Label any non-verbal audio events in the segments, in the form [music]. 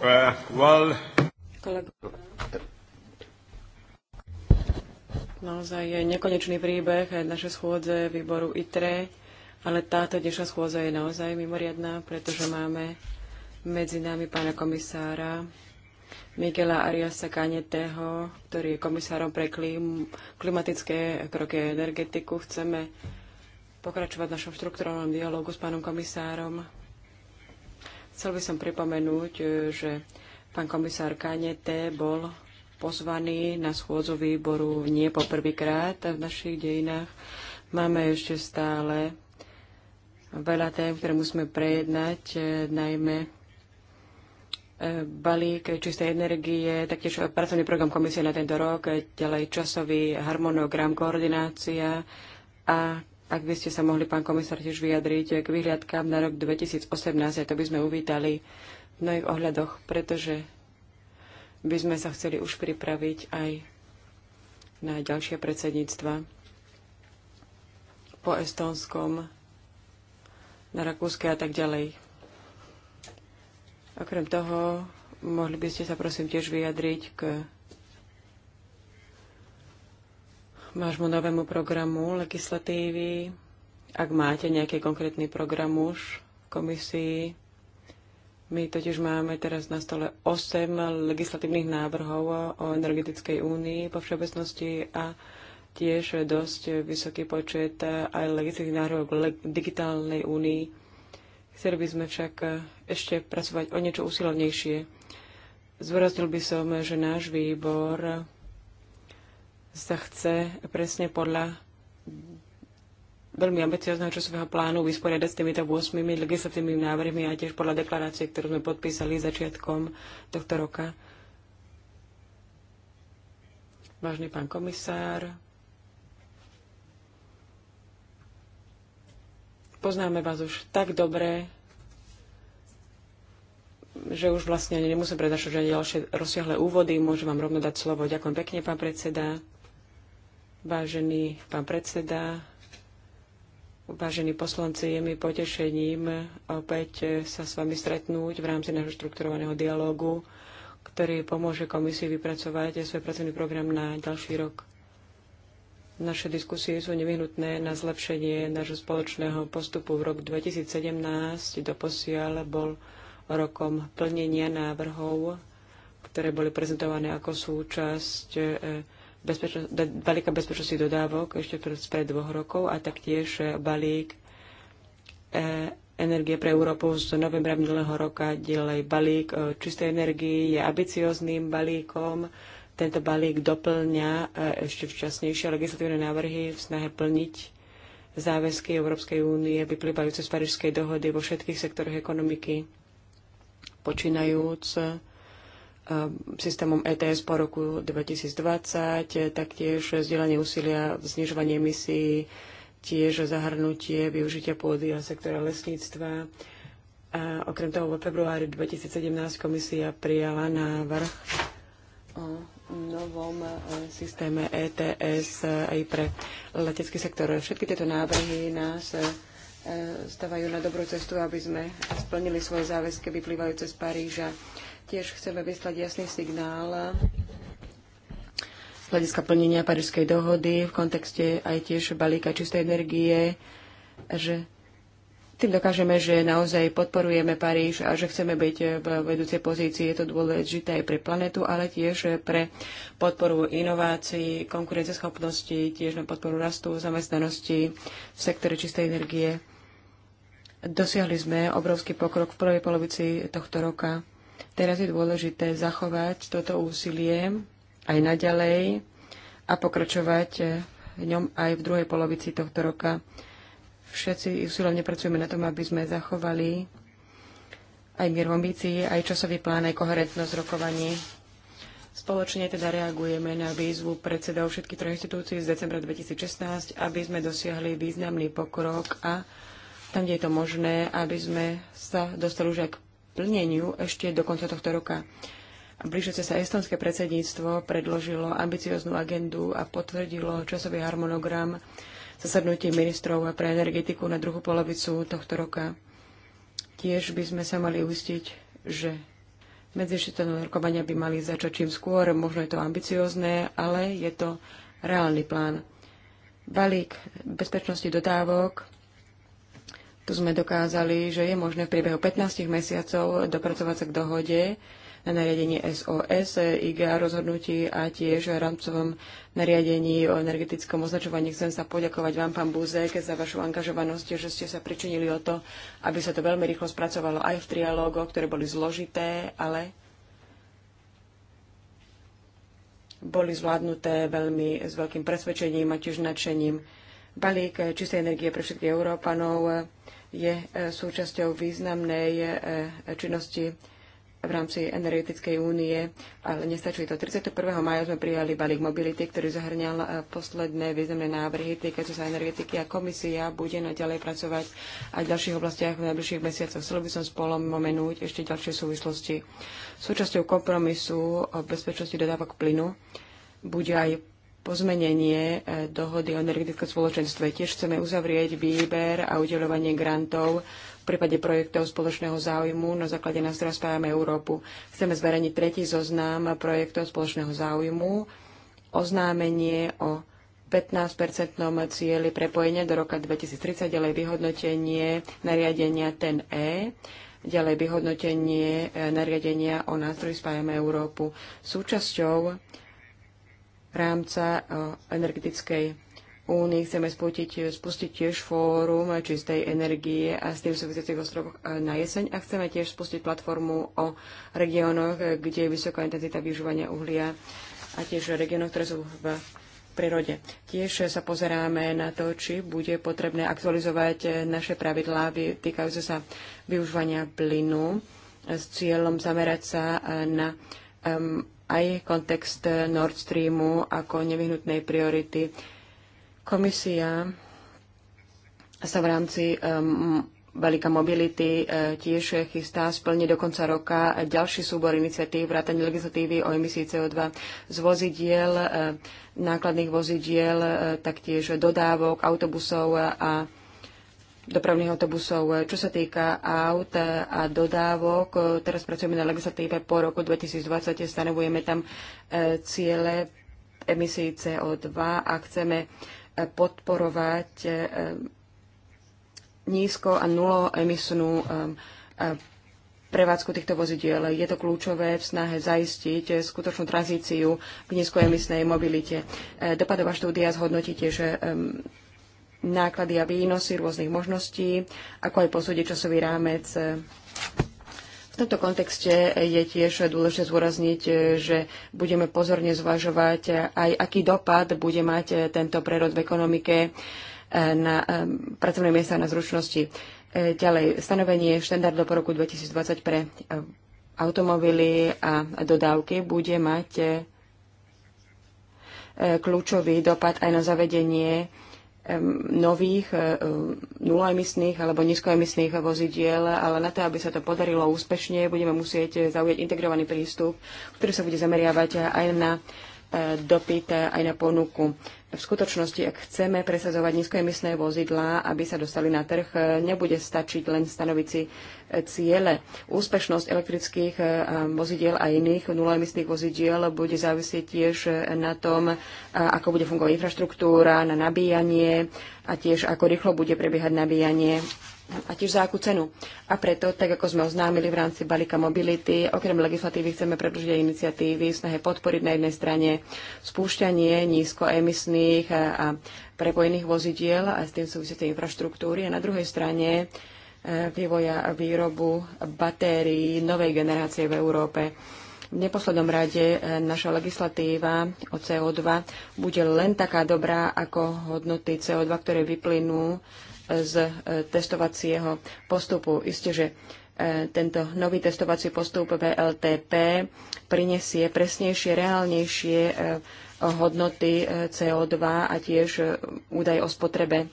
Uh, well... Kolego. Naozaj je nekonečný príbeh aj naše schôdze výboru ITRE, ale táto dnešná schôdza je naozaj mimoriadná, pretože máme medzi nami pána komisára Miguela Ariasa Kaneteho, ktorý je komisárom pre klim, klimatické kroky a energetiku. Chceme pokračovať v našom štruktúrnom dialogu s pánom komisárom Chcel by som pripomenúť, e, že pán komisár Kanete bol pozvaný na schôdzu výboru nie po prvýkrát v našich dejinách. Máme ešte stále veľa tém, ktoré musíme prejednať, e, najmä e, balík čistej energie, taktiež pracovný program komisie na tento rok, ďalej časový harmonogram, koordinácia a ak by ste sa mohli, pán komisár, tiež vyjadriť k vyhliadkám na rok 2018, a to by sme uvítali v mnohých ohľadoch, pretože by sme sa chceli už pripraviť aj na ďalšie predsedníctva po estónskom, na rakúske a tak ďalej. Okrem toho, mohli by ste sa prosím tiež vyjadriť k vášmu novému programu legislatívy. Ak máte nejaký konkrétny program už v komisii, my totiž máme teraz na stole 8 legislatívnych návrhov o energetickej únii po všeobecnosti a tiež dosť vysoký počet aj legislatívnych návrhov k digitálnej únii. Chceli by sme však ešte pracovať o niečo usilovnejšie. Zvoraznil by som, že náš výbor sa chce presne podľa veľmi ambiciozného časového plánu vysporiadať s týmito 8 legislatívnymi návrhmi a tiež podľa deklarácie, ktorú sme podpísali začiatkom tohto roka. Vážny pán komisár, poznáme vás už tak dobre, že už vlastne nemusím prednášať žiadne ďalšie rozsiahle úvody, môžem vám rovno dať slovo. Ďakujem pekne, pán predseda. Vážený pán predseda, vážení poslanci, je mi potešením opäť sa s vami stretnúť v rámci nášho štrukturovaného dialógu, ktorý pomôže komisii vypracovať svoj pracovný program na ďalší rok. Naše diskusie sú nevyhnutné na zlepšenie nášho spoločného postupu. V roku 2017 doposiaľ bol rokom plnenia návrhov, ktoré boli prezentované ako súčasť eh, balíka bezpečnosti dodávok ešte pred dvoch rokov a taktiež e, balík e, energie pre Európu z novembra minulého roka, ďalej balík e, čistej energii je ambiciozným balíkom. Tento balík doplňa e, ešte včasnejšie legislatívne návrhy v snahe plniť záväzky Európskej únie vyplývajúce z Parížskej dohody vo všetkých sektoroch ekonomiky, počínajúc E, systémom ETS po roku 2020, taktiež zdieľanie úsilia v znižovaní emisí, tiež zahrnutie využitia pôdy a sektora lesníctva. A okrem toho vo februári 2017 komisia prijala návrh o novom e, systéme ETS e, aj pre letecký sektor. Všetky tieto návrhy nás stavajú na dobrú cestu, aby sme splnili svoje záväzky vyplývajúce z Paríža Tiež chceme vyslať jasný signál z hľadiska plnenia Parížskej dohody v kontexte aj tiež balíka čistej energie, že tým dokážeme, že naozaj podporujeme Paríž a že chceme byť v vedúcej pozícii. Je to dôležité aj pre planetu, ale tiež pre podporu inovácií, konkurenceschopnosti, tiež na podporu rastu, zamestnanosti v sektore čistej energie. Dosiahli sme obrovský pokrok v prvej polovici tohto roka. Teraz je dôležité zachovať toto úsilie aj naďalej a pokračovať v ňom aj v druhej polovici tohto roka. Všetci usilovne pracujeme na tom, aby sme zachovali aj mier v ambícii, aj časový plán, aj koherentnosť rokovaní. Spoločne teda reagujeme na výzvu predsedov všetkých troch inštitúcií z decembra 2016, aby sme dosiahli významný pokrok a tam, kde je to možné, aby sme sa dostali už aj k plneniu ešte do konca tohto roka. Blížiace sa estonské predsedníctvo predložilo ambicioznú agendu a potvrdilo časový harmonogram zasadnutí ministrov pre energetiku na druhú polovicu tohto roka. Tiež by sme sa mali uistiť, že medzištetné rokovania by mali začať čím skôr. Možno je to ambiciózne, ale je to reálny plán. Balík bezpečnosti dodávok tu sme dokázali, že je možné v priebehu 15 mesiacov dopracovať sa k dohode na nariadení SOS, IGA rozhodnutí a tiež v rámcovom nariadení o energetickom označovaní. Chcem sa poďakovať vám, pán Buzek, za vašu angažovanosť, že ste sa pričinili o to, aby sa to veľmi rýchlo spracovalo aj v trialógoch, ktoré boli zložité, ale boli zvládnuté veľmi s veľkým presvedčením a tiež nadšením balík čistej energie pre všetkých Európanov je e, súčasťou významnej e, e, činnosti v rámci energetickej únie, ale nestačí to. 31. maja sme prijali balík mobility, ktorý zahrňal posledné významné návrhy týkajúce sa energetiky a komisia bude naďalej pracovať aj v ďalších oblastiach v najbližších mesiacoch. Chcel by som spomenúť ešte ďalšie súvislosti. Súčasťou kompromisu o bezpečnosti dodávok plynu bude aj pozmenenie e, dohody o energetickom spoločenstve. Tiež chceme uzavrieť výber a udeľovanie grantov v prípade projektov spoločného záujmu na základe nástroja Spájame Európu. Chceme zverejniť tretí zoznam projektov spoločného záujmu, oznámenie o 15-percentnom cieli prepojenia do roka 2030, ďalej vyhodnotenie nariadenia TEN-E, ďalej vyhodnotenie e, nariadenia o nástroji Spájame Európu. Súčasťou rámca e, energetickej únii chceme spustiť, spustiť tiež fórum čistej energie a s tým súvisiacich ostrovoch e, na jeseň a chceme tiež spustiť platformu o regiónoch, kde je vysoká intenzita využívania uhlia a tiež regiónoch, ktoré sú v prírode. Tiež sa pozeráme na to, či bude potrebné aktualizovať naše pravidlá týkajúce sa využívania plynu s cieľom zamerať sa e, na um, aj kontext Nord Streamu ako nevyhnutnej priority. Komisia sa v rámci um, Veľká mobility e, tiež chystá splniť do konca roka ďalší súbor iniciatív vrátane legislatívy o emisii CO2 z vozidiel, e, nákladných vozidiel, e, taktiež dodávok, autobusov a dopravných autobusov. Čo sa týka aut a dodávok, teraz pracujeme na legislatíve po roku 2020, stanovujeme tam e, ciele emisí CO2 a chceme e, podporovať e, nízko a nuloemisnú prevádzku týchto vozidiel. Je to kľúčové v snahe zaistiť skutočnú tranzíciu k nízkoemisnej mobilite. Dopadová štúdia zhodnotí tiež náklady a výnosy rôznych možností, ako aj posúdiť časový rámec. V tomto kontexte je tiež dôležité zúrazniť, že budeme pozorne zvažovať aj, aký dopad bude mať tento prerod v ekonomike eh, na eh, pracovné miesta na zručnosti. Eh, ďalej, stanovenie štandardov po roku 2020 pre automobily a dodávky bude mať kľúčový dopad aj na zavedenie nových e, e, nuloemisných alebo nízkoemisných vozidiel, ale na to, aby sa to podarilo úspešne, budeme musieť zaujať integrovaný prístup, ktorý sa bude zameriavať aj na dopyt e, aj na ponuku. V skutočnosti, ak chceme presadzovať nízkoemisné vozidlá, aby sa dostali na trh, e, nebude stačiť len stanoviť si e, ciele. Úspešnosť elektrických vozidiel a iných nuloemisných vozidiel bude závisieť tiež na tom, ako bude fungovať infraštruktúra, na nabíjanie a tiež ako rýchlo bude prebiehať nabíjanie a tiež za akú cenu. A preto, tak ako sme oznámili v rámci balíka mobility, okrem legislatívy chceme predlžiť aj iniciatívy v snahe podporiť na jednej strane spúšťanie nízkoemisných a, a prepojených vozidiel a s tým súvisiacej infraštruktúry a na druhej strane e, vývoja a výrobu batérií novej generácie v Európe. V neposlednom rade e, naša legislatíva o CO2 bude len taká dobrá ako hodnoty CO2, ktoré vyplynú z e, testovacieho postupu. Isté, že e, tento nový testovací postup VLTP prinesie presnejšie, reálnejšie e, hodnoty CO2 a tiež údaj o spotrebe.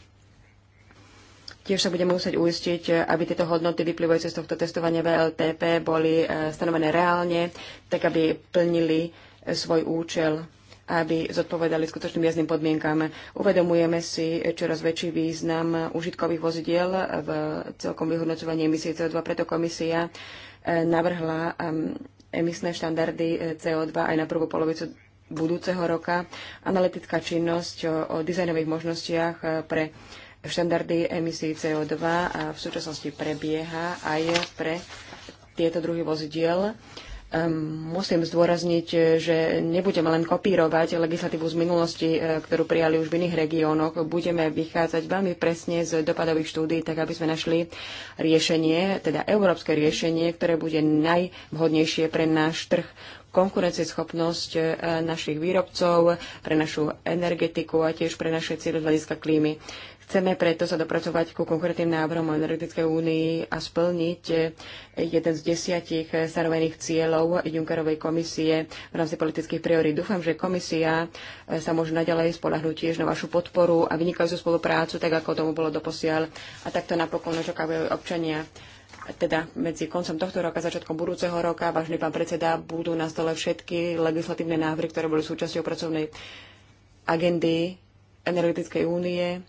Tiež sa budeme musieť uistiť, aby tieto hodnoty vyplývajúce z tohto testovania VLTP boli stanovené reálne, tak aby plnili svoj účel aby zodpovedali skutočným jazdným podmienkám. Uvedomujeme si čoraz väčší význam užitkových vozidiel v celkom vyhodnocovaní emisie CO2, preto komisia eh, navrhla ehm, emisné štandardy eh, CO2 aj na prvú polovicu budúceho roka, analytická činnosť o, o dizajnových možnostiach eh, pre štandardy emisí CO2 a v súčasnosti prebieha aj pre tieto druhy vozidiel. Ehm, musím zdôrazniť, že nebudeme len kopírovať legislatívu z minulosti, e, ktorú prijali už v iných regiónoch. Budeme vychádzať veľmi presne z dopadových štúdí, tak aby sme našli riešenie, teda európske riešenie, ktoré bude najvhodnejšie pre náš trh konkurencieschopnosť e, našich výrobcov, pre našu energetiku a tiež pre naše cieľe hľadiska klímy. Chceme preto sa dopracovať ku konkrétnym návrhom o energetickej únii a splniť eh, jeden z desiatich eh, stanovených cieľov Junckerovej komisie v rámci politických priorít. Dúfam, že komisia eh, sa môže naďalej spolahnúť tiež na vašu podporu a vynikajúcu spoluprácu, tak ako tomu bolo doposiaľ. A takto napokon očakávajú občania teda medzi koncom tohto roka a začiatkom budúceho roka, vážny pán predseda, budú na stole všetky legislatívne návrhy, ktoré boli súčasťou pracovnej agendy Energetickej únie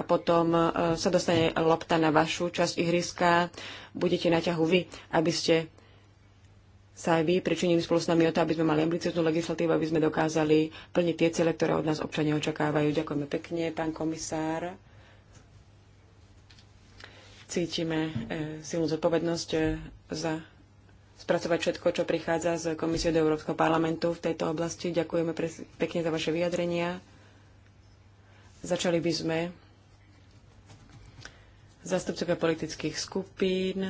a potom e, sa dostane lopta na vašu časť ihriska, budete na ťahu vy, aby ste sa aj vy pričinili spolu s nami o to, aby sme mali ambicioznú legislatívu, aby sme dokázali plniť tie cele, ktoré od nás občania očakávajú. Ďakujeme pekne, pán komisár. Cítime e, silnú zodpovednosť e, za spracovať všetko, čo prichádza z Komisie do Európskeho parlamentu v tejto oblasti. Ďakujeme pekne za vaše vyjadrenia. Začali by sme Zastupcovia politických skupín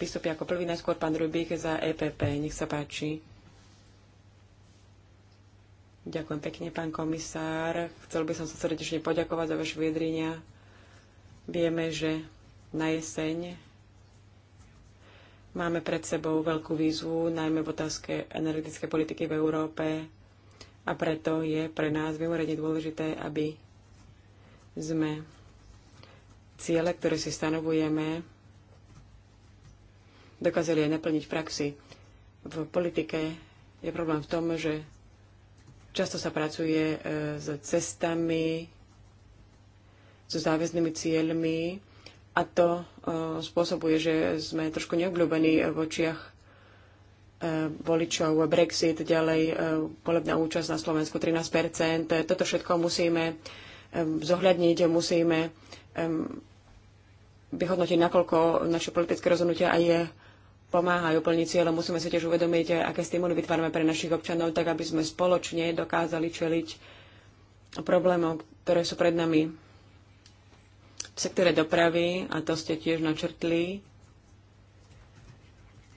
vystúpia ako prvý, najskôr pán Rubík za EPP. Nech sa páči. Ďakujem pekne, pán komisár. Chcel by som sa srdečne poďakovať za vaše vyjadrenia. Vieme, že na jeseň máme pred sebou veľkú výzvu, najmä v otázke energetickej politiky v Európe. A preto je pre nás mimoriadne dôležité, aby sme ciele, ktoré si stanovujeme, dokázali aj naplniť v praxi. V politike je problém v tom, že často sa pracuje e, s cestami, so záväznými cieľmi a to e, spôsobuje, že sme trošku neobľúbení v očiach e, voličov. Brexit, ďalej volebná účasť na Slovensku 13%. Toto všetko musíme zohľadniť, musíme vyhodnotiť, nakoľko naše politické rozhodnutia aj pomáhajú plniť cieľe. Musíme si tiež uvedomiť, aké stimuly vytvárame pre našich občanov, tak aby sme spoločne dokázali čeliť problémov, ktoré sú pred nami. V sektore dopravy, a to ste tiež načrtli,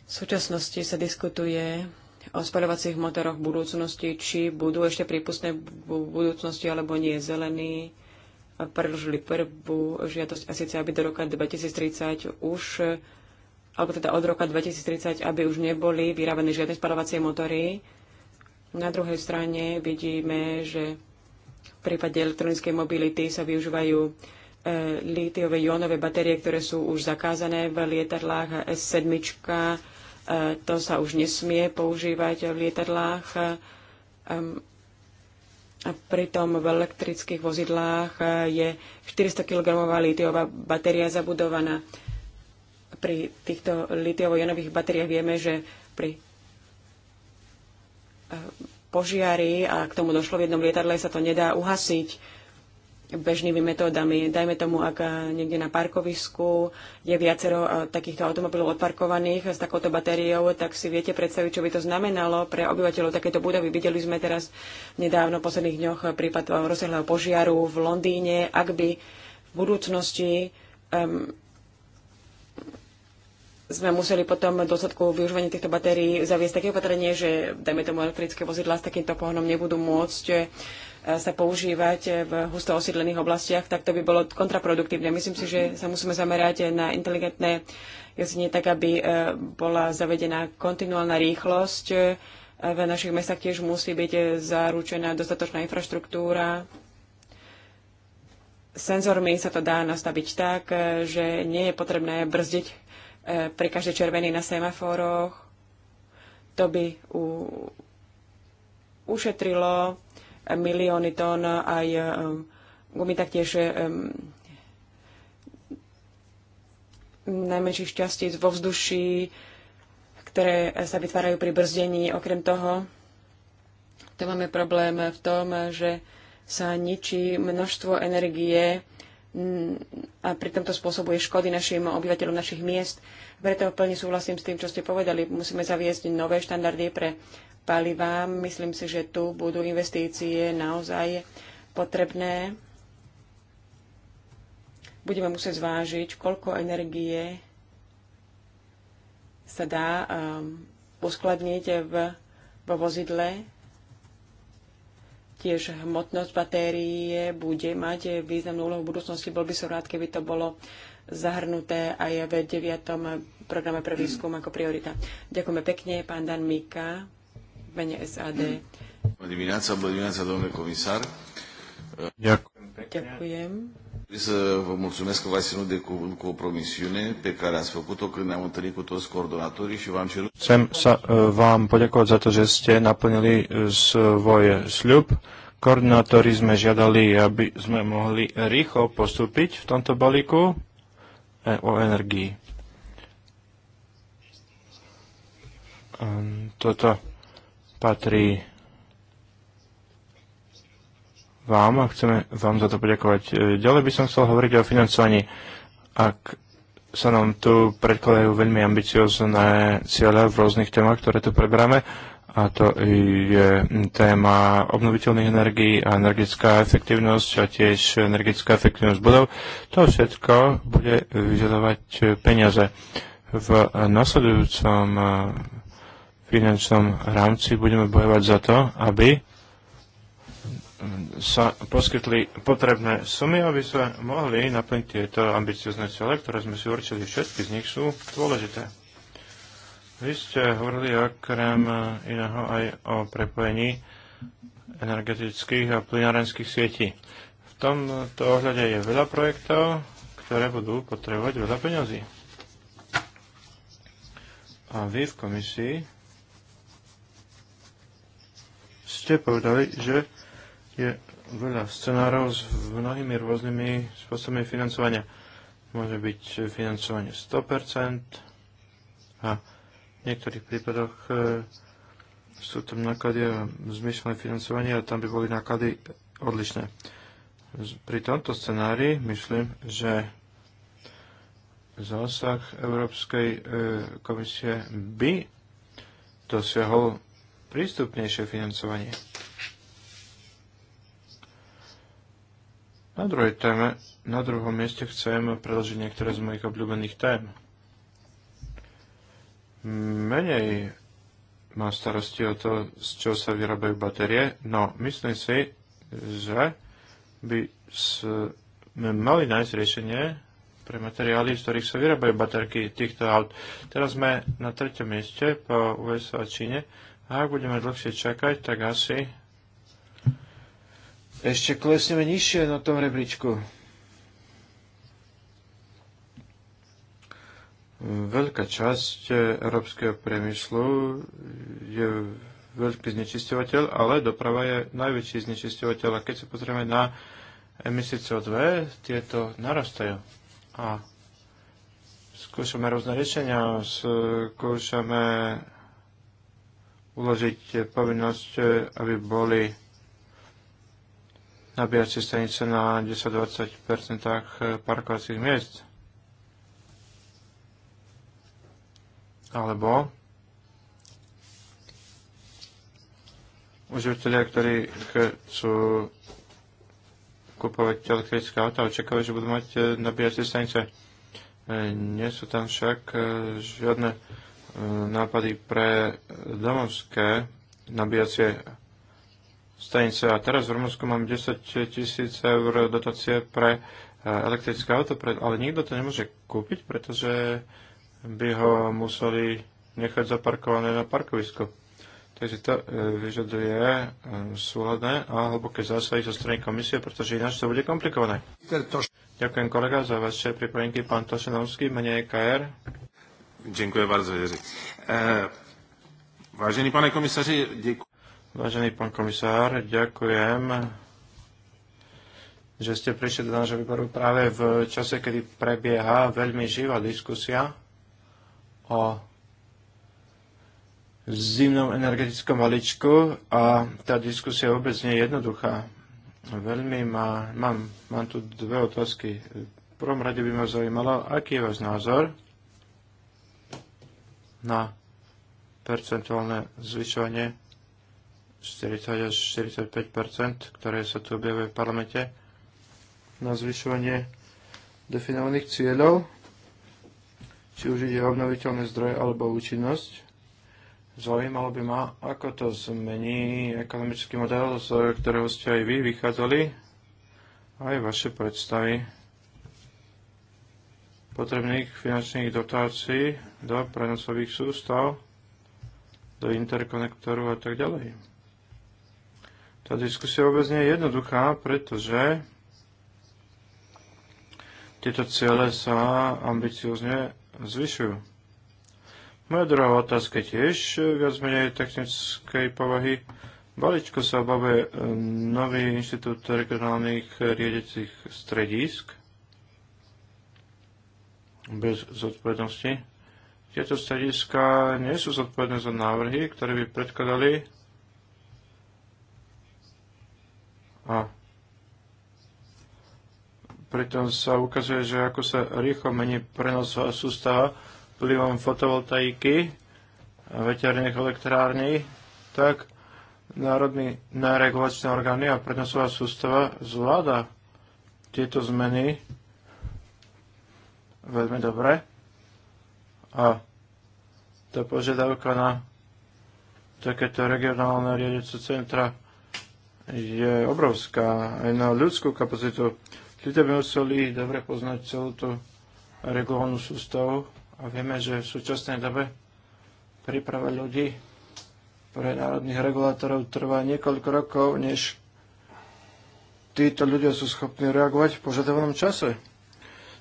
v súčasnosti sa diskutuje o spaľovacích motoroch v budúcnosti, či budú ešte prípustné v budúcnosti alebo nie. Zelený predložili prvú žiadosť a síce, aby do roka 2030 už, alebo teda od roka 2030, aby už neboli vyrábané žiadne spalovacie motory. Na druhej strane vidíme, že v prípade elektronickej mobility sa využívajú e, lítiové jónové batérie, ktoré sú už zakázané v lietadlách S7. E, to sa už nesmie používať v lietadlách ehm, a pritom v elektrických vozidlách eh, je 400 kg litiová batéria zabudovaná. Pri týchto litiovo-jonových batériách vieme, že pri eh, požiari a k tomu došlo v jednom lietadle sa to nedá uhasiť bežnými metódami. Dajme tomu, ak eh, niekde na parkovisku je viacero eh, takýchto automobilov odparkovaných s takouto batériou, tak si viete predstaviť, čo by to znamenalo pre obyvateľov takéto budovy. Videli sme teraz nedávno v posledných dňoch eh, prípad rozsiahleho požiaru v Londýne. Ak by v budúcnosti um, sme museli potom v dôsledku využívania týchto batérií zaviesť také opatrenie, že dajme tomu elektrické vozidlá s takýmto pohonom nebudú môcť sa používať v husto osídlených oblastiach, tak to by bolo kontraproduktívne. Myslím si, že sa musíme zamerať na inteligentné jazdenie tak, aby e, bola zavedená kontinuálna rýchlosť. E, v našich mestách tiež musí byť e, zaručená dostatočná infraštruktúra. Senzormi sa to dá nastaviť tak, že nie je potrebné brzdiť pri každej červený na semaforoch. To by u... ušetrilo milióny tón aj um, gumy taktiež um, najmenších šťastíc vo vzduší, ktoré sa vytvárajú pri brzdení. Okrem toho, tu máme problém v tom, že sa ničí množstvo energie a pri tomto spôsobuje škody našim obyvateľom našich miest. Preto plne súhlasím s tým, čo ste povedali. Musíme zaviesť nové štandardy pre palivám. Myslím si, že tu budú investície naozaj potrebné. Budeme musieť zvážiť, koľko energie sa dá um, uskladniť v, vo vozidle. Tiež hmotnosť batérie bude mať významnú úlohu v budúcnosti. Bol by som rád, keby to bolo zahrnuté aj v 9. programe pre výskum ako priorita. Ďakujeme pekne, pán Dan Mika mene SAD. Dimineața, bă dimineața, domnule comisar. Ďakujem. Vreau să vă mulțumesc că v-ați ținut de cuvânt cu o promisiune pe care ați făcut-o când ne-am întâlnit cu toți coordonatorii și v-am cerut... Chcem sa e, vám poďakovať za to, že ste naplnili e, svoj sľub. Koordinátori sme žiadali, aby sme mohli rýchlo postúpiť v tomto balíku e, o energii. Ehm, toto patrí vám a chceme vám za to poďakovať. E, ďalej by som chcel hovoriť o financovaní. Ak sa nám tu predkladajú veľmi ambiciozne ciele v rôznych témach, ktoré tu preberáme, a to je téma obnoviteľných energií a energetická efektívnosť a tiež energetická efektívnosť budov. To všetko bude vyžadovať peniaze. V nasledujúcom finančnom rámci budeme bojovať za to, aby sa poskytli potrebné sumy, aby sme mohli naplniť tieto ambiciozne cele, ktoré sme si určili. Všetky z nich sú dôležité. Vy ste hovorili okrem iného aj o prepojení energetických a plynárenských sietí. V tomto ohľade je veľa projektov, ktoré budú potrebovať veľa peňazí. A vy v komisii ste povedali, že je veľa scenárov s mnohými rôznymi spôsobmi financovania. Môže byť financovanie 100% a v niektorých prípadoch e, sú tam náklady a zmyšľané financovanie a tam by boli náklady odlišné. Pri tomto scenári myslím, že zásah Európskej e, komisie by dosiahol prístupnejšie financovanie. Na druhej téme, na druhom mieste chcem predložiť niektoré z mojich obľúbených tém. Menej má starosti o to, z čoho sa vyrábajú batérie, no myslím si, že by sme mali nájsť riešenie pre materiály, z ktorých sa vyrábajú baterky týchto aut. Teraz sme na treťom mieste po USA a Číne a ak budeme dlhšie čakať, tak asi ešte klesneme nižšie na tom rebríčku. Veľká časť európskeho priemyslu je veľký znečisťovateľ, ale doprava je najväčší znečisťovateľ. A keď sa pozrieme na emisie CO2, tieto narastajú. A skúšame rôzne riešenia, skúšame uložiť povinnosť, e, aby boli nabíjacie stanice na 10-20 e, parkovacích miest. Alebo užívateľia, ktorí chcú kupovať elektrické auta, očakávajú, že budú mať e, nabíjacie stanice. Nie sú tam však žiadne nápady pre domovské nabíjacie stanice. A teraz v Rumunsku mám 10 tisíc eur dotácie pre e, elektrické auto, ale nikto to nemôže kúpiť, pretože by ho museli nechať zaparkované na parkovisku. Takže to e, vyžaduje e, súhľadné a hlboké zásahy zo strany komisie, pretože ináč to bude komplikované. Ďakujem kolega za vaše pripomienky, pán Tošenovský, menej KR. Dziękuję bardzo, Jerzy. E, vážený pane komisaři, děkuji. Vážený pán komisár, ďakujem, že ste prišli do nášho výboru práve v čase, kedy prebieha veľmi živá diskusia o zimnom energetickom balíčku a tá diskusia vôbec nie je jednoduchá. Veľmi ma, mám, mám tu dve otázky. V prvom rade by ma zaujímalo, aký je váš názor na percentuálne zvyšovanie 40 až 45 ktoré sa tu objavuje v parlamente, na zvyšovanie definovaných cieľov, či už ide o obnoviteľné zdroje alebo účinnosť. Zaujímalo by ma, ako to zmení ekonomický model, z ktorého ste aj vy vychádzali, aj vaše predstavy potrebných finančných dotácií do prenosových sústav, do interkonektoru a tak ďalej. Tá diskusia vôbec nie je jednoduchá, pretože tieto ciele sa ambiciozne zvyšujú. Moja druhá otázka tiež viac menej technickej povahy. Baličko sa obave e, nový inštitút regionálnych riedecích stredísk bez zodpovednosti. Tieto strediska nie sú zodpovedné za návrhy, ktoré by predkladali a pritom sa ukazuje, že ako sa rýchlo mení prenosová sústava vplyvom fotovoltaiky a veterných elektrární, tak národní regulačné orgány a prenosová sústava zvláda tieto zmeny veľmi dobre. A tá požiadavka na takéto regionálne riadice centra je obrovská aj na ľudskú kapacitu. Ľudia by museli dobre poznať celú tú regulovanú sústavu a vieme, že v súčasnej dobe príprava ľudí pre národných regulátorov trvá niekoľko rokov, než títo ľudia sú schopní reagovať v požadovanom čase.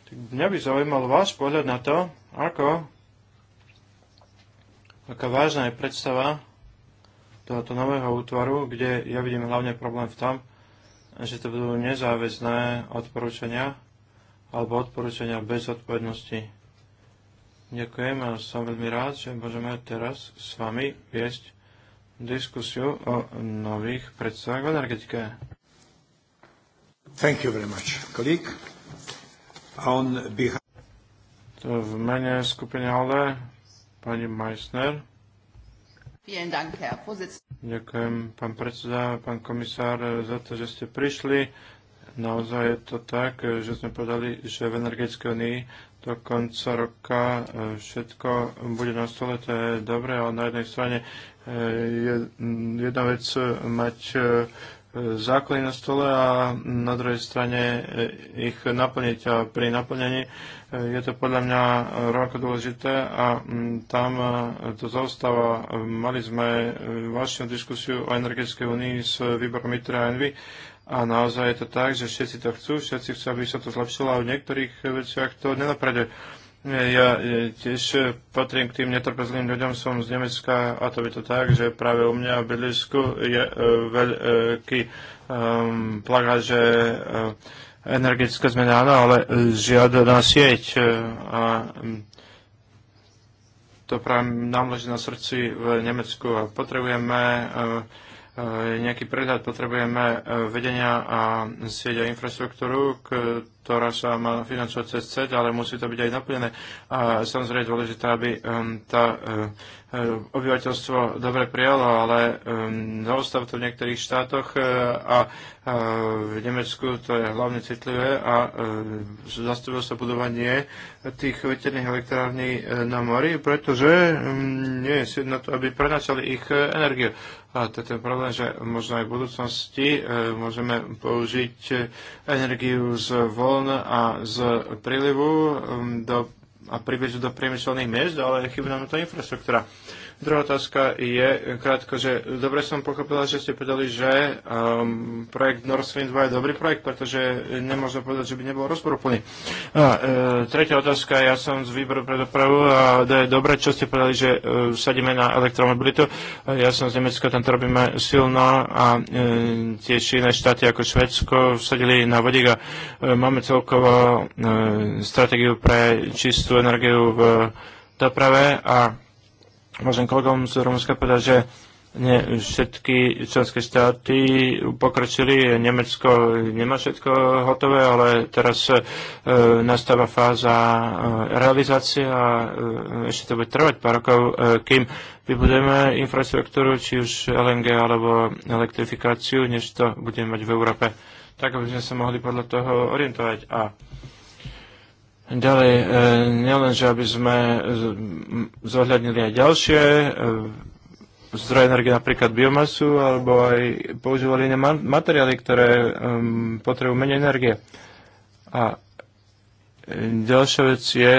Mňa by zaujímal váš pohľad na to, ako, aká vážna je predstava tohoto nového útvaru, kde ja vidím hlavne problém v tom, že to budú nezáväzné odporúčania alebo odporúčania bez odpovednosti. Ďakujem a som veľmi rád, že môžeme teraz s vami viesť diskusiu o nových predstavách v energetike. Thank you very much, colleague. On behalf... To v mene skupiny ALDE pani Meissner. Ďakujem, pán predseda, pán komisár, za to, že ste prišli. Naozaj je to tak, že sme povedali, že v Energetickej unii do konca roka e, všetko bude na stole, to je dobré, ale na jednej strane e, je jedna vec e, mať základy na stole a na druhej strane e, ich naplniť. A pri naplnení e, je to podľa mňa rovnako dôležité a tam e, to zaostáva. Mali sme vlastnú diskusiu o energetickej únii s výborom ITRA a ENVY a naozaj je to tak, že všetci to chcú, všetci chcú, aby sa to zlepšilo a v niektorých veciach to nenapreduje. Ja tiež patrím k tým netrpezlým ľuďom, som z Nemecka a to je to tak, že práve u mňa v bydlisku je e, veľký um, e, plaga, že uh, energetická zmena áno, ale žiadna sieť uh, a to práve nám leží na srdci v Nemecku a potrebujeme uh, E, nejaký prehľad, potrebujeme e, vedenia a sieť a infraštruktúru, ktorá sa má financovať cez CED, ale musí to byť aj naplnené. A samozrejme je dôležité, aby e, tá obyvateľstvo dobre prijalo, ale zaostáv to v niektorých štátoch a v Nemecku to je hlavne citlivé a zastavilo sa budovanie tých veterných elektrární na mori, pretože mm, nie je na to, aby prenašali ich energiu. A to je ten problém, že možno aj v budúcnosti e, môžeme použiť e, energiu z voľn a z prílivu do, a priviesť do priemyselných miest, ale chybí nám to infraštruktúra. Druhá otázka je krátko, že dobre som pochopila, že ste povedali, že um, projekt Nord Stream 2 je dobrý projekt, pretože nemôžem povedať, že by nebol rozporúplný. A, e, tretia otázka, ja som z výboru pre dopravu a to je dobre, čo ste povedali, že e, sadíme na elektromobilitu. Ja som z Nemecka, tam to robíme silno a e, tiež iné štáty ako Švedsko sadili na vodík a e, máme celkovo e, stratégiu pre čistú energiu v doprave a Môžem kolegom z Rumunska povedať, že nie, všetky členské štáty pokročili, Nemecko nemá všetko hotové, ale teraz e, nastáva fáza e, realizácie a e, ešte to bude trvať pár rokov, e, kým vybudujeme infraštruktúru, či už LNG alebo elektrifikáciu, než to budeme mať v Európe, tak aby sme sa mohli podľa toho orientovať. A Ďalej, e, nielen, že aby sme e, zohľadnili aj ďalšie e, zdroje energie, napríklad biomasu, alebo aj používali iné materiály, ktoré potrebujú menej energie. A ďalšia vec je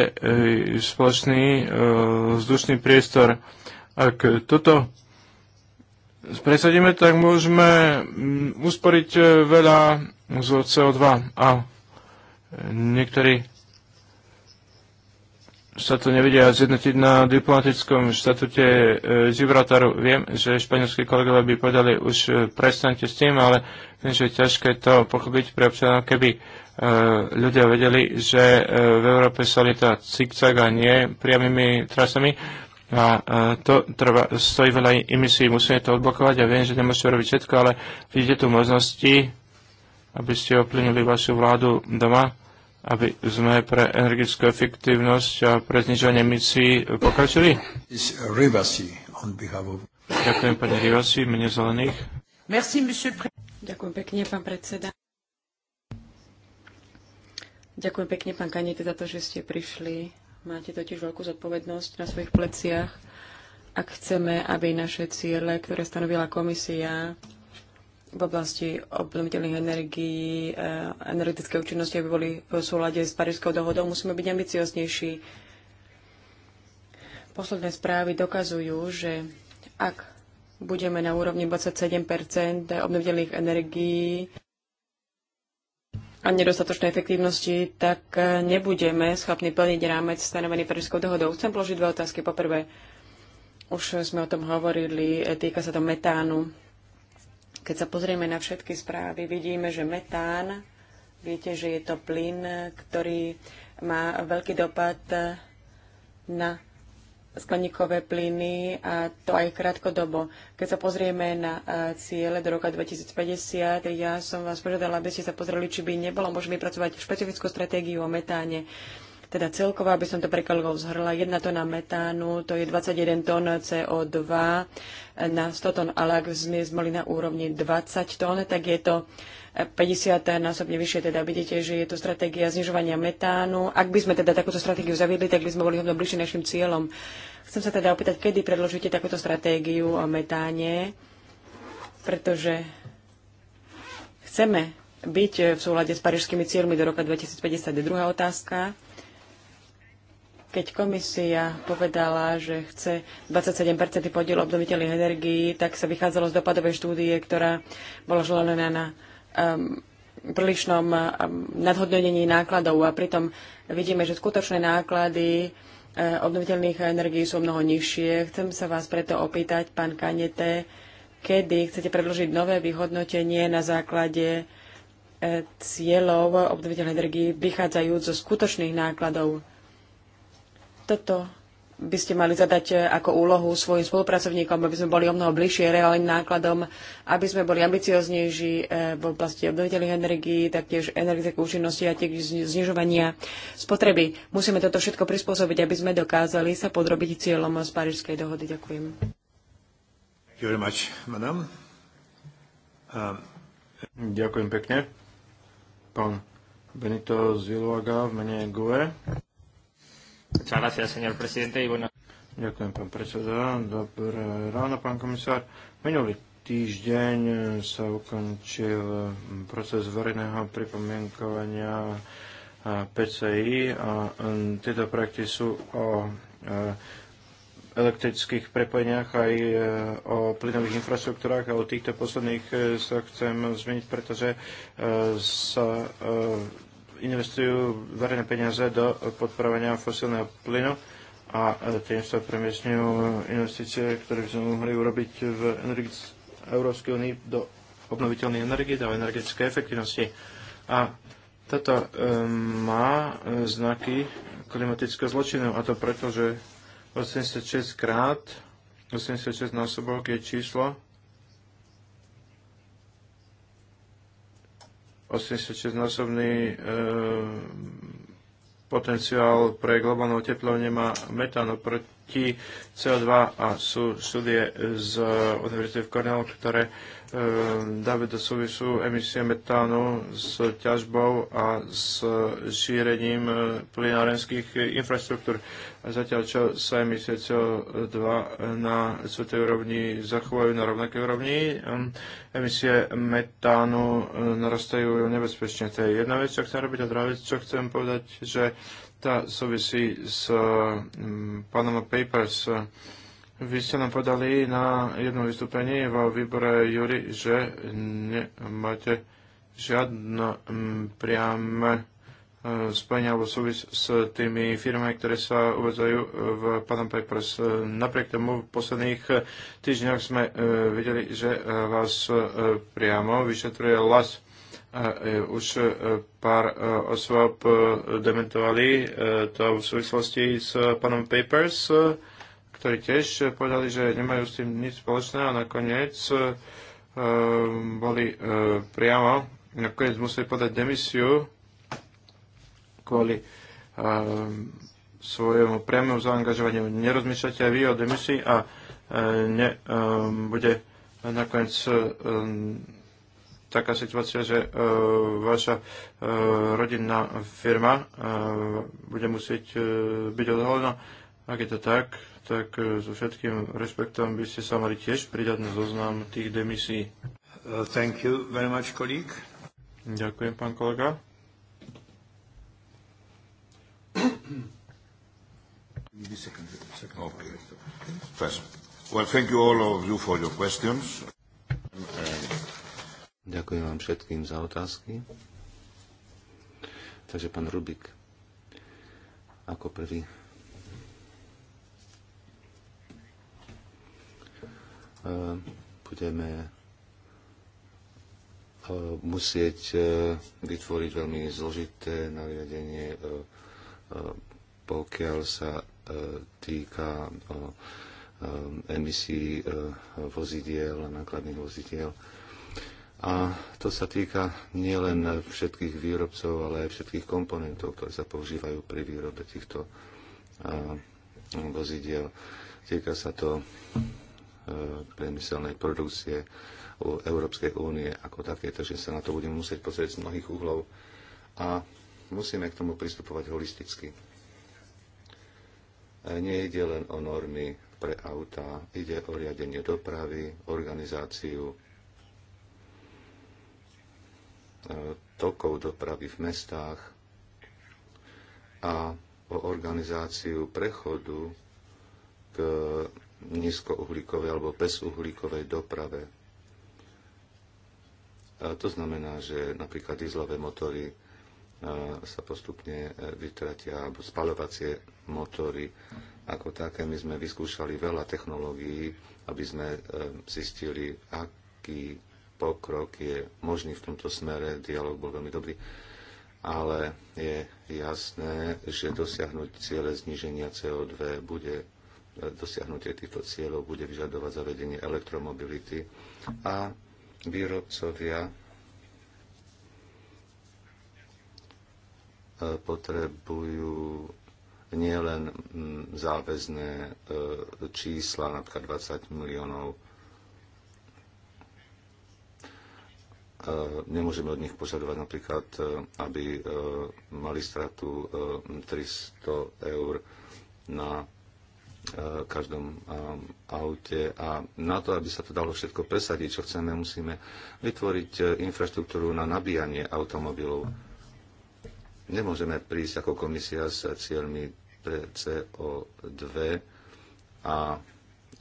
spoločný vzdušný priestor. Ak toto presadíme, tak môžeme usporiť veľa zo CO2. A niektorí sa to nevedia zjednotiť na diplomatickom štatute e, Gibraltaru. Viem, že španielskí kolegovia by povedali, už e, prestante s tým, ale viem, že je ťažké to pochopiť pre občanov, keby e, ľudia vedeli, že v Európe sa lieta cikcak a nie priamými trasami. A to trvá, stojí veľa emisí, musíme to odblokovať a viem, že nemôžete robiť všetko, ale vidíte tu možnosti, aby ste oplynili vašu vládu doma aby sme pre energetickú efektívnosť a pre znižovanie emisí pokračili? Ďakujem, pani Rivasi, mene zelených. Merci, Ďakujem pekne, pán predseda. Ďakujem pekne, pán kanite, za to, že ste prišli. Máte totiž veľkú zodpovednosť na svojich pleciach. Ak chceme, aby naše ciele, ktoré stanovila komisia, v oblasti obnoviteľných energií, e, energetické účinnosti, aby boli v súlade s Parížskou dohodou, musíme byť ambicioznejší. Posledné správy dokazujú, že ak budeme na úrovni 27 obnoviteľných energií a nedostatočnej efektívnosti, tak e, nebudeme schopní plniť rámec stanovený Parížskou dohodou. Chcem položiť dve otázky. Poprvé, už sme o tom hovorili, e, týka sa to metánu keď sa pozrieme na všetky správy, vidíme, že metán, viete, že je to plyn, ktorý má veľký dopad na skleníkové plyny a to aj krátkodobo. Keď sa pozrieme na e, ciele do roka 2050, ja som vás požiadala, aby ste sa pozreli, či by nebolo možné pracovať špecifickú stratégiu o metáne. Uh, teda celková, aby som to prekladlo zhrla, jedna tona metánu, to je 21 tón CO2 na 100 tón, ale ak sme boli na úrovni 20 tón, tak je to 50 násobne vyššie. Teda vidíte, že je to stratégia znižovania metánu. Ak by sme teda takúto stratégiu zaviedli, tak by sme boli hodno bližšie našim cieľom. Chcem sa teda opýtať, kedy predložíte takúto stratégiu o metáne, pretože chceme byť v súlade s parížskými cieľmi do roka 2050. Druhá otázka. Keď komisia povedala, že chce 27% podiel obnoviteľných energií, tak sa vychádzalo z dopadovej štúdie, ktorá bola želená na um, prílišnom um, nadhodnotení nákladov. A pritom vidíme, že skutočné náklady uh, obnoviteľných energií sú mnoho nižšie. Chcem sa vás preto opýtať, pán Kanete, kedy chcete predložiť nové vyhodnotenie na základe uh, cieľov obnoviteľnej energii vychádzajúc zo skutočných nákladov. Toto by ste mali zadať e, ako úlohu svojim spolupracovníkom, aby sme boli o mnoho bližšie reálnym nákladom, aby sme boli ambicioznejší e, v oblasti obnoviteľných energií, taktiež energetické účinnosti a tiež znižovania spotreby. Musíme toto všetko prispôsobiť, aby sme dokázali sa podrobiť cieľom z Parížskej dohody. Ďakujem. Much, um... Ďakujem pekne. Pán Benito Ziloaga v mene GUE. Ďakujem, pán predseda. Dobré ráno, pán komisár. Minulý týždeň eh, sa ukončil mm, proces verejného pripomienkovania eh, PCI a mm, tieto projekty sú o eh, elektrických prepojeniach aj o plynových infraštruktúrach a o týchto posledných sa chcem zmeniť, pretože sa investujú verejné peniaze do podporovania fosilného plynu a e, tým sa premiesňujú investície, ktoré by sme mohli urobiť v Európskej únii do obnoviteľnej energie, do energetickej efektivnosti. A toto e, má e, znaky klimatického zločinu a to preto, že 86 krát, 86 násobok je číslo 86-násobný e, eh, potenciál pre globálne oteplovanie má metán oproti čistí CO2 a sú studie z Univerzity v Cornell, ktoré ehm, dáve do súvisu emisie metánu s ťažbou a s šírením e, plinárenských infraštruktúr. Zatiaľ, čo sa emisie CO2 na svetej úrovni zachovajú na rovnakej úrovni, ehm, emisie metánu e, narastajú nebezpečne. To je jedna vec, čo chcem robiť a druhá vec, čo chcem povedať, že tá súvisí s mm, Panama Papers. Vy ste nám podali na jednom vystúpení vo výbore Júri, že nemáte žiadno mm, priame e, spojenia alebo súvis s tými firmami, ktoré sa uvedzajú v Panam Papers. Napriek tomu v posledných týždňoch sme e, videli, že vás e, priamo vyšetruje LAS. E, už e, pár e, osôb dementovali to v súvislosti s panom Papers, ktorí tiež povedali, že nemajú s tým nič spoločné a nakoniec boli priamo, nakoniec museli podať demisiu kvôli svojemu priamému zaangažovaniu. Nerozmýšľate aj vy o demisii a ne, bude nakoniec taká situácia, že e, vaša e, rodinná firma e, bude musieť e, byť odhalená. Ak je to tak, tak e, so všetkým rešpektom by ste sa mali tiež pridať na zoznam tých demisí. Uh, thank you very much, colleague. Ďakujem, pán kolega. Okay. Well, thank you all of you for your questions. Uh, Ďakujem vám všetkým za otázky. Takže pán Rubik ako prvý. E, budeme e, musieť e, vytvoriť veľmi zložité nariadenie, pokiaľ sa týka emisí vozidiel a nákladných vozidiel a to sa týka nielen všetkých výrobcov, ale aj všetkých komponentov, ktoré sa používajú pri výrobe týchto vozidiel. Týka sa to e, priemyselnej produkcie u Európskej únie ako také, takže sa na to budeme musieť pozrieť z mnohých uhlov a musíme k tomu pristupovať holisticky. Nie ide len o normy pre autá, ide o riadenie dopravy, organizáciu E, tokov dopravy v mestách a o organizáciu prechodu k nízkouhlíkovej alebo bezuhlíkovej doprave. A to znamená, že napríklad dizlové motory e, sa postupne e, vytratia, alebo spalovacie motory ako také. My sme vyskúšali veľa technológií, aby sme zistili, aký pokrok je možný v tomto smere, dialog bol veľmi dobrý, ale je jasné, že dosiahnuť ciele zníženia CO2 bude dosiahnutie týchto cieľov bude vyžadovať zavedenie elektromobility a výrobcovia e, potrebujú nielen mm, záväzné e, čísla, napríklad 20 miliónov E, nemôžeme od nich požadovať napríklad, e, aby e, mali stratu 300 eur na každom aute a na to, aby sa to dalo všetko presadiť, čo chceme, musíme vytvoriť infraštruktúru na nabíjanie automobilov. Nemôžeme prísť ako komisia s cieľmi pre CO2 a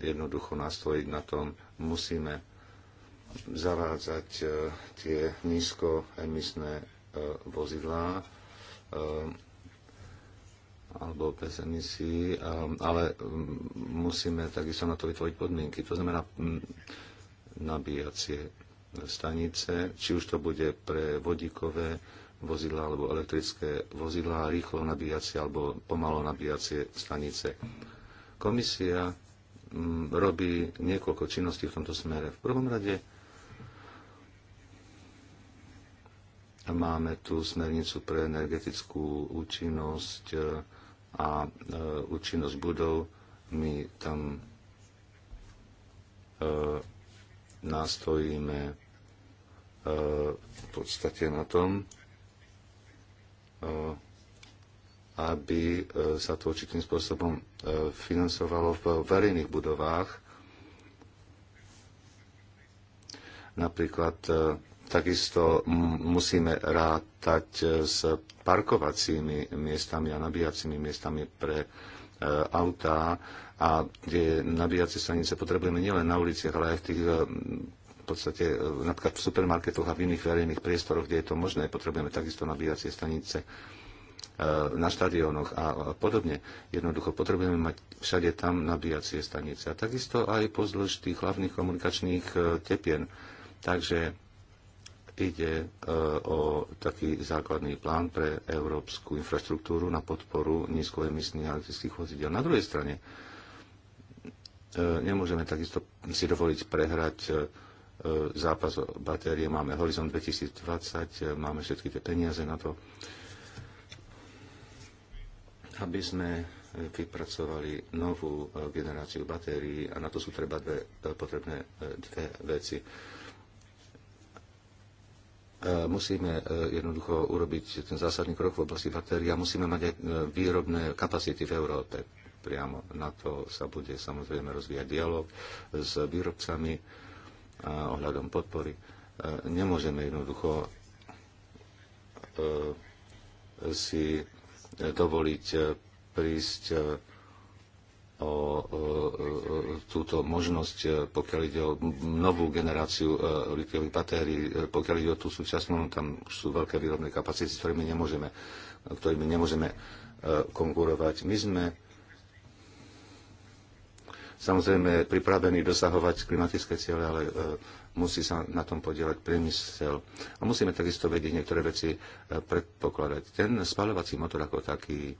jednoducho nastojiť na tom, musíme zavádzať e, tie nízkoemisné e, vozidlá e, alebo bez emisí, ale mm, musíme takisto na to vytvoriť podmienky. To znamená mm, nabíjacie stanice, či už to bude pre vodíkové vozidla alebo elektrické vozidlá, rýchlo nabíjacie alebo pomalo nabíjacie stanice. Komisia mm, robí niekoľko činností v tomto smere. V prvom rade Máme tu smernicu pre energetickú účinnosť e, a e, účinnosť budov. My tam e, nastojíme v podstate na tom, aby sa to určitým spôsobom financovalo v verejných budovách. Napríklad Takisto musíme rátať e, s parkovacími miestami a nabíjacími miestami pre e, autá a tie nabíjacie stanice potrebujeme nielen na uliciach, ale aj v tých e, v podstate napríklad v supermarketoch a v iných verejných priestoroch, kde je to možné. Potrebujeme takisto nabíjacie stanice na štadiónoch a podobne. Jednoducho potrebujeme mať všade tam nabíjacie stanice a takisto aj pozdĺž tých hlavných komunikačných tepien. Takže ide e, o taký základný plán pre európsku infraštruktúru na podporu nízkoemisných elektrických vozidel. Na druhej strane e, nemôžeme takisto si dovoliť prehrať e, zápas o batérie. Máme Horizon 2020, máme všetky tie peniaze na to, aby sme vypracovali novú generáciu batérií a na to sú treba dve, potrebné dve veci E, musíme e, jednoducho urobiť ten zásadný krok v oblasti batérií a musíme mať aj e, výrobné kapacity v Európe. Priamo na to sa bude samozrejme rozvíjať dialog s výrobcami a ohľadom podpory. Nemôžeme jednoducho si dovoliť prísť o túto možnosť, e, pokiaľ ide o novú generáciu e, litiových batérií, e, pokiaľ ide o tú súčasnú, no tam sú veľké výrobné kapacity, s ktorými nemôžeme, ktorými nemôžeme konkurovať. My sme samozrejme pripravení dosahovať klimatické ciele, ale musí sa na tom podielať priemysel. A musíme takisto vedieť niektoré veci predpokladať. Ten spalovací motor ako taký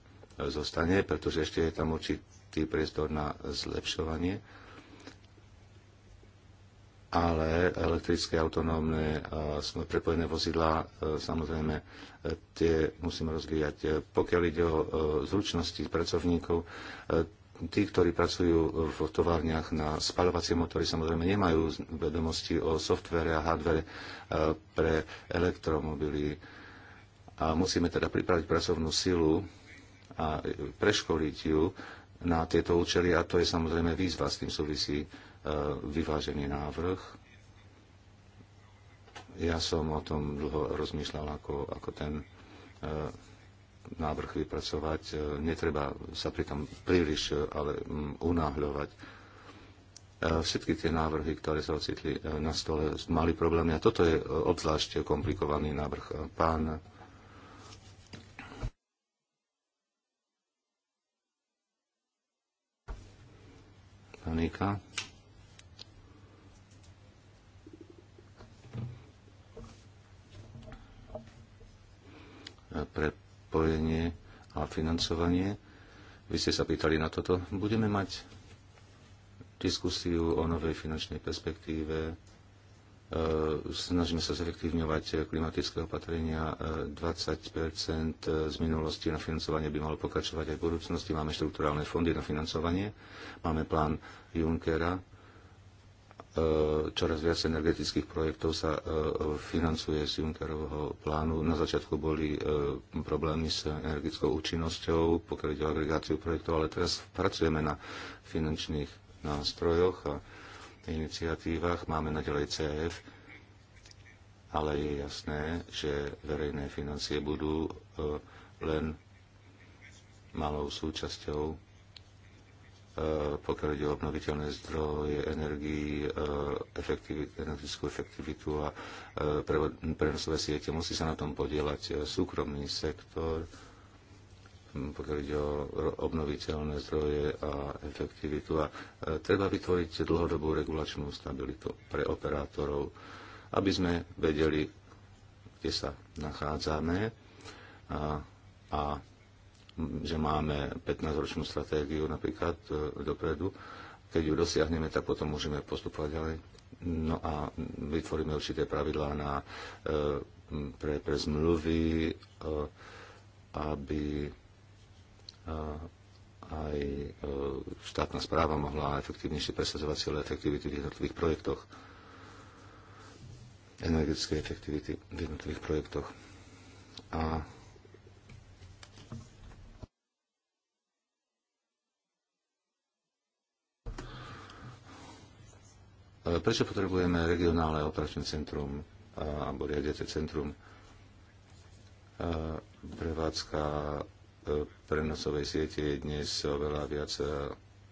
zostane, pretože ešte je tam určitý priestor na zlepšovanie. Ale elektrické autonómne prepojené vozidlá, e, samozrejme, e, tie musíme rozvíjať. E, pokiaľ ide o zručnosti pracovníkov, tí, ktorí pracujú v továrniach na spalovacie motory, samozrejme nemajú vedomosti o softvere a hardvere pre elektromobily. A musíme teda pripraviť pracovnú silu a preškoliť ju na tieto účely a to je samozrejme výzva, s tým súvisí e, vyvážený návrh. Ja som o tom dlho rozmýšľal, ako, ako ten e, návrh vypracovať. E, netreba sa pritom príliš ale unáhľovať. Všetky tie návrhy, ktoré sa ocitli na stole, mali problémy a toto je obzvlášť komplikovaný návrh. Pán elektronika. E, prepojenie a financovanie. Vy ste sa pýtali na toto. Budeme mať diskusiu o novej finančnej perspektíve E, snažíme sa zefektívňovať klimatické opatrenia. 20 e, z minulosti na financovanie by malo pokračovať aj v budúcnosti. Máme štruktúrálne fondy na financovanie, máme plán Junckera, e, čoraz viac energetických projektov sa financuje z Junckerovho plánu. Na začiatku boli problémy s energetickou účinnosťou, pokiaľ ide o agregáciu projektov, ale teraz pracujeme na finančných nástrojoch a iniciatívach, máme naďalej CF, ale je jasné, že verejné financie budú e, len malou súčasťou e, pokiaľ ide o obnoviteľné zdroje energii, e, efektivit, energetickú efektivitu a prenosové siete. Musí sa na tom podielať súkromný sektor, pokiaľ ide o obnoviteľné zdroje a efektivitu. A e, treba vytvoriť dlhodobú regulačnú stabilitu pre operátorov, aby sme vedeli, kde sa nachádzame a, a že máme 15-ročnú stratégiu napríklad e, dopredu. Keď ju dosiahneme, tak potom môžeme postupovať ďalej. No a vytvoríme určité pravidlá na, e, pre, pre zmluvy, aby aj e, štátna správa mohla efektívnejšie presadzovať cieľe efektivity v jednotlivých projektoch, energetické efektivity v jednotlivých projektoch. A e, Prečo potrebujeme regionálne operačné centrum e, alebo riadiace centrum? Prevádzka prenosovej siete je dnes oveľa viac e,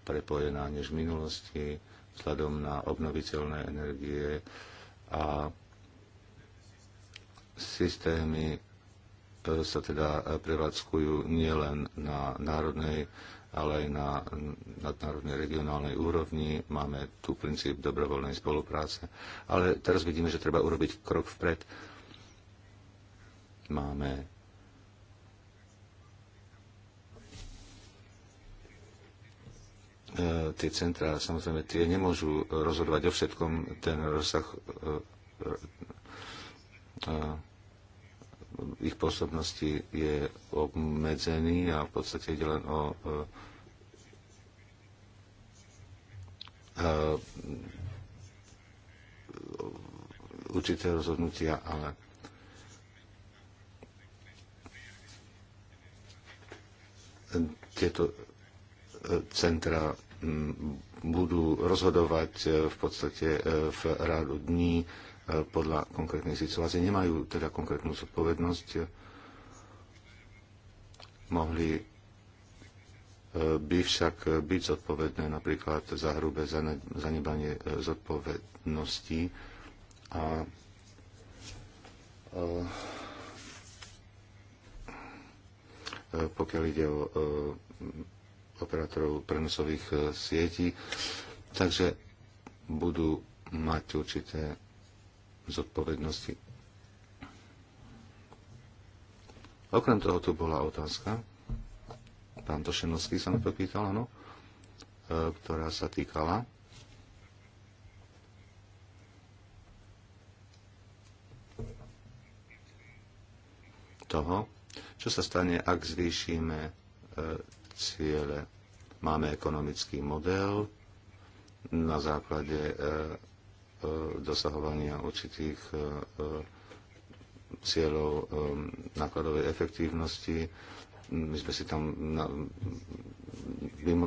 prepojená než v minulosti vzhľadom na obnoviteľné energie a systémy e, sa teda e, prevádzkujú nielen na národnej, ale aj na nadnárodnej regionálnej úrovni. Máme tu princíp dobrovoľnej spolupráce. Ale teraz vidíme, že treba urobiť krok vpred. Máme E, tie centrá, samozrejme, tie nemôžu rozhodovať o všetkom. Ten rozsah e, e, ich pôsobnosti je obmedzený a v podstate ide len o určité rozhodnutia, ale tieto centra budú rozhodovať e, v podstate e, v rádu dní e, podľa konkrétnej situácie. Nemajú teda konkrétnu zodpovednosť. Mohli by však byť zodpovedné napríklad za hrubé zanebanie zodpovednosti a pokiaľ ide o operátorov prenosových e, sietí, takže budú mať určité zodpovednosti. Okrem toho tu bola otázka, pán Tošenovský sa na to pýtal, áno, e, ktorá sa týkala toho, čo sa stane, ak zvýšime e, ciele. Máme ekonomický model na základe e, e, dosahovania určitých e, cieľov nákladovej efektívnosti. My sme si tam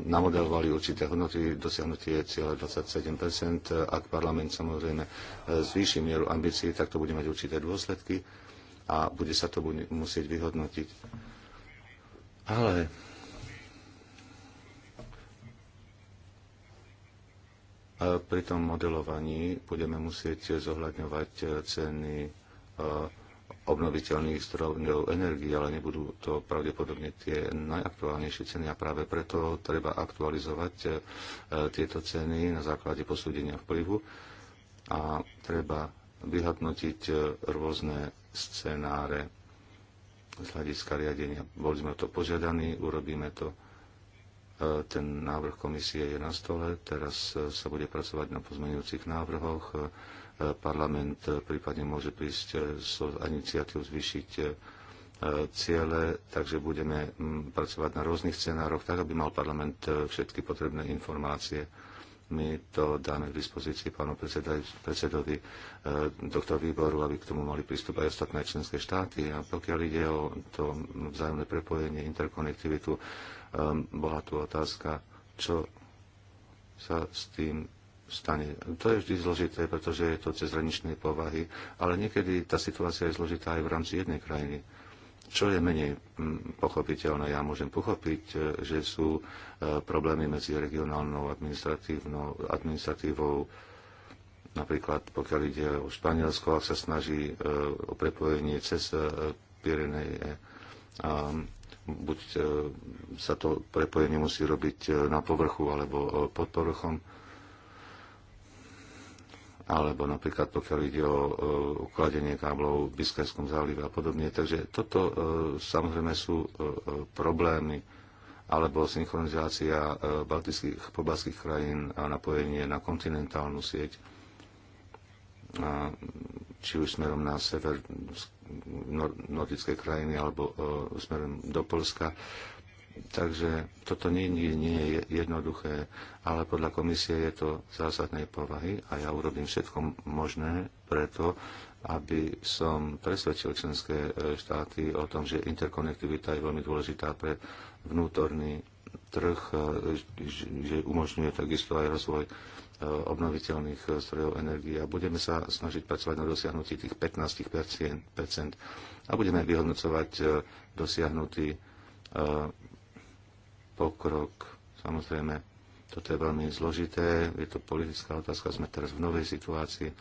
namodelovali určité hodnoty, dosiahnutie cieľa 27%. Ak parlament samozrejme zvýši mieru ambícií, tak to bude mať určité dôsledky a bude sa to musieť vyhodnotiť. Ale Pri tom modelovaní budeme musieť zohľadňovať eh, ceny eh, obnoviteľných zdrojov energii, ale nebudú to pravdepodobne tie najaktuálnejšie ceny a práve preto treba aktualizovať eh, tieto ceny na základe posúdenia vplyvu a treba vyhodnotiť rôzne scenáre z hľadiska riadenia. Boli sme to požiadaní, urobíme to ten návrh komisie je na stole, teraz e, sa bude pracovať na pozmeňujúcich návrhoch. E, e, parlament prípadne môže prísť s iniciatívou zvýšiť ciele, takže budeme pracovať na rôznych scenároch, tak aby mal parlament všetky potrebné informácie. My to dáme k dispozícii pánu predsedovi tohto výboru, aby k tomu mali prístup aj ostatné členské štáty. A pokiaľ ide o to vzájomné prepojenie, interkonektivitu, bola tu otázka, čo sa s tým stane. To je vždy zložité, pretože je to cez hraničné povahy, ale niekedy tá situácia je zložitá aj v rámci jednej krajiny. Čo je menej hm, pochopiteľné, ja môžem pochopiť, eh, že sú eh, problémy medzi regionálnou administratívou, napríklad pokiaľ ide o Španielsko, ak sa snaží eh, o prepojenie cez Pirenej buď e, sa to prepojenie musí robiť e, na povrchu alebo e, pod povrchom, alebo napríklad pokiaľ ide o ukladenie káblov v Biskajskom zálive a podobne. Takže toto samozrejme sú problémy alebo synchronizácia baltických, pobalských krajín a napojenie na kontinentálnu sieť, či už smerom na sever No, nordické krajiny alebo e, smerom do Polska. Takže toto nie, nie, nie je jednoduché, ale podľa komisie je to zásadnej povahy a ja urobím všetko možné preto, aby som presvedčil členské e, štáty o tom, že interkonektivita je veľmi dôležitá pre vnútorný trh, e, že umožňuje takisto aj rozvoj Eh, obnoviteľných zdrojov eh, energie a budeme sa snažiť pracovať na dosiahnutí tých 15 a budeme vyhodnocovať eh, dosiahnutý pokrok. Samozrejme, toto je veľmi zložité, je to politická otázka, sme teraz v novej situácii,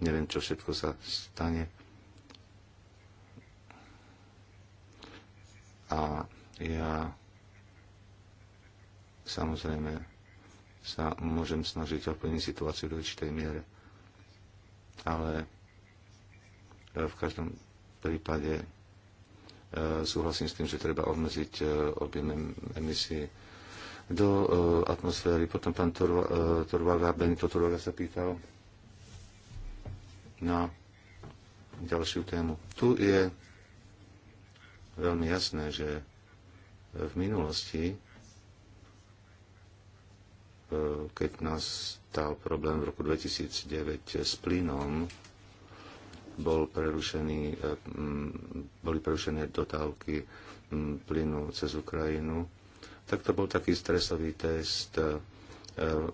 neviem, čo všetko sa stane. A ja samozrejme sa môžem snažiť ovplyvniť situáciu do určitej miere. Ale e, v každom prípade e, súhlasím s tým, že treba obmedziť e, objem emisie do atmosféry. Potom pán Torvaga, Benito Torvaga sa pýtal na ďalšiu tému. Tu je veľmi jasné, že v minulosti E, keď nastal problém v roku 2009 s plynom, bol prerušený, e, boli prerušené dodávky plynu cez Ukrajinu, tak to bol taký stresový test, e,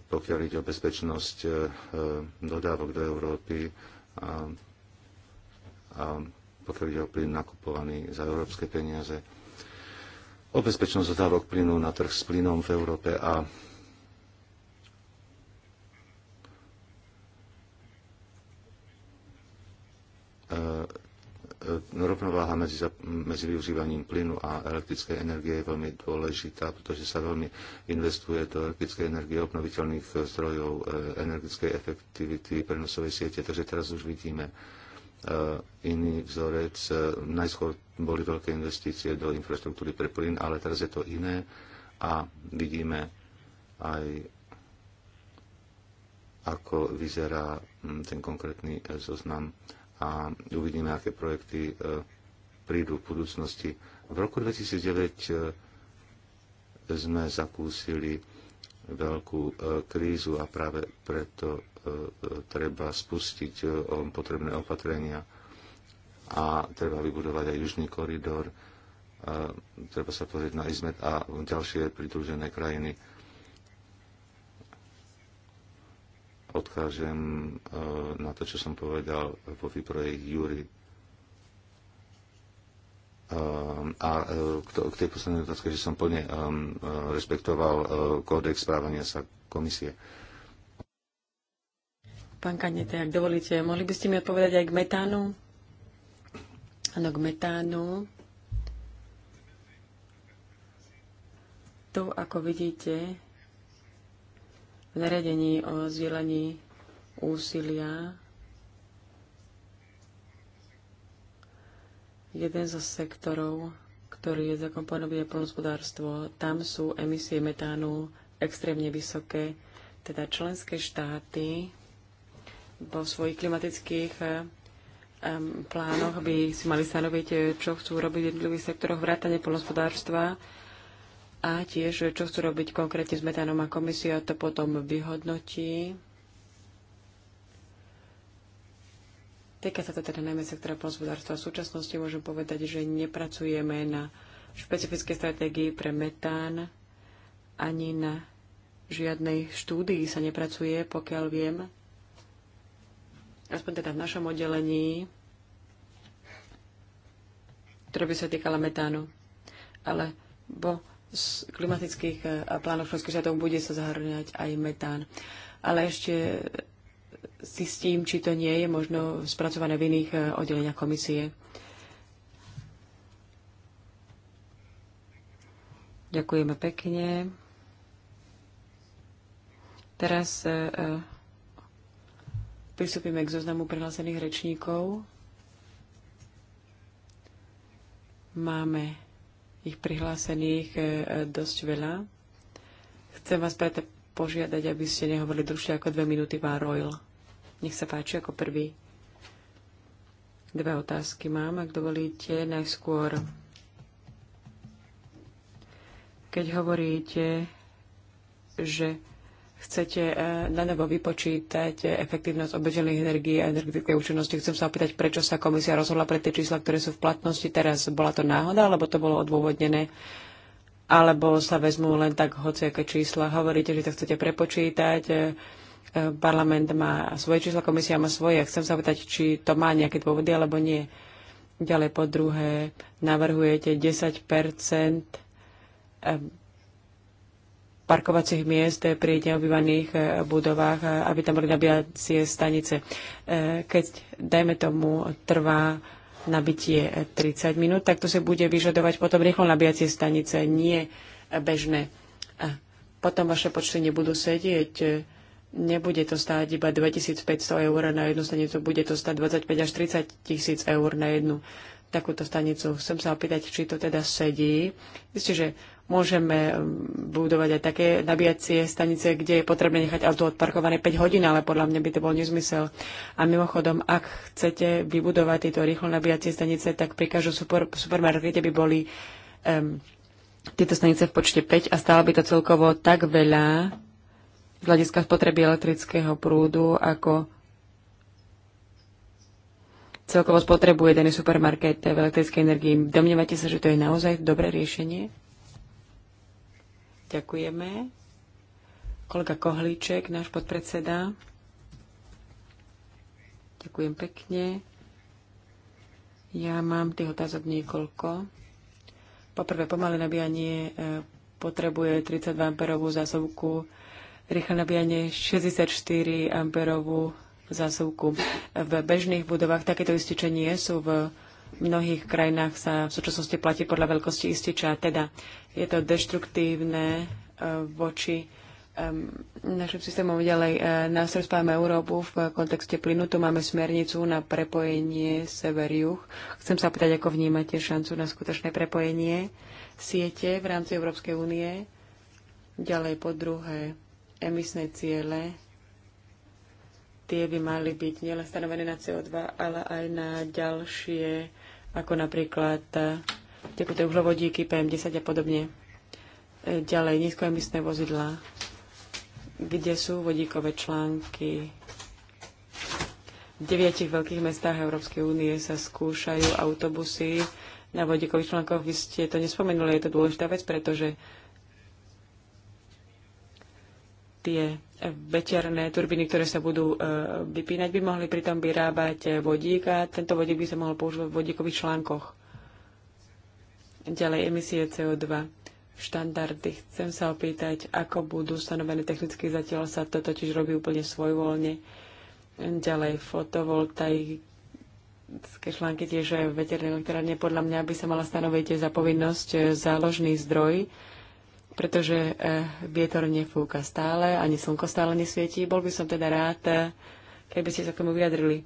pokiaľ ide o bezpečnosť dodávok do Európy a, a pokiaľ ide o plyn nakupovaný za európske peniaze o bezpečnosť dodávok plynu na trh s plynom v Európe a E, e, rovnováha medzi, medzi využívaním plynu a elektrickej energie je veľmi dôležitá, pretože sa veľmi investuje do elektrickej energie, obnoviteľných zdrojov, e, energetickej efektivity, prenosovej siete. Takže teraz už vidíme iný vzorec. Najskôr boli veľké investície do infraštruktúry pre plyn, ale teraz je to iné a vidíme aj ako vyzerá ten konkrétny zoznam a uvidíme, aké projekty e, prídu v budúcnosti. V roku 2009 e, sme zakúsili veľkú e, krízu a práve preto treba spustiť potrebné opatrenia a treba vybudovať aj južný koridor, treba sa pozrieť na Izmet a ďalšie pridružené krajiny odkážem e, na to, čo som povedal vo výprojech Júry. E, a e, k tej poslednej otázke, že som plne respektoval kódex správania sa komisie. Pán Kanete, ak dovolíte, mohli by ste mi odpovedať aj k metánu? Áno, k metánu. Tu, ako vidíte, v nariadení o zdieľaní úsilia jeden zo sektorov, ktorý je zakomponovaný polnospodárstvo, tam sú emisie metánu extrémne vysoké. Teda členské štáty vo svojich klimatických plánoch by si mali stanoviť, čo chcú robiť v jednotlivých sektoroch vrátane poľnospodárstva a tiež, čo chcú robiť konkrétne s metánom a komisia to potom vyhodnotí. Týka sa to teda najmä sektora pôsobodárstva. V súčasnosti môžem povedať, že nepracujeme na špecifické stratégii pre metán ani na žiadnej štúdii sa nepracuje, pokiaľ viem. Aspoň teda v našom oddelení, ktoré by sa týkala metánu. Ale bo z klimatických e, plánov členských štátov bude sa zahrňať aj metán. Ale ešte zistím, či to nie je možno spracované v iných e, oddeleniach komisie. Ďakujeme pekne. Teraz e, pristúpime k zoznamu prihlásených rečníkov. Máme ich prihlásených e, e, dosť veľa. Chcem vás preto požiadať, aby ste nehovorili dlhšie ako dve minúty pán Royal. Nech sa páči ako prvý. Dve otázky mám, ak dovolíte, najskôr. Keď hovoríte, že chcete danovo e, vypočítať e, efektívnosť obežených energií a energetickej účinnosti. Chcem sa opýtať, prečo sa komisia rozhodla pre tie čísla, ktoré sú v platnosti teraz. Bola to náhoda, alebo to bolo odôvodnené? Alebo sa vezmú len tak hociaké čísla? Hovoríte, že to chcete prepočítať. E, parlament má svoje čísla, komisia má svoje. Chcem sa opýtať, či to má nejaké dôvody, alebo nie. Ďalej po druhé, navrhujete 10 parkovacích miest pri neobývaných e, budovách, e, aby tam boli nabíjacie stanice. E, keď, dajme tomu, trvá nabitie 30 minút, tak to sa bude vyžadovať potom rýchlo nabíjacie stanice, nie bežné. Potom vaše počty nebudú sedieť, nebude to stáť iba 2500 eur na jednu stanicu, bude to stáť 25 až 30 tisíc eur na jednu takúto stanicu. Chcem sa opýtať, či to teda sedí. Myslím, že Môžeme um, budovať aj také nabíjacie stanice, kde je potrebné nechať auto odparkované 5 hodín, ale podľa mňa by to bol nezmysel. A mimochodom, ak chcete vybudovať tieto rýchlo nabíjacie stanice, tak pri každom super, supermarkete by boli um, tieto stanice v počte 5 a stále by to celkovo tak veľa z hľadiska spotreby elektrického prúdu, ako celkovo spotrebuje daný supermarket v elektrickej energii. Domnievate sa, že to je naozaj dobré riešenie? Ďakujeme. Kolega Kohlíček, náš podpredseda. Ďakujem pekne. Ja mám tých otázok niekoľko. Poprvé, pomalé nabíjanie e, potrebuje 32 amperovú zásuvku, rýchle nabíjanie 64 amperovú zásuvku. V bežných budovách takéto ističenie sú v v mnohých krajinách sa v súčasnosti platí podľa veľkosti ističa, teda je to deštruktívne eh, voči našim systémom ďalej. Eh, nástroj spájame Európu v kontexte plynu. Tu máme smernicu na prepojenie sever-juh. Chcem sa pýtať, ako vnímate šancu na skutočné prepojenie siete v rámci Európskej únie. Ďalej po druhé, emisné ciele. Tie by mali byť nielen stanovené na CO2, ale aj na ďalšie ako napríklad e, tekuté uhlovodíky, PM10 a podobne. E, ďalej nízkoemisné vozidlá, kde sú vodíkové články. V deviatich veľkých mestách Európskej únie sa skúšajú autobusy na vodíkových článkoch. Vy ste to nespomenuli, je to dôležitá vec, pretože tie veterné turbíny, ktoré sa budú e, vypínať, by mohli pritom vyrábať e, vodík a tento vodík by sa mohol používať v vodíkových článkoch. Ďalej emisie CO2 štandardy. Chcem sa opýtať, ako budú stanovené technicky, zatiaľ sa to totiž robí úplne svojvoľne. Ďalej fotovoltaické články tiež veterné elektrárne podľa mňa by sa mala stanoviť za povinnosť e, záložný zdroj, pretože e, vietor nefúka stále, ani slnko stále nesvietí. Bol by som teda rád, e, keby ste sa k tomu vyjadrili.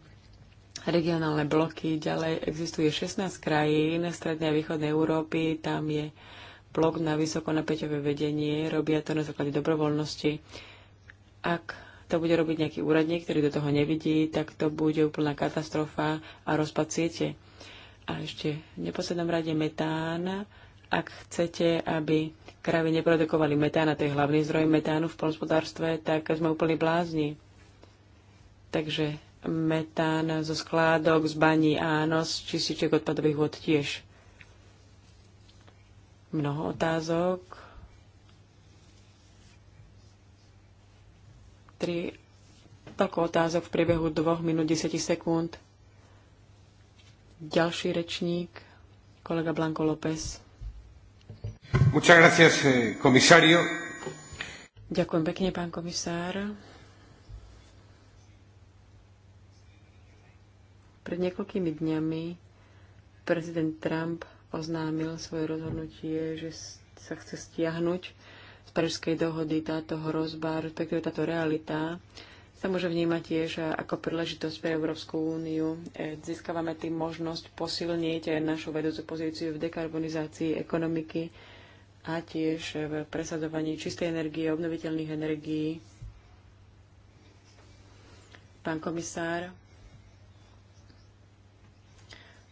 Regionálne bloky, ďalej existuje 16 krajín strednej a východnej Európy, tam je blok na vysokonapäťové vedenie, robia to na základe dobrovoľnosti. Ak to bude robiť nejaký úradník, ktorý do toho nevidí, tak to bude úplná katastrofa a rozpad siete. A ešte v neposlednom rade metán. Ak chcete, aby kravy neprodukovali metán, a to je hlavný zdroj metánu v polospodárstve, tak sme úplne blázni. Takže metán zo skládok, z baní, áno, z čističiek odpadových vod tiež. Mnoho otázok. Tri, toľko otázok v priebehu dvoch minút 10 sekúnd. Ďalší rečník, kolega Blanko López. Gracias, eh, Ďakujem pekne, pán komisár. Pred niekoľkými dňami prezident Trump oznámil svoje rozhodnutie, že sa chce stiahnuť z Parížskej dohody táto hrozba, respektíve táto realita, sa môže vnímať tiež eh, ako príležitosť pre Európsku úniu. Eh, získavame tým možnosť posilniť našu vedúcu pozíciu v dekarbonizácii ekonomiky a tiež v presadzovaní čistej energie, obnoviteľných energií. Pán komisár,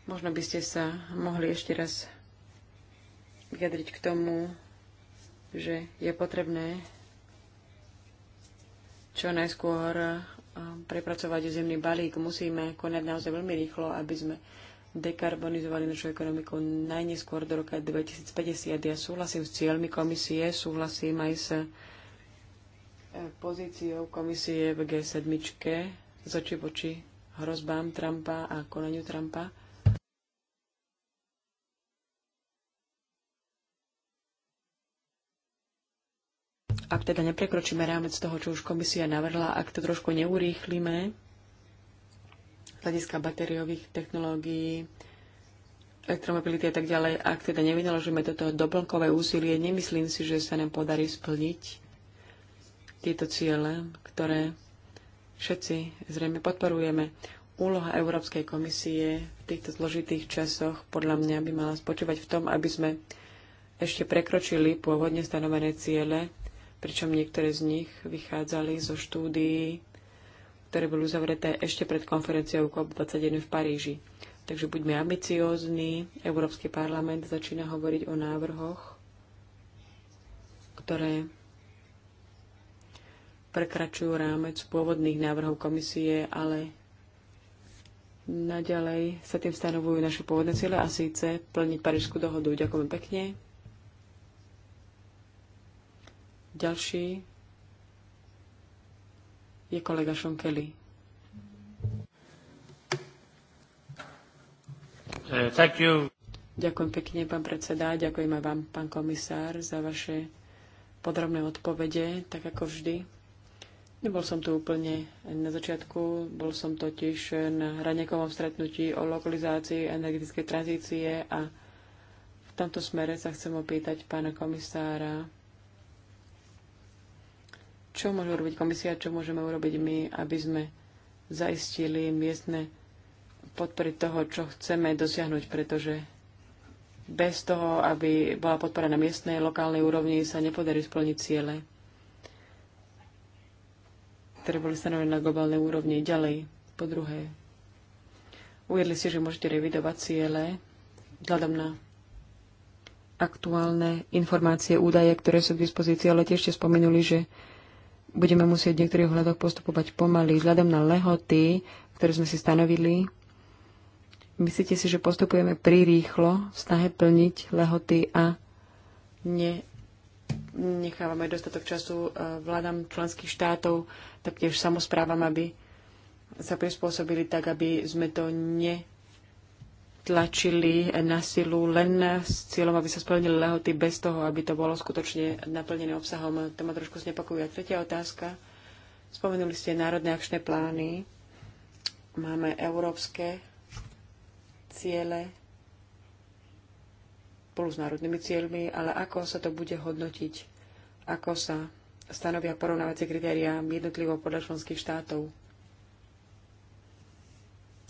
možno by ste sa mohli ešte raz vyjadriť k tomu, že je potrebné čo najskôr um, prepracovať zemný balík. Musíme konať naozaj veľmi rýchlo, aby sme dekarbonizovali našu ekonomiku najneskôr do roka 2050. Ja súhlasím s cieľmi komisie, súhlasím aj s e, pozíciou komisie v G7 z oči voči hrozbám Trumpa a konaniu Trumpa. Ak teda neprekročíme rámec toho, čo už komisia navrhla, ak to trošku neurýchlíme z hľadiska batériových technológií, elektromobility a tak ďalej, ak teda nevynaložíme toto doplnkové úsilie, nemyslím si, že sa nám podarí splniť tieto ciele, ktoré všetci zrejme podporujeme. Úloha Európskej komisie v týchto zložitých časoch podľa mňa by mala spočívať v tom, aby sme ešte prekročili pôvodne stanovené ciele, pričom niektoré z nich vychádzali zo štúdií ktoré boli uzavreté ešte pred konferenciou COP21 v Paríži. Takže buďme ambiciózni. Európsky parlament začína hovoriť o návrhoch, ktoré prekračujú rámec pôvodných návrhov komisie, ale naďalej sa tým stanovujú naše pôvodné ciele a síce plniť Parížskú dohodu. Ďakujem pekne. Ďalší je kolega Sean Kelly. Eh, thank you. Ďakujem pekne, pán predseda. Ďakujem aj vám, pán komisár, za vaše podrobné odpovede, tak ako vždy. Nebol som tu úplne na začiatku, bol som totiž na hranekovom stretnutí o lokalizácii energetickej tranzície a v tomto smere sa chcem opýtať pána komisára, čo môže urobiť komisia, čo môžeme urobiť my, aby sme zaistili miestne podpory toho, čo chceme dosiahnuť, pretože bez toho, aby bola podpora na miestnej, lokálnej úrovni, sa nepodarí splniť ciele, ktoré boli stanovené na globálnej úrovni. Ďalej, po druhé, uvedli ste, že môžete revidovať ciele vzhľadom na aktuálne informácie, údaje, ktoré sú k dispozícii, ale tiež ste spomenuli, že budeme musieť v niektorých hľadoch postupovať pomaly. Vzhľadom na lehoty, ktoré sme si stanovili, myslíte si, že postupujeme prirýchlo v snahe plniť lehoty a ne, nechávame dostatok času eh, vládam členských štátov, taktiež samozprávam, aby sa prispôsobili tak, aby sme to ne tlačili na silu len s cieľom, aby sa splnili lehoty bez toho, aby to bolo skutočne naplnené obsahom. To ma trošku znepokojuje. tretia otázka. Spomenuli ste národné akčné plány. Máme európske ciele spolu s národnými cieľmi, ale ako sa to bude hodnotiť? Ako sa stanovia porovnávacie kritériá jednotlivo podľa členských štátov?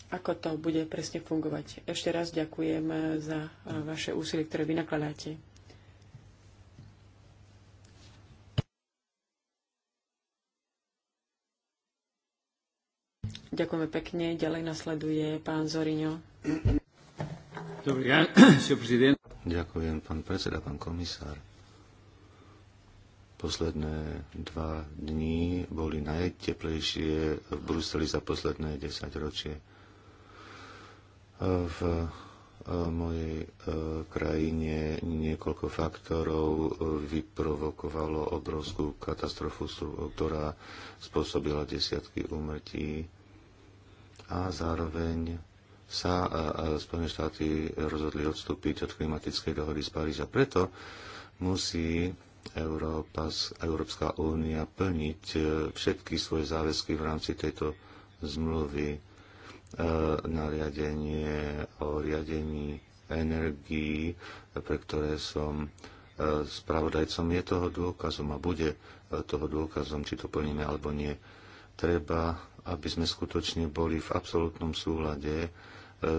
ako to bude presne fungovať. Ešte raz ďakujem eh, za eh, vaše úsilie, ktoré vy nakladáte. Ďakujeme pekne. Ďalej nasleduje pán Zoriňo. [clears throat] Ďakujem, pán predseda, pán komisár. Posledné dva dni boli najteplejšie v Bruseli za posledné desaťročie. ročie v e, mojej e, krajine niekoľko faktorov vyprovokovalo obrovskú katastrofu, ktorá spôsobila desiatky úmrtí a zároveň sa e, Spojené štáty rozhodli odstúpiť od klimatickej dohody z Paríža. Preto musí Európa, Európska únia plniť všetky svoje záväzky v rámci tejto zmluvy E, nariadenie o riadení energií, pre ktoré som e, spravodajcom, je toho dôkazom a bude e, toho dôkazom, či to plníme alebo nie. Treba, aby sme skutočne boli v absolútnom súlade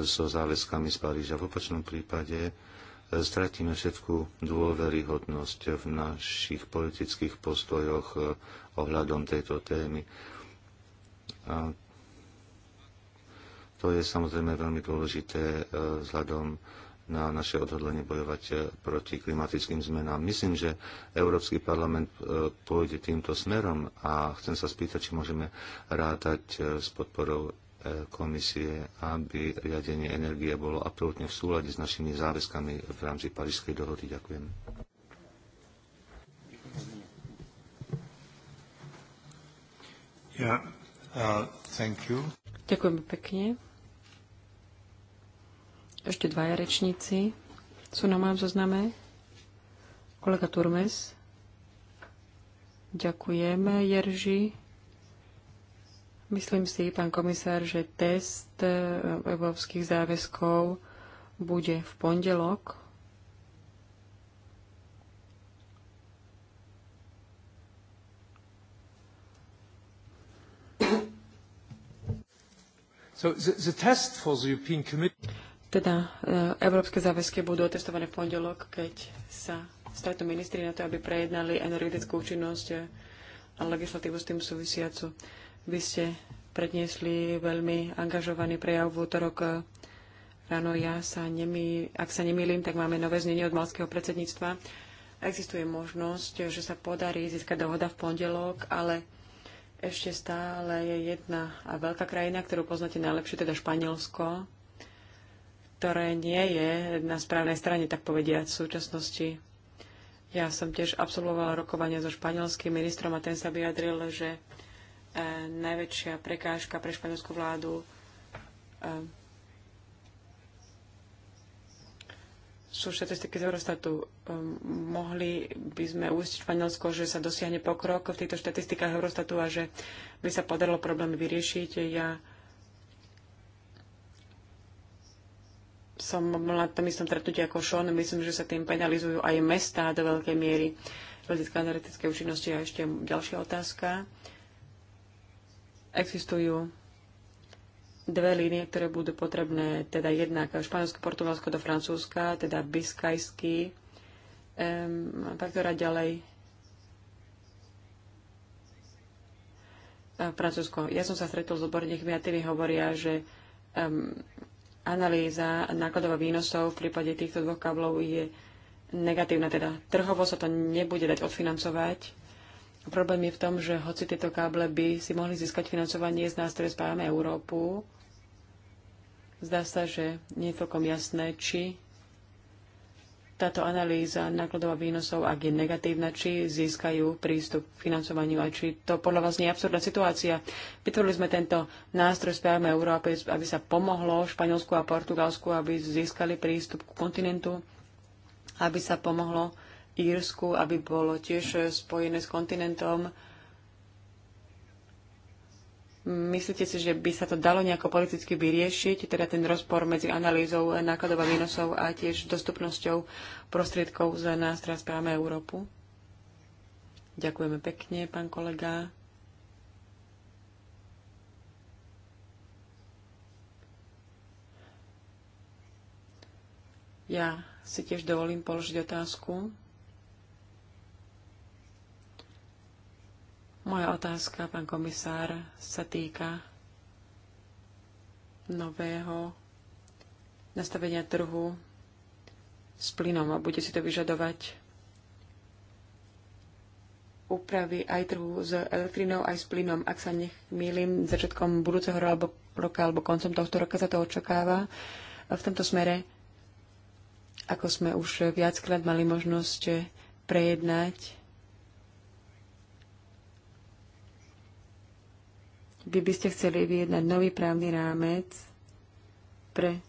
so záväzkami z Paríža. V opačnom prípade stratíme všetku dôveryhodnosť v našich politických postojoch ohľadom tejto témy. A to je samozrejme veľmi dôležité e, vzhľadom na naše odhodlenie bojovať e, proti klimatickým zmenám. Myslím, že Európsky parlament e, pôjde týmto smerom a chcem sa spýtať, či môžeme rátať s podporou komisie, aby riadenie energie bolo absolútne v súlade s našimi záväzkami v rámci Parížskej dohody. Ďakujem. yeah. uh, thank you. Ďakujem pekne. Ešte dvaja rečníci sú na mojom zozname. Kolega Turmes. Ďakujeme, Jerži. Myslím si, pán komisár, že test e, európskych záväzkov bude v pondelok. So the, the test for the European Committee teda e, európske záväzky budú otestované v pondelok, keď sa stretnú ministri na to, aby prejednali energetickú účinnosť a legislatívu s tým súvisiacu. Vy ste predniesli veľmi angažovaný prejav v útorok e, ráno. Ja sa nemý, ak sa nemýlim, tak máme nové znenie od malského predsedníctva. Existuje možnosť, že sa podarí získať dohoda v pondelok, ale ešte stále je jedna a veľká krajina, ktorú poznáte najlepšie, teda Španielsko, ktoré nie je na správnej strane, tak povediať, v súčasnosti. Ja som tiež absolvovala rokovania so španielským ministrom a ten sa vyjadril, že e, najväčšia prekážka pre španielskú vládu e, sú štatistiky z Eurostatu. E, mohli by sme uistiť Španielsko, že sa dosiahne pokrok v týchto štatistikách Eurostatu a že by sa podarilo problémy vyriešiť. Ja e, som na tom istom stretnutí ako Sean. Myslím, že sa tým penalizujú aj mestá do veľkej miery hľadiska analytické účinnosti. A ešte ďalšia otázka. Existujú dve línie, ktoré budú potrebné, teda jednak Španielsko, Portugalsko do Francúzska, teda Biskajský, um, to teda ďalej Francúzsko. Ja som sa stretol s odborníkmi a tými hovoria, že um, analýza nákladov a výnosov v prípade týchto dvoch káblov je negatívna, teda trhovo sa to nebude dať odfinancovať. Problém je v tom, že hoci tieto káble by si mohli získať financovanie z nástroje Spájame Európu, zdá sa, že nie je celkom jasné, či táto analýza nákladov a výnosov, ak je negatívna, či získajú prístup k financovaniu a či to podľa vás nie je absurdná situácia. Vytvorili sme tento nástroj Správame Európy, aby sa pomohlo Španielsku a Portugalsku, aby získali prístup k kontinentu, aby sa pomohlo Írsku, aby bolo tiež spojené s kontinentom Myslíte si, že by sa to dalo nejako politicky vyriešiť, teda ten rozpor medzi analýzou nákladov a výnosov a tiež dostupnosťou prostriedkov z nástroja Správame Európu? Ďakujeme pekne, pán kolega. Ja si tiež dovolím položiť otázku. Moja otázka, pán komisár, sa týka nového nastavenia trhu s plynom a bude si to vyžadovať úpravy aj trhu s elektrinou, aj s plynom. Ak sa nech mýlim, začiatkom budúceho alebo roka alebo koncom tohto roka sa to očakáva. V tomto smere, ako sme už viackrát mali možnosť prejednať Vy by ste chceli vyjednať nový právny rámec pre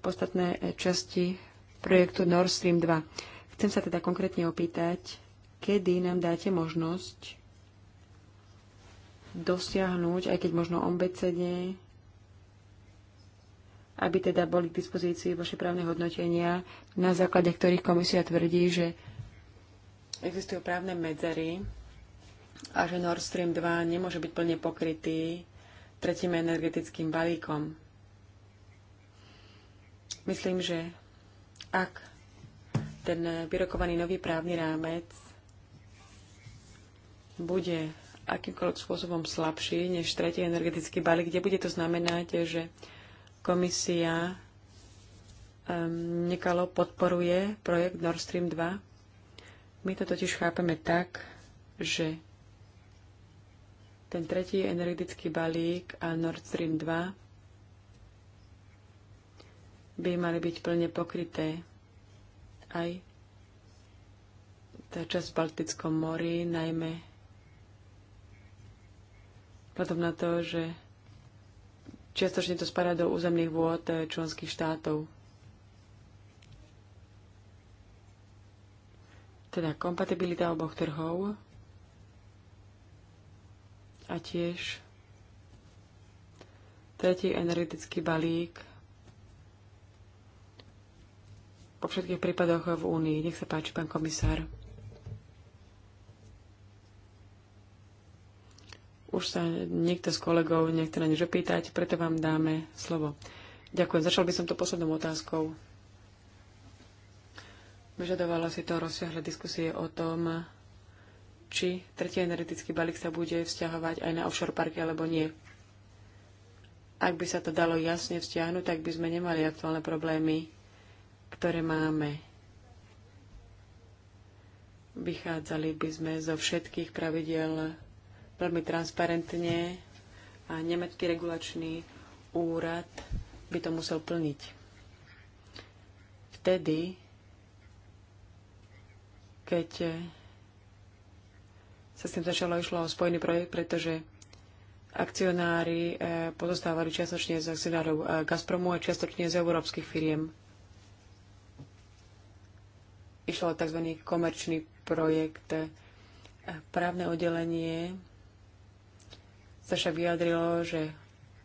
podstatné časti projektu Nord Stream 2. Chcem sa teda konkrétne opýtať, kedy nám dáte možnosť dosiahnuť, aj keď možno ombecenie, aby teda boli k dispozícii vaše právne hodnotenia, na základe ktorých komisia tvrdí, že existujú právne medzery a že Nord Stream 2 nemôže byť plne pokrytý tretím energetickým balíkom. Myslím, že ak ten vyrokovaný nový právny rámec bude akýmkoľvek spôsobom slabší než tretí energetický balík, kde bude to znamenať, že komisia um, nekalo podporuje projekt Nord Stream 2. My to totiž chápeme tak, že ten tretí energetický balík a Nord Stream 2 by mali byť plne pokryté aj tá časť v Baltickom mori, najmä vzhľadom na to, že čiastočne to spadá do územných vôd eh, členských štátov. Teda kompatibilita oboch trhov a tiež tretí energetický balík po všetkých prípadoch v Únii. Nech sa páči, pán komisár. Už sa niekto z kolegov nechce na nič opýtať, preto vám dáme slovo. Ďakujem. Začal by som to poslednou otázkou. Vyžadovala si to rozsiahle diskusie o tom, či tretí energetický balík sa bude vzťahovať aj na offshore parky alebo nie. Ak by sa to dalo jasne vzťahnuť, tak by sme nemali aktuálne problémy, ktoré máme. Vychádzali by sme zo všetkých pravidel veľmi transparentne a nemecký regulačný úrad by to musel plniť. Vtedy, keď sa s tým začalo, išlo o spojný projekt, pretože akcionári eh, pozostávali čiastočne z akcionárov eh, Gazpromu a čiastočne z európskych firiem. Išlo o tzv. komerčný projekt. Eh, právne oddelenie sa však vyjadrilo, že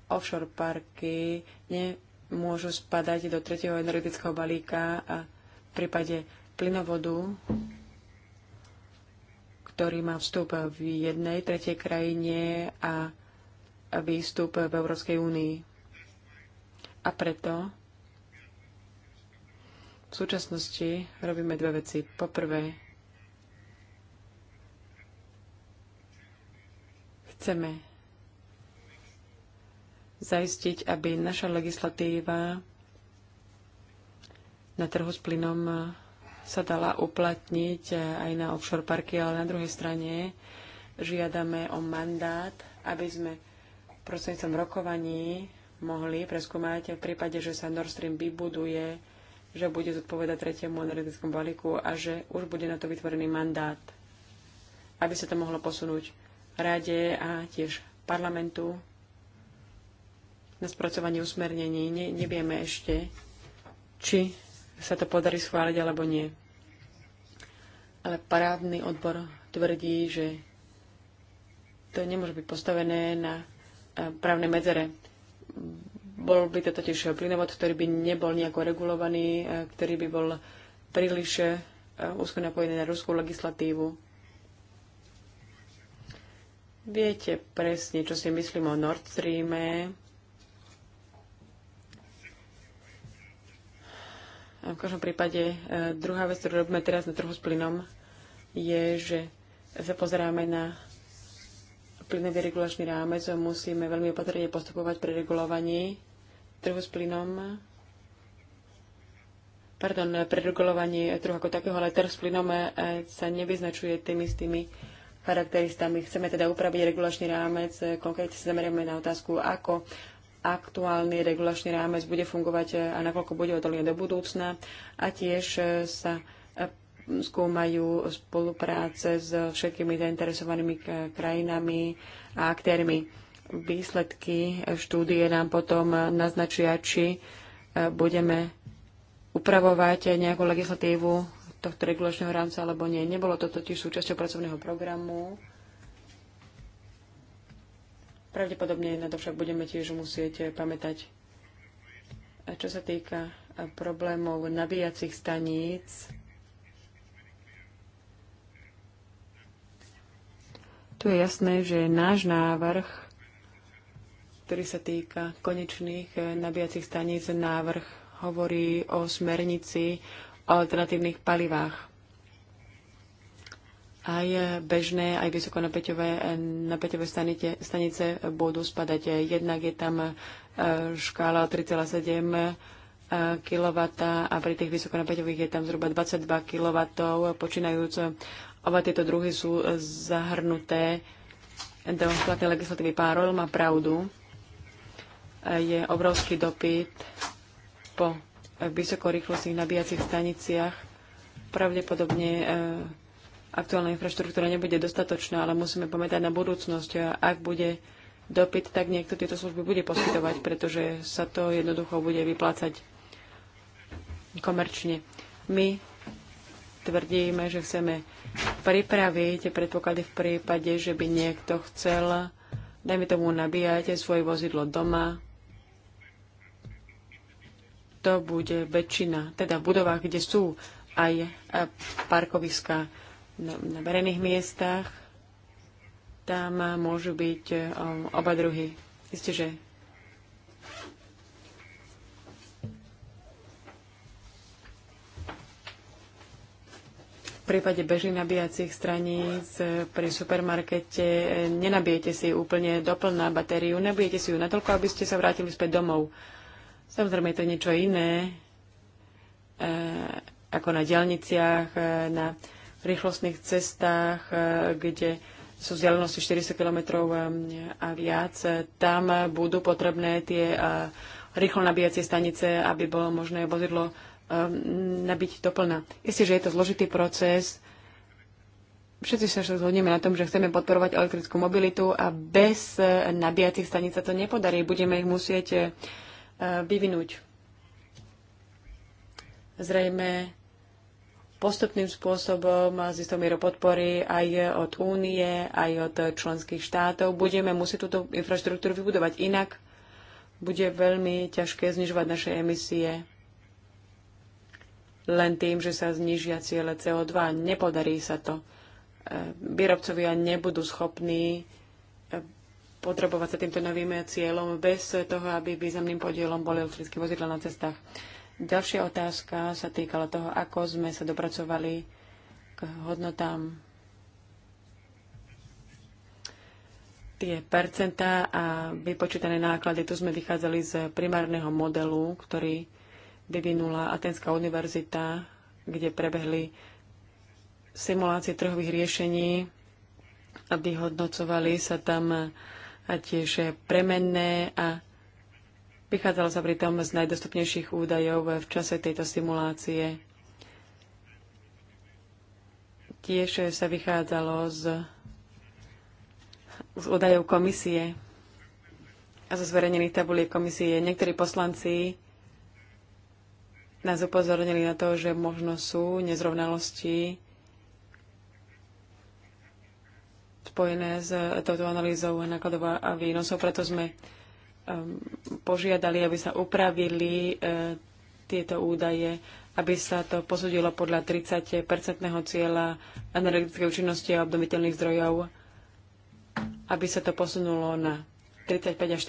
offshore parky nemôžu spadať do tretieho energetického balíka a v prípade plynovodu ktorý má vstup v jednej tretej krajine a výstup v Európskej únii. A preto v súčasnosti robíme dve veci. Poprvé, chceme zaistiť, aby naša legislatíva na trhu s plynom sa dala uplatniť eh, aj na offshore parky, ale na druhej strane žiadame o mandát, aby sme prostredníctvom rokovaní mohli preskúmať eh, v prípade, že sa Nord Stream vybuduje, že bude zodpovedať tretiemu energetickému balíku a že už bude na to vytvorený mandát, aby sa to mohlo posunúť rade a tiež parlamentu na spracovanie usmernení. Ne, nevieme ešte, či sa to podarí schváliť alebo nie. Ale parádny odbor tvrdí, že to nemôže byť postavené na e, právne medzere. Bol by to totiž plynovod, ktorý by nebol nejako regulovaný, e, ktorý by bol príliš e, úzko napojený na ruskú legislatívu. Viete presne, čo si myslím o Nord Streame A V každom prípade e, druhá vec, ktorú robíme teraz na trhu s plynom, je, že sa pozeráme na plynový regulačný rámec. Musíme veľmi opatrne postupovať pri regulovaní trhu s plynom. Pardon, pri regulovaní trhu ako takého, ale trh s plynom e, sa nevyznačuje tými s tými charakteristami. Chceme teda upraviť regulačný rámec. E, konkrétne sa zameriame na otázku, ako aktuálny regulačný rámec bude fungovať e, a nakoľko bude odolný do budúcna a tiež e, sa e, skúmajú spolupráce s všetkými zainteresovanými krajinami a aktérmi. Výsledky štúdie nám potom naznačia, či budeme upravovať nejakú legislatívu tohto regulačného rámca alebo nie. Nebolo to totiž súčasťou pracovného programu Pravdepodobne na to však budeme tiež musieť pamätať. A čo sa týka problémov nabíjacích staníc, tu je jasné, že náš návrh, ktorý sa týka konečných nabíjacích staníc, návrh hovorí o smernici o alternatívnych palivách aj bežné, aj vysokonapäťové napäťové stanice, stanice budú spadať. Jednak je tam e, škála 3,7 e, kW a pri tých vysokonapäťových je tam zhruba 22 kW, počínajúce oba tieto druhy sú zahrnuté do platnej legislatívy. Pán má pravdu. E, je obrovský dopyt po vysokorýchlostných nabíjacích staniciach. Pravdepodobne aktuálna infraštruktúra nebude dostatočná, ale musíme pamätať na budúcnosť. A ak bude dopyt, tak niekto tieto služby bude poskytovať, pretože sa to jednoducho bude vyplácať komerčne. My tvrdíme, že chceme pripraviť predpoklady v prípade, že by niekto chcel, dajme tomu, nabíjať svoje vozidlo doma. To bude väčšina, teda v budovách, kde sú aj parkoviska na, na verejných miestach, tam môžu byť e, oba druhy. Isté, že V prípade bežných nabíjacích straníc e, pri supermarkete e, nenabijete si úplne doplná batériu, nabijete si ju natoľko, aby ste sa vrátili späť domov. Samozrejme je to niečo iné, ako na dielniciach, na rýchlostných cestách, e, kde sú vzdialenosti 400 km e, a viac, tam budú potrebné tie e, rýchlo nabíjacie stanice, aby bolo možné vozidlo nabiť doplna. Isté, že je to zložitý proces. Všetci sa zhodneme na tom, že chceme podporovať elektrickú mobilitu a bez nabíjacích staníc sa to nepodarí. Budeme ich musieť vyvinúť. Zrejme postupným spôsobom s istou mierou podpory aj od únie, aj od členských štátov. Budeme musieť túto infraštruktúru vybudovať. Inak bude veľmi ťažké znižovať naše emisie len tým, že sa znižia ciele CO2. Nepodarí sa to. E, výrobcovia nebudú schopní e, potrebovať sa týmto novým cieľom bez toho, aby významným podielom boli elektrické vozidla na cestách. Ďalšia otázka sa týkala toho, ako sme sa dopracovali k hodnotám tie percentá a vypočítané náklady. Tu sme vychádzali z primárneho modelu, ktorý vyvinula Atenská univerzita, kde prebehli simulácie trhových riešení a vyhodnocovali sa tam a tiež premenné a Vychádzalo sa pritom z najdostupnejších údajov v čase tejto simulácie. Tiež sa vychádzalo z, z údajov komisie a zo zverejnených tabulí komisie. Niektorí poslanci nás upozornili na to, že možno sú nezrovnalosti spojené s touto analýzou nákladov a výnosov, preto sme Um, požiadali, aby sa upravili e, tieto údaje, aby sa to posudilo podľa 30-percentného cieľa energetické účinnosti a obnoviteľných zdrojov, aby sa to posunulo na 35 až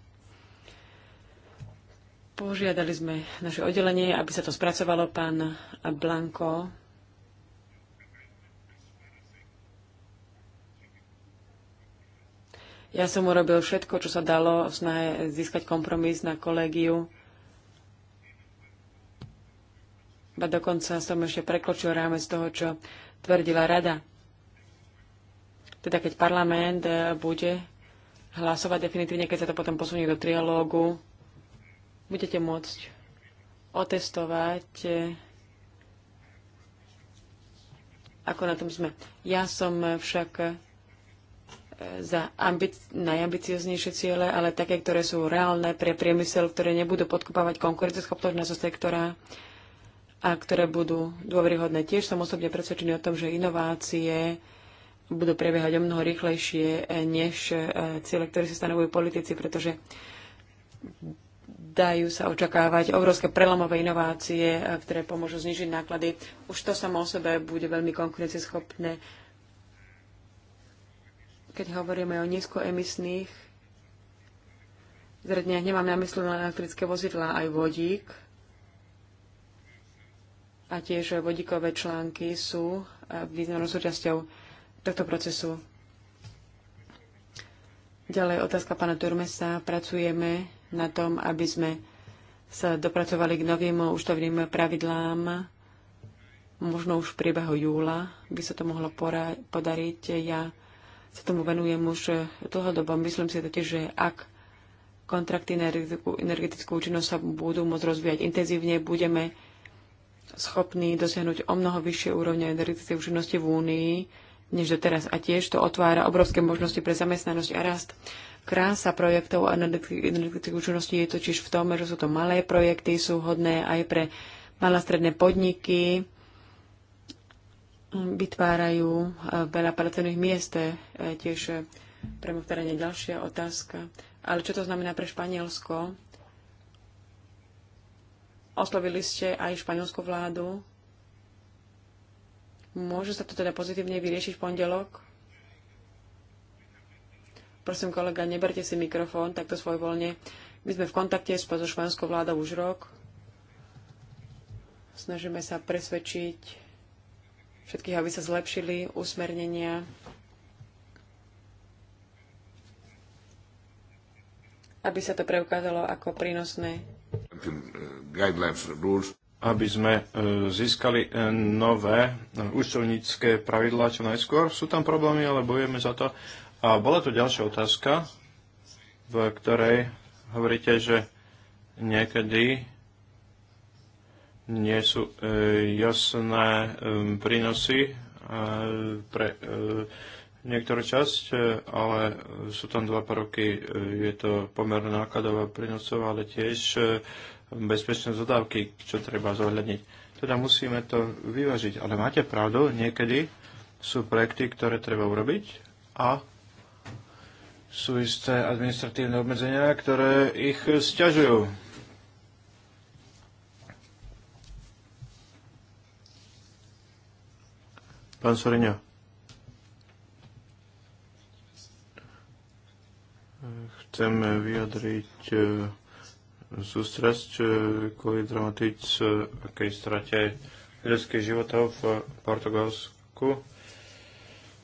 45 Požiadali sme naše oddelenie, aby sa to spracovalo. Pán Blanko Ja som urobil všetko, čo sa dalo v snahe získať kompromis na kolégiu. A dokonca som ešte prekločil rámec toho, čo tvrdila rada. Teda keď parlament e, bude hlasovať definitívne, keď sa to potom posunie do trialógu, budete môcť otestovať, e, ako na tom sme. Ja som však za ambic- najambicioznejšie ciele, ale také, ktoré sú reálne pre priemysel, ktoré nebudú podkopávať konkurenceschopnosť nášho sektora a ktoré budú dôveryhodné. Tiež som osobne presvedčený o tom, že inovácie budú prebiehať o mnoho rýchlejšie eh, než eh, ciele, ktoré si stanovujú politici, pretože dajú sa očakávať obrovské prelomové inovácie, eh, ktoré pomôžu znižiť náklady. Už to samo o sebe bude veľmi konkurencieschopné keď hovoríme o nízkoemisných zredniach, nemám na mysli len elektrické vozidlá, aj vodík. A tiež vodíkové články sú eh, významnou súčasťou tohto procesu. Ďalej otázka pána Turmesa. Pracujeme na tom, aby sme sa dopracovali k novým úštovným pravidlám. Možno už v priebehu júla by sa to mohlo podariť. Ja sa tomu venujem už dlhodobo. Myslím si totiž, že ak kontrakty na energetickú účinnosť sa budú môcť rozvíjať intenzívne, budeme schopní dosiahnuť o mnoho vyššie úrovne energetickej účinnosti v Únii než doteraz. A tiež to otvára obrovské možnosti pre zamestnanosť a rast. Krása projektov a energetickej účinnosti je totiž v tom, že sú to malé projekty, sú hodné aj pre malé stredné podniky, vytvárajú eh, veľa pracovných miest. Eh, tiež eh, pre v teda ďalšia otázka. Ale čo to znamená pre Španielsko? Oslovili ste aj španielskú vládu. Môže sa to teda pozitívne vyriešiť v pondelok? Prosím, kolega, neberte si mikrofón takto svojvoľne. My sme v kontakte s so španskou vládou už rok. Snažíme sa presvedčiť všetkých, aby sa zlepšili usmernenia aby sa to preukázalo ako prínosné. Aby sme e, získali e, nové e, účtovnícke pravidlá čo najskôr, sú tam problémy, ale bojujeme za to. A bola tu ďalšia otázka, v ktorej hovoríte, že niekedy nie sú e, jasné prínosy e, pre e, niektorú časť, ale sú tam dva e, Je to pomerne nákladová prínosov, ale tiež bezpečné zadávky, čo treba zohľadniť. Teda musíme to vyvažiť. Ale máte pravdu, niekedy sú projekty, ktoré treba urobiť a sú isté administratívne obmedzenia, ktoré ich stiažujú. Pán Soreňa. Chcem vyjadriť eh, sústrasť eh, kvôli dramatickej strate ľudských životov v Portugalsku,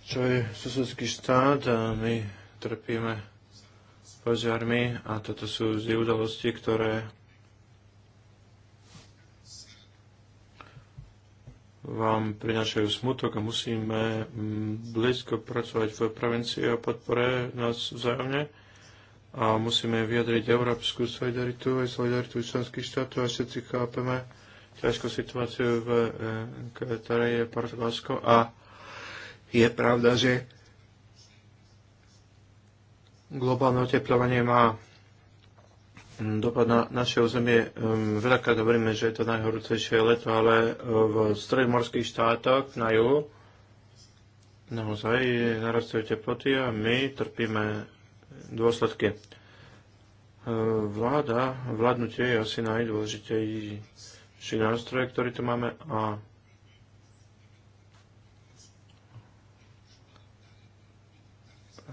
čo je susedský štát a my trpíme požiarmi a toto sú zdi udalosti, ktoré vám prinášajú smutok a musíme mm, blízko pracovať v prevencii a podpore nás vzájomne a musíme vyjadriť európsku solidaritu aj solidaritu členských štátov a všetci chápeme ťažkú situáciu, v eh, ktorej je Portugalsko a je pravda, že globálne oteplovanie má dopad na naše územie. Um, veľakrát hovoríme, že je to najhorúcejšie leto, ale uh, v stredomorských štátoch na juhu naozaj narastajú teploty a my trpíme dôsledky. Uh, vláda, vládnutie je asi najdôležitejší nástroj, ktorý tu máme a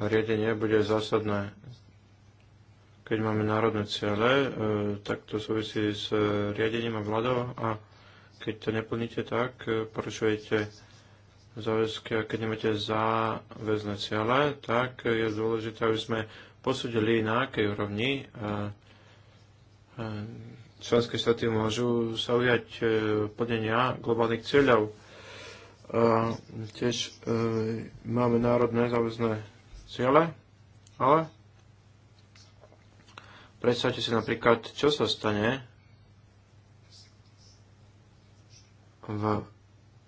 riadenie bude zásadné keď máme národné ciele, e, tak to súvisí s e, riadením a vládou a keď to neplníte, tak e, porušujete záväzky a keď nemáte záväzné ciele, tak je dôležité, aby sme posúdili na akej úrovni členské štáty môžu sa ujať plnenia globálnych cieľov. A tiež máme národné záväzné ciele, ale Predstavte si napríklad, čo sa stane v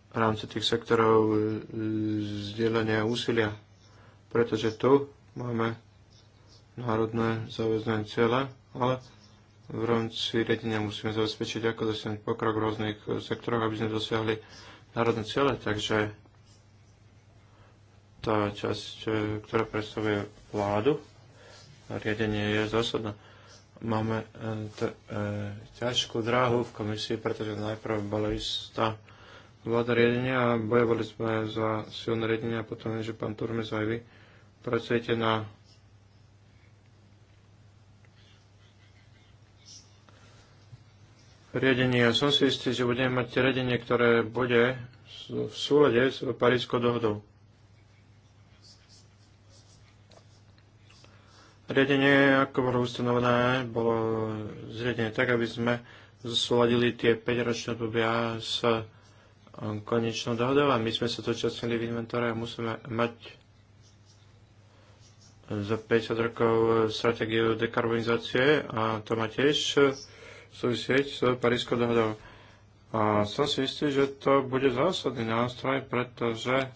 rámci tých sektorov zdieľania úsilia. Pretože tu máme národné záväzné cieľe, ale v rámci riadenia musíme zabezpečiť, ako dosiahnuť pokrok v rôznych sektoroch, aby sme dosiahli národné cieľe. Takže tá časť, ktorá predstavuje vládu, riadenie je zásadná máme e, t- e, ťažkú dráhu v komisii, pretože najprv bola istá vláda riadenia a bojovali sme za silné riadenie a potom, že pán Turmes aj vy pracujete na riadenie. Ja som si istý, že budeme mať riadenie, ktoré bude v súlade s Parískou dohodou. Riadenie, ako bolo ustanovené, bolo zriadené tak, aby sme zosúladili tie 5-ročné obdobia s um, konečnou dohodou a my sme sa to časnili v inventore a musíme mať eh, za 50 rokov eh, stratégiu dekarbonizácie a to má tiež eh, súvisieť s Parískou dohodou. A som si istý, že to bude zásadný nástroj, pretože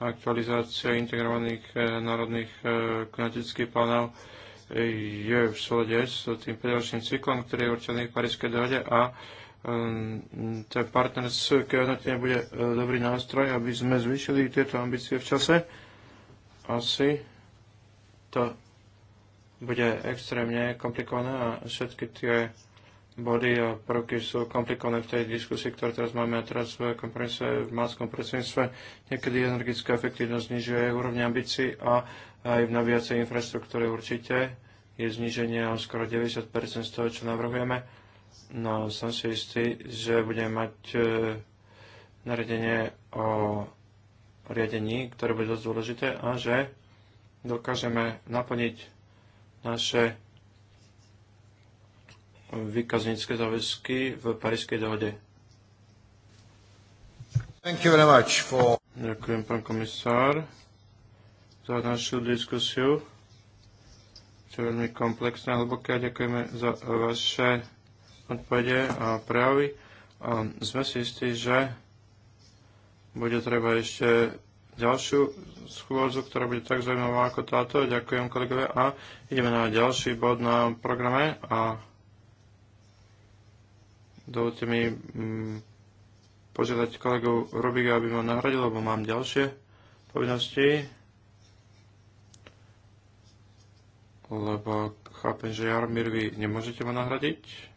aktualizácia integrovaných národných klimatických plánov je v súlade s tým predročným cyklom, ktorý je určený v Parískej dohode a um, ten partnerské hodnotenie bude uh, dobrý nástroj, aby sme zvýšili tieto ambície v čase. Asi to bude extrémne komplikované a všetky tie body a prvky sú komplikované v tej diskusii, ktorú teraz máme a teraz v kompromise v malskom predsedníctve. Niekedy energická efektívnosť znižuje úrovne ambícií a aj v naviacej infraštruktúre určite je zniženie o skoro 90% z toho, čo navrhujeme. No som si istý, že budeme mať e, naredenie o riadení, ktoré bude dosť dôležité a že dokážeme naplniť naše výkaznícke záväzky v Parískej dohode. Thank you very much for... Ďakujem, pán komisár za našu diskusiu, čo je veľmi komplexné a hlboké. Ďakujeme za vaše odpovede a prejavy. A sme si istí, že bude treba ešte ďalšiu schôdzu, ktorá bude tak zaujímavá ako táto. Ďakujem kolegové a ideme na ďalší bod na programe a dovolte mi mm, požiadať kolegov Rubiga, aby ma nahradil, lebo mám ďalšie povinnosti. lebo chápem, že Jaromír, vy nemôžete ma nahradiť.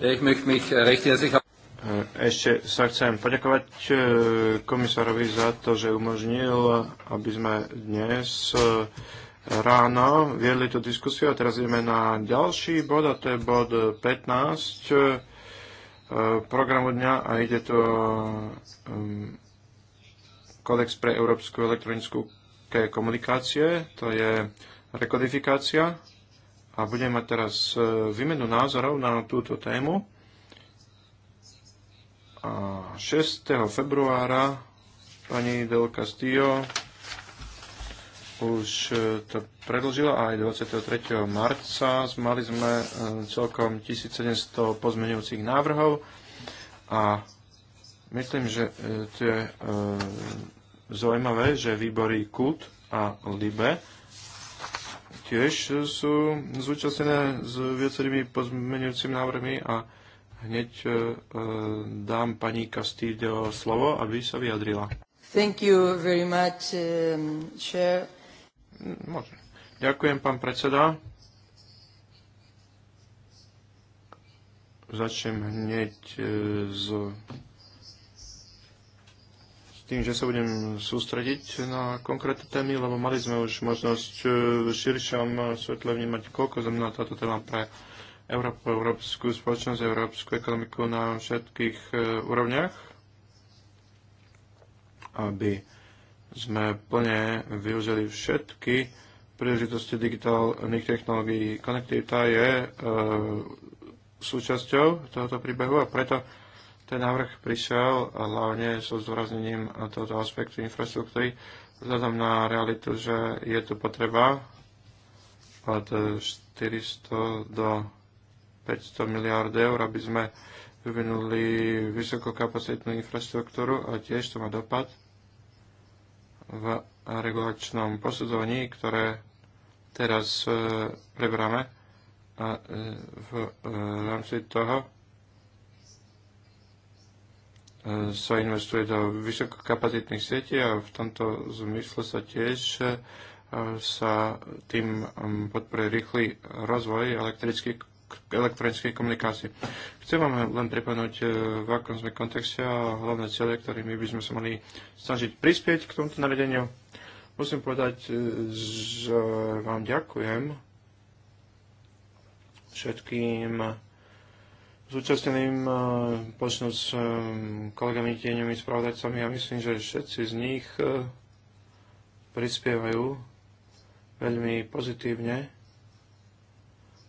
Äh, äh, ešte sa chcem poďakovať äh, komisárovi za to, že umožnil, aby sme dnes ráno viedli tú diskusiu a teraz ideme na ďalší bod a to je bod 15 programu dňa a ide to um, kodex pre európsku elektronickú komunikácie, to je rekodifikácia a budeme mať teraz e, výmenu názorov na túto tému. A 6. februára pani Del Castillo už e, to predlžila a aj 23. marca. Mali sme e, celkom 1700 pozmeňujúcich návrhov a myslím, že to je zaujímavé, že výbory KUT a LIBE tiež sú zúčastnené s viacerými pozmenujúcimi návrhmi a hneď e, e, dám pani Castillo slovo, aby sa vyjadrila. Thank you very much, um, chair. Môžem. No, ďakujem, pán predseda. Začnem hneď e, s tým, že sa budem sústrediť na konkrétne témy, lebo mali sme už možnosť e, v širšom svetle vnímať, koľko znamená táto téma pre Európu, európsku spoločnosť, európsku ekonomiku na všetkých e, úrovniach, aby sme plne využili všetky príležitosti digitálnych technológií. Konektivita je e, súčasťou tohoto príbehu a preto ten návrh prišiel hlavne so zdôraznením tohoto aspektu infraštruktúry, vzhľadom na realitu, že je tu potreba od 400 do 500 miliard eur, aby sme vyvinuli vysokokapacitnú infraštruktúru a tiež to má dopad v regulačnom posudzovaní, ktoré teraz eh, preberáme. A eh, v eh, rámci toho sa investuje do vysokokapacitných sietí a v tomto zmysle sa tiež e, sa tým podporuje rýchly rozvoj elektrických elektronickej komunikácie. Chcem vám len pripomenúť, e, v akom sme kontexte a hlavné cieľe, ktorými by sme sa mali snažiť prispieť k tomuto naredeniu. Musím povedať, e, že vám ďakujem všetkým zúčastneným e, počnú s e, kolegami tieňovými spravodajcami a ja myslím, že všetci z nich e, prispievajú veľmi pozitívne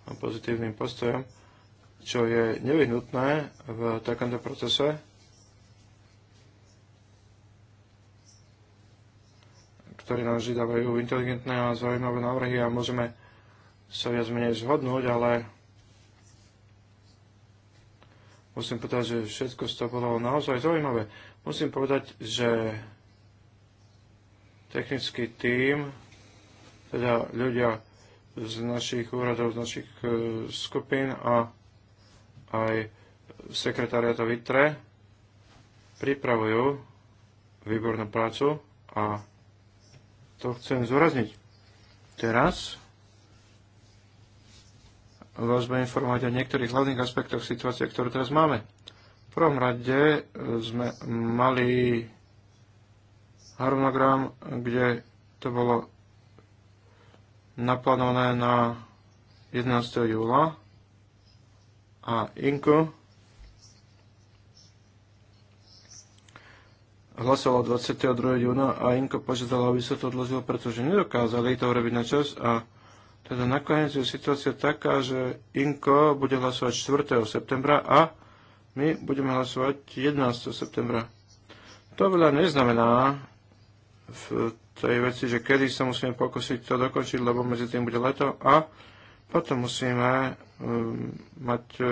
a pozitívnym postojom, čo je nevyhnutné v takomto procese. ktorí nám vždy dávajú inteligentné a zaujímavé návrhy a môžeme sa viac menej zhodnúť, ale Musím povedať, že všetko z toho bolo naozaj zaujímavé. Musím povedať, že technický tím, teda ľudia z našich úradov, z našich e, skupín a aj sekretariáta Vitre pripravujú výbornú prácu a to chcem zúrazniť. Teraz vás budem informovať o niektorých hlavných aspektoch situácie, ktorú teraz máme. V prvom rade e, sme mali harmonogram, kde to bolo naplánované na 11. júla a Inko hlasovalo 22. júna a Inko požiadalo aby sa to odložilo, pretože nedokázali to urobiť na čas a teda nakoniec je situácia taká, že INKO bude hlasovať 4. septembra a my budeme hlasovať 11. septembra. To veľa neznamená v tej veci, že kedy sa musíme pokúsiť to dokončiť, lebo medzi tým bude leto a potom musíme um, mať uh,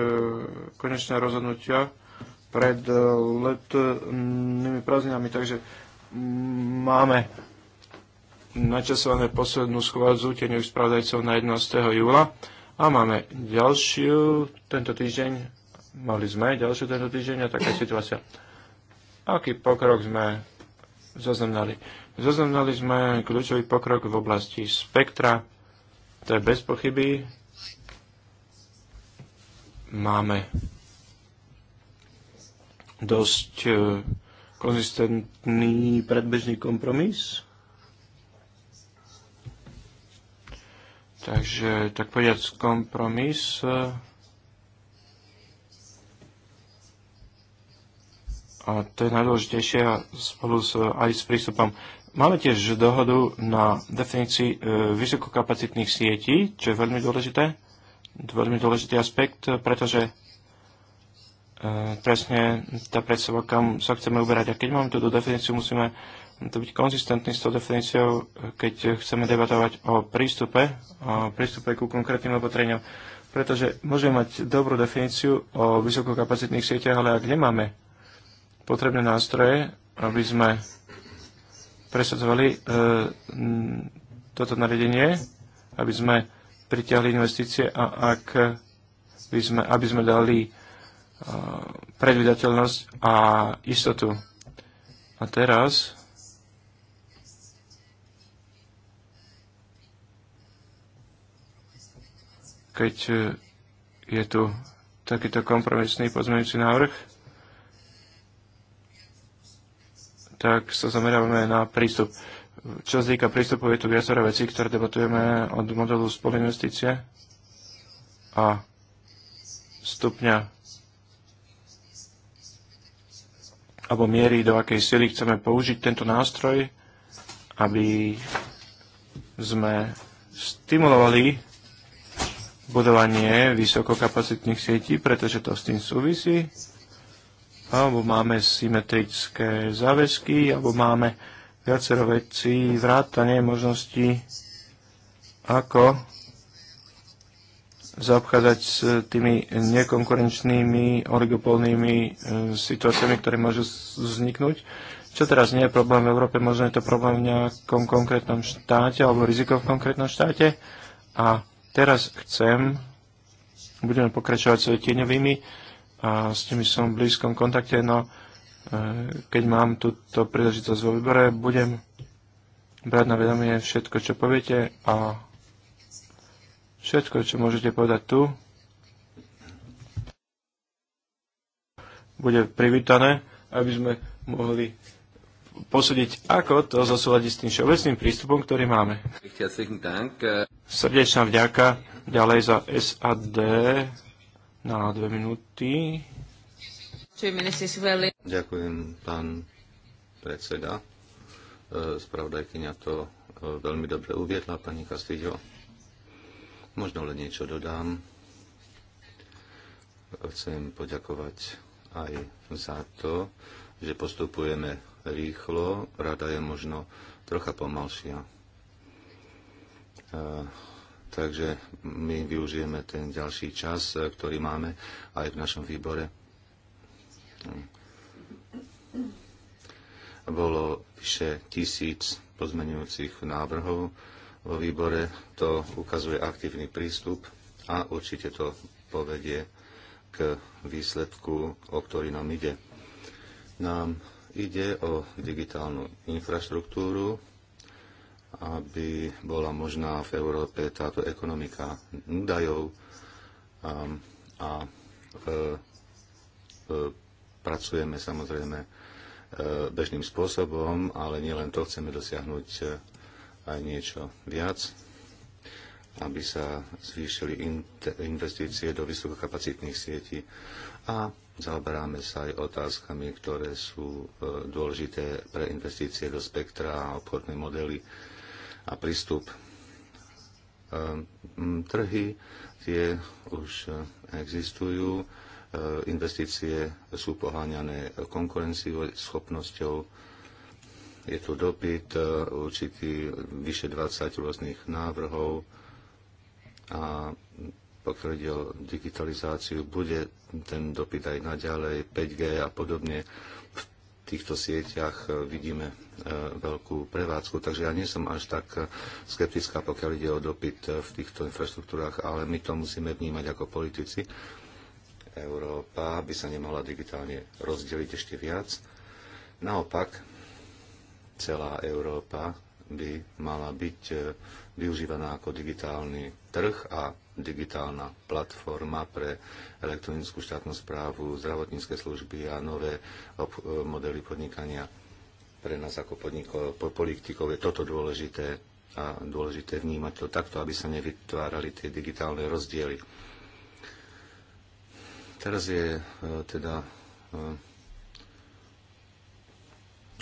konečné rozhodnutia pred uh, letnými prázdninami. Takže mm, máme načasované poslednú schôdzu tieňových spravodajcov na 11. júla a máme ďalšiu tento týždeň, mali sme ďalšiu tento týždeň a taká situácia. Aký pokrok sme zaznamenali? Zaznamenali sme kľúčový pokrok v oblasti spektra, to je bez pochyby. Máme dosť eh, konzistentný predbežný kompromis Takže, tak povedať, kompromis. A to je najdôležitejšie spolu s, aj s prístupom. Máme tiež dohodu na definícii e, vysokokapacitných sietí, čo je veľmi dôležité, veľmi dôležitý aspekt, pretože e, presne tá predstava, kam sa chceme uberať. A keď máme túto definíciu, musíme to byť konzistentný s tou definíciou, keď chceme debatovať o prístupe, o prístupe ku konkrétnym opatreniam. Pretože môžeme mať dobrú definíciu o vysokokapacitných sieťach, ale ak nemáme potrebné nástroje, aby sme presadzovali e, toto nariadenie, aby sme pritiahli investície a ak by sme, aby sme dali e, predvydateľnosť a istotu. A teraz keď e, je tu takýto kompromisný pozmeňujúci návrh, tak sa zamerávame na prístup. Čo sa týka prístupu, je tu viacero vecí, ktoré debatujeme od modelu spolinvestície a stupňa alebo miery, do akej sily chceme použiť tento nástroj, aby sme stimulovali budovanie vysokokapacitných sietí, pretože to s tým súvisí. Alebo máme symetrické záväzky, alebo máme viacero vecí, vrátanie možností, ako zaobchádzať s tými nekonkurenčnými oligopolnými e, situáciami, ktoré môžu vzniknúť. Čo teraz nie je problém v Európe, možno je to problém v nejakom konkrétnom štáte alebo riziko v konkrétnom štáte. A Teraz chcem, budeme pokračovať s tieňovými a s nimi som v blízkom kontakte, no e, keď mám túto príležitosť vo výbore, budem brať na vedomie všetko, čo poviete a všetko, čo môžete povedať tu, bude privítané, aby sme mohli posúdiť, ako to zosúľadiť s tým všeobecným prístupom, ktorý máme. Srdečná vďaka ďalej za SAD na dve minúty. Ďakujem, pán predseda. Spravodajkyňa to e, veľmi dobre uviedla, pani Castillo. Možno len niečo dodám. Chcem poďakovať aj za to, že postupujeme rýchlo, rada je možno trocha pomalšia. Takže my využijeme ten ďalší čas, e, ktorý máme aj v našom výbore. Bolo vyše tisíc pozmenujúcich návrhov vo výbore. To ukazuje aktívny prístup a určite to povedie k výsledku, o ktorý nám ide nám ide o digitálnu infraštruktúru, aby bola možná v Európe táto ekonomika údajov um, a, a e, e, pracujeme samozrejme uh, bežným spôsobom, ale nielen to chceme dosiahnuť uh, aj niečo viac, aby sa zvýšili investície do vysokokapacitných sietí a Zaoberáme sa aj otázkami, ktoré sú e, dôležité pre investície do spektra a obchodné modely a prístup. E, trhy tie už e, existujú, investície sú poháňané konkurenciou, schopnosťou, je tu dopyt, určitý vyše 20 rôznych návrhov a pokiaľ o digitalizáciu, bude ten dopyt aj naďalej, 5G a podobne. V týchto sieťach e, vidíme e, veľkú prevádzku, takže ja nie som až tak e, skeptická, pokiaľ ide o dopyt v týchto infraštruktúrach, ale my to musíme vnímať ako politici. Európa by sa nemohla digitálne rozdeliť ešte viac. Naopak, celá Európa by mala byť využívaná ako digitálny trh a digitálna platforma pre elektronickú štátnu správu, zdravotnícke služby a nové e, modely podnikania. Pre nás ako podnikov, politikov je toto dôležité a dôležité vnímať to takto, aby sa nevytvárali tie digitálne rozdiely. Teraz je e, teda e,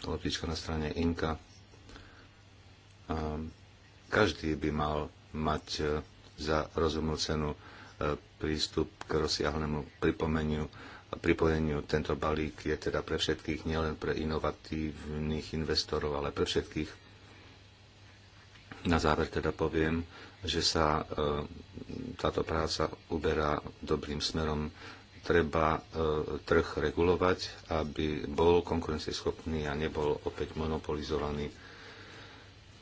lopička na strane Inka. Každý by mal mať e, za rozumnú cenu e, prístup k rozsiahlému pripomeniu a pripojeniu. Tento balík je teda pre všetkých, nielen pre inovatívnych investorov, ale pre všetkých. Na záver teda poviem, že sa e, táto práca uberá dobrým smerom. Treba e, trh regulovať, aby bol konkurencieschopný a nebol opäť monopolizovaný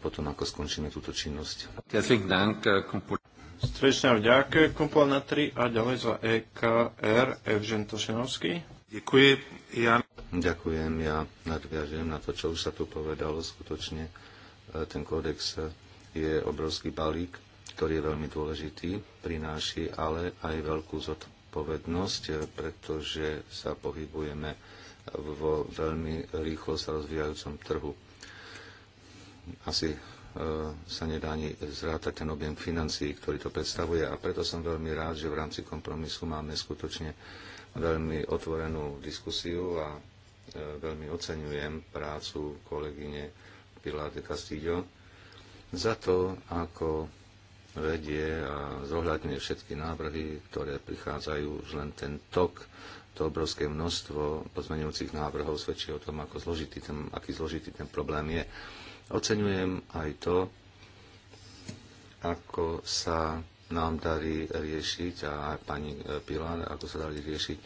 potom, ako skončíme túto činnosť. Eh, Srdečná vďaka, kompon na 3 a ďalej za EKR, Evžen Tošenovský. Ďakujem, ja... Ďakujem, ja nadviažem na to, čo už sa tu povedalo skutočne. Eh, ten kódex eh, je obrovský balík, ktorý je veľmi dôležitý, prináši ale aj veľkú zodpovednosť, pretože sa pohybujeme vo veľmi rýchlo sa rozvíjajúcom trhu asi e, sa nedá ani zrátať ten objem financií, ktorý to predstavuje. A preto som veľmi rád, že v rámci kompromisu máme skutočne veľmi otvorenú diskusiu a e, veľmi oceňujem prácu kolegyne Pilar de Castillo za to, ako vedie a zohľadňuje všetky návrhy, ktoré prichádzajú, už len ten tok, to obrovské množstvo pozmeňujúcich návrhov svedčí o tom, ako zložitý ten, aký zložitý ten problém je. Oceňujem aj to, ako sa nám darí riešiť a aj pani e, Pilán, ako sa darí riešiť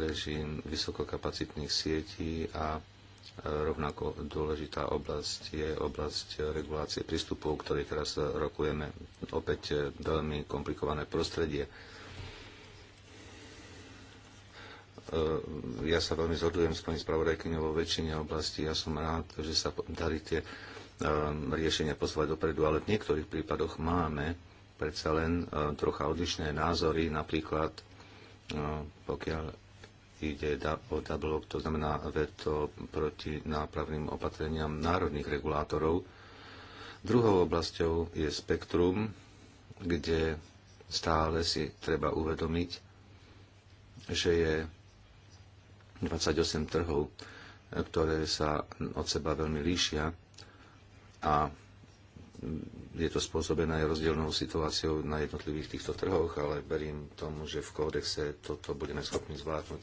režim vysokokapacitných sietí a e, rovnako dôležitá oblasť je oblasť regulácie prístupov, ktorý teraz rokujeme. Opäť e, veľmi komplikované prostredie E, ja sa veľmi zhodujem s pani spravodajkyňou vo väčšine oblasti. Ja som rád, že sa dali tie e, riešenia poslať dopredu, ale v niektorých prípadoch máme predsa len e, trocha odlišné názory, napríklad pokiaľ ide o double to znamená veto proti nápravným opatreniam národných regulátorov. Druhou oblasťou je spektrum, kde stále si treba uvedomiť, že je 28 trhov, ktoré sa od seba veľmi líšia a je to spôsobené aj rozdielnou situáciou na jednotlivých týchto trhoch, ale verím tomu, že v kódexe toto budeme schopní zvládnuť.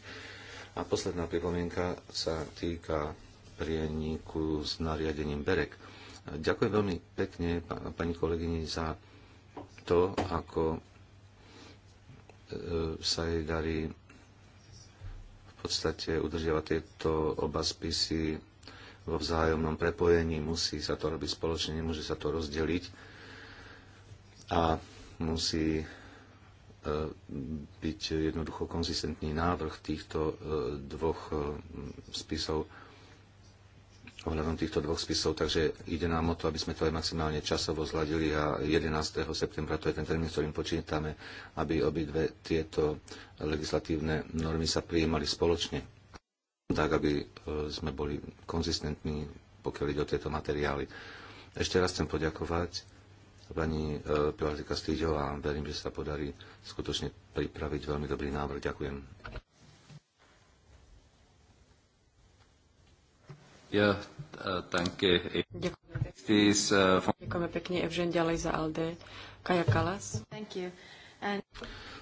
A posledná pripomienka sa týka prieniku s nariadením BEREK. Ďakujem veľmi pekne pani kolegyni za to, ako e, sa jej darí podstate udržiavať tieto oba spisy vo vzájomnom prepojení. Musí sa to robiť spoločne, nemôže sa to rozdeliť a musí e, byť jednoducho konzistentný návrh týchto e, dvoch e, spisov ohľadom týchto dvoch spisov, takže ide nám o to, aby sme to aj maximálne časovo zladili a 11. septembra, to je ten termín, ktorým počítame, aby obidve tieto legislatívne normy sa prijímali spoločne, tak aby e, sme boli konzistentní, pokiaľ ide o tieto materiály. Ešte raz chcem poďakovať pani e, Pilatika Stýďová a verím, že sa podarí skutočne pripraviť veľmi dobrý návrh. Ďakujem. Eh, Ďakujeme pekne, Evžen, ďalej za LD. Kaja Kalas.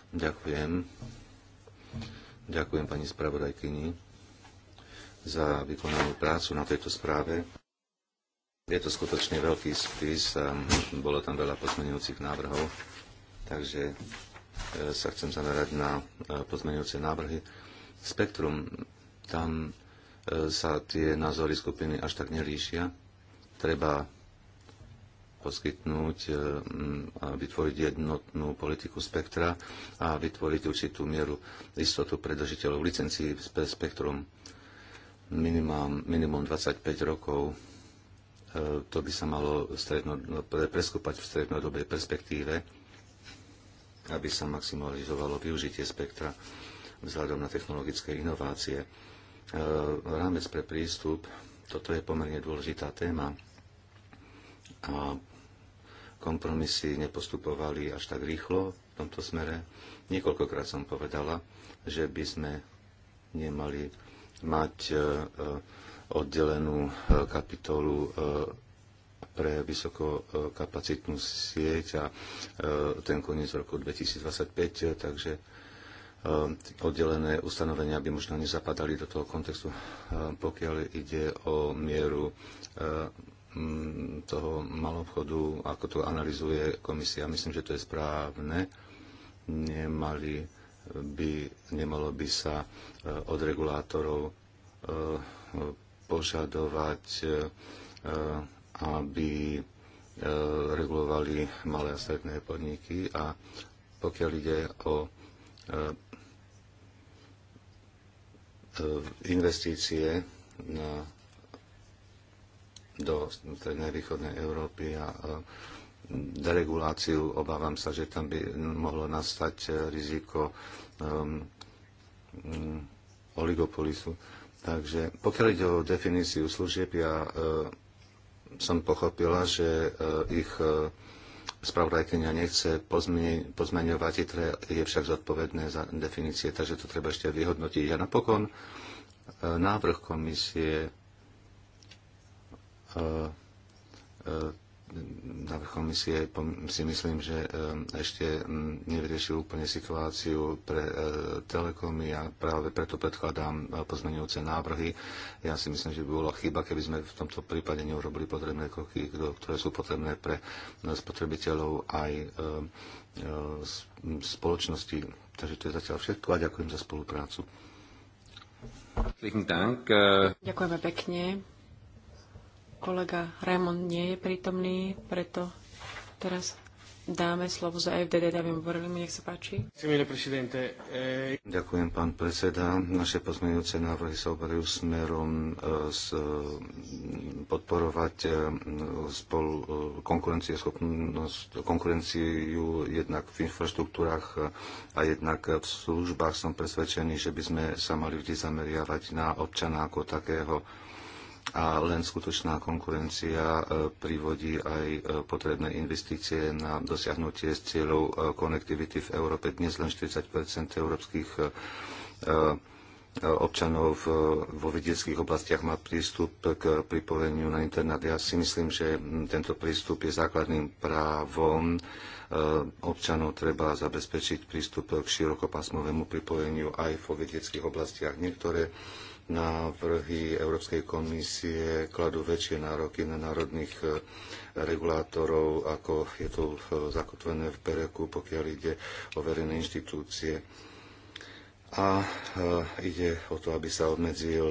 Ďakujem. Ďakujem pani spravodajkyni za vykonanú prácu na tejto správe. Je to skutočne veľký spis a bolo tam veľa pozmenujúcich návrhov, takže eh, sa chcem zamerať na eh, pozmenujúce návrhy. Spektrum tam sa tie názory skupiny až tak nelíšia. Treba poskytnúť e, a vytvoriť jednotnú politiku spektra a vytvoriť určitú mieru istotu pre držiteľov licencií pre spektrum minimum, minimum 25 rokov. E, to by sa malo stredno, no, preskúpať v strednodobej perspektíve, aby sa maximalizovalo využitie spektra vzhľadom na technologické inovácie E, rámec pre prístup, toto je pomerne dôležitá téma a kompromisy nepostupovali až tak rýchlo v tomto smere. Niekoľkokrát som povedala, že by sme nemali mať e, e, oddelenú kapitolu pre vysokokapacitnú sieť a ten koniec roku 2025, takže E, oddelené ustanovenia by možno nezapadali do toho kontextu, e, pokiaľ ide o mieru e, toho malobchodu, ako to analizuje komisia. Myslím, že to je správne. Nemali by, nemalo by sa od regulátorov požadovať, aby regulovali malé a stredné podniky a pokiaľ ide o E, e, investície na, do strednej východnej Európy a dereguláciu. Obávam sa, že tam by mohlo nastať e, riziko um, um, oligopolisu. Takže pokiaľ ide o definíciu služieb, ja uh, som pochopila, že uh, ich uh, spravodajkynia nechce pozmeňovať, je však zodpovedné za definície, takže to treba ešte vyhodnotiť. A napokon e, návrh komisie e, e, návrh komisie si myslím, že ehm, ešte mm, nevyriešil úplne situáciu pre e, telekomy a práve preto predkladám e, pozmenujúce návrhy. Ja si myslím, že by bola chyba, keby sme v tomto prípade neurobili potrebné kroky, ktoré sú potrebné pre e, spotrebiteľov aj spoločnosti. Takže to je zatiaľ všetko a ďakujem za spoluprácu. Äh. Ďakujeme pekne. Kolega Raymond nie je prítomný, preto teraz dáme slovo za FDD Davimu hovorili, nech sa páči. Eh, Ďakujem, pán predseda. Naše pozmeňujúce návrhy sa oberajú smerom eh, s, podporovať eh, spolu konkurenciu jednak v infraštruktúrach a jednak v službách. Som presvedčený, že by sme sa mali vždy zameriavať na občana ako takého a len skutočná konkurencia e, privodí aj e, potrebné investície na dosiahnutie z cieľov e, konektivity v Európe. Dnes len 40 európskych občanov vo vidieckých oblastiach má prístup k pripojeniu na internet. Ja si myslím, že tento prístup je základným právom občanov treba zabezpečiť prístup k širokopásmovému pripojeniu aj vo vedeckých oblastiach. Niektoré návrhy Európskej komisie kladú väčšie nároky na národných e, regulátorov, ako je to e, zakotvené v pereku, pokiaľ ide o verejné inštitúcie. A e, ide o to, aby sa obmedzil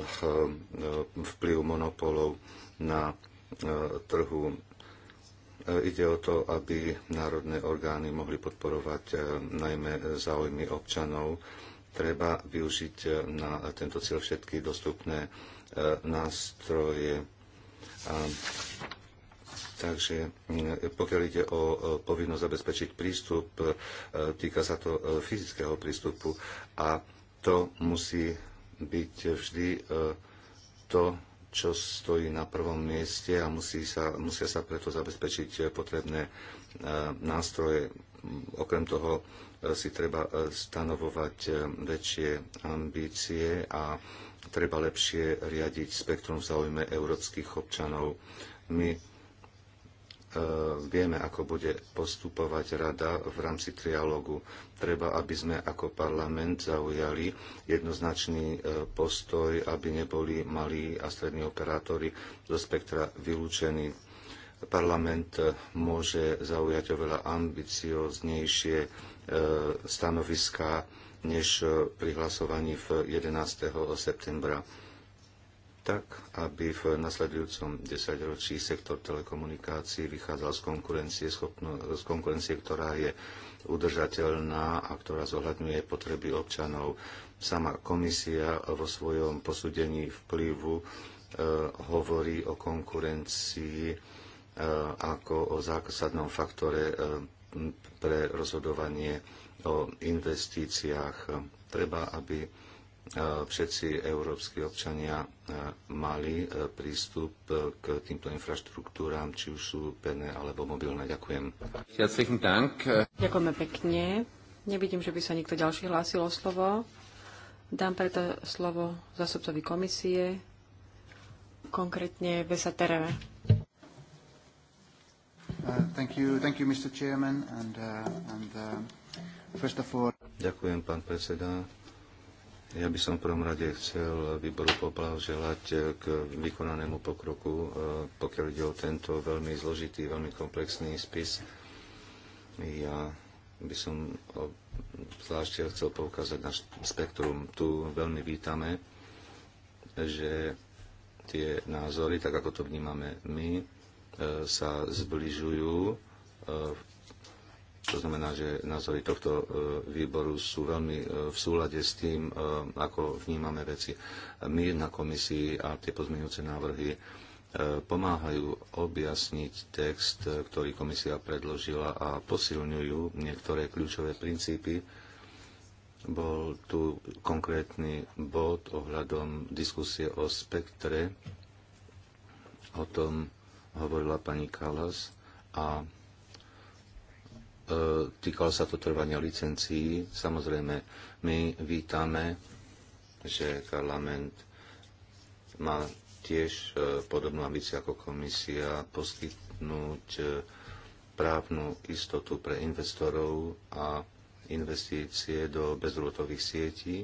vplyv monopolov na trhu. Ide o to, aby národné orgány mohli podporovať najmä záujmy občanov treba využiť eh, na tento cieľ všetky dostupné eh, nástroje. A, takže eh, pokiaľ ide o povinnosť zabezpečiť prístup, týka sa to fyzického prístupu a to musí byť vždy to, čo stojí na prvom mieste a musí sa, musia sa preto zabezpečiť potrebné nástroje. Okrem toho si treba e, stanovovať e, väčšie ambície a treba lepšie riadiť spektrum v záujme európskych občanov. My e, vieme, ako bude postupovať rada v rámci trialógu. Treba, aby sme ako parlament zaujali jednoznačný postoj, aby neboli malí a strední operátori zo spektra vylúčení. Parlament môže zaujať oveľa ambicioznejšie E, stanoviska než e, pri hlasovaní v 11. septembra tak, aby v nasledujúcom desaťročí sektor telekomunikácií vychádzal z konkurencie, schopno, z konkurencie, ktorá je udržateľná a ktorá zohľadňuje potreby občanov. Sama komisia vo svojom posúdení vplyvu e, hovorí o konkurencii e, ako o zásadnom faktore e, pre rozhodovanie o investíciách. Treba, aby e, všetci európsky občania e, mali e, prístup k týmto infraštruktúram, či už sú pené alebo mobilné. Ďakujem. Ďakujeme pekne. Nevidím, že by sa nikto ďalší hlásil o slovo. Dám preto slovo zásobcovi komisie, konkrétne Vesa Tereve. Ďakujem, pán predseda. Ja by som v prvom rade chcel výboru poblahoželať uh, k vykonanému pokroku, uh, pokiaľ ide o tento veľmi zložitý, veľmi komplexný spis. Ja by som zvlášť chcel poukázať na spektrum. Tu veľmi vítame, že tie názory, tak ako to vnímame my, E, sa zbližujú. E, to znamená, že názory tohto e, výboru sú veľmi v súlade s tým, ako vnímame veci. My na komisii a tie pozmeňujúce návrhy pomáhajú objasniť text, ktorý komisia predložila a posilňujú niektoré kľúčové princípy. Bol tu konkrétny bod ohľadom diskusie o spektre, o tom, hovorila pani Kalas a e, týkalo sa to trvania licencií. Samozrejme, my vítame, že parlament má tiež e, podobnú ambíciu ako komisia poskytnúť e, právnu istotu pre investorov a investície do bezrútových sietí.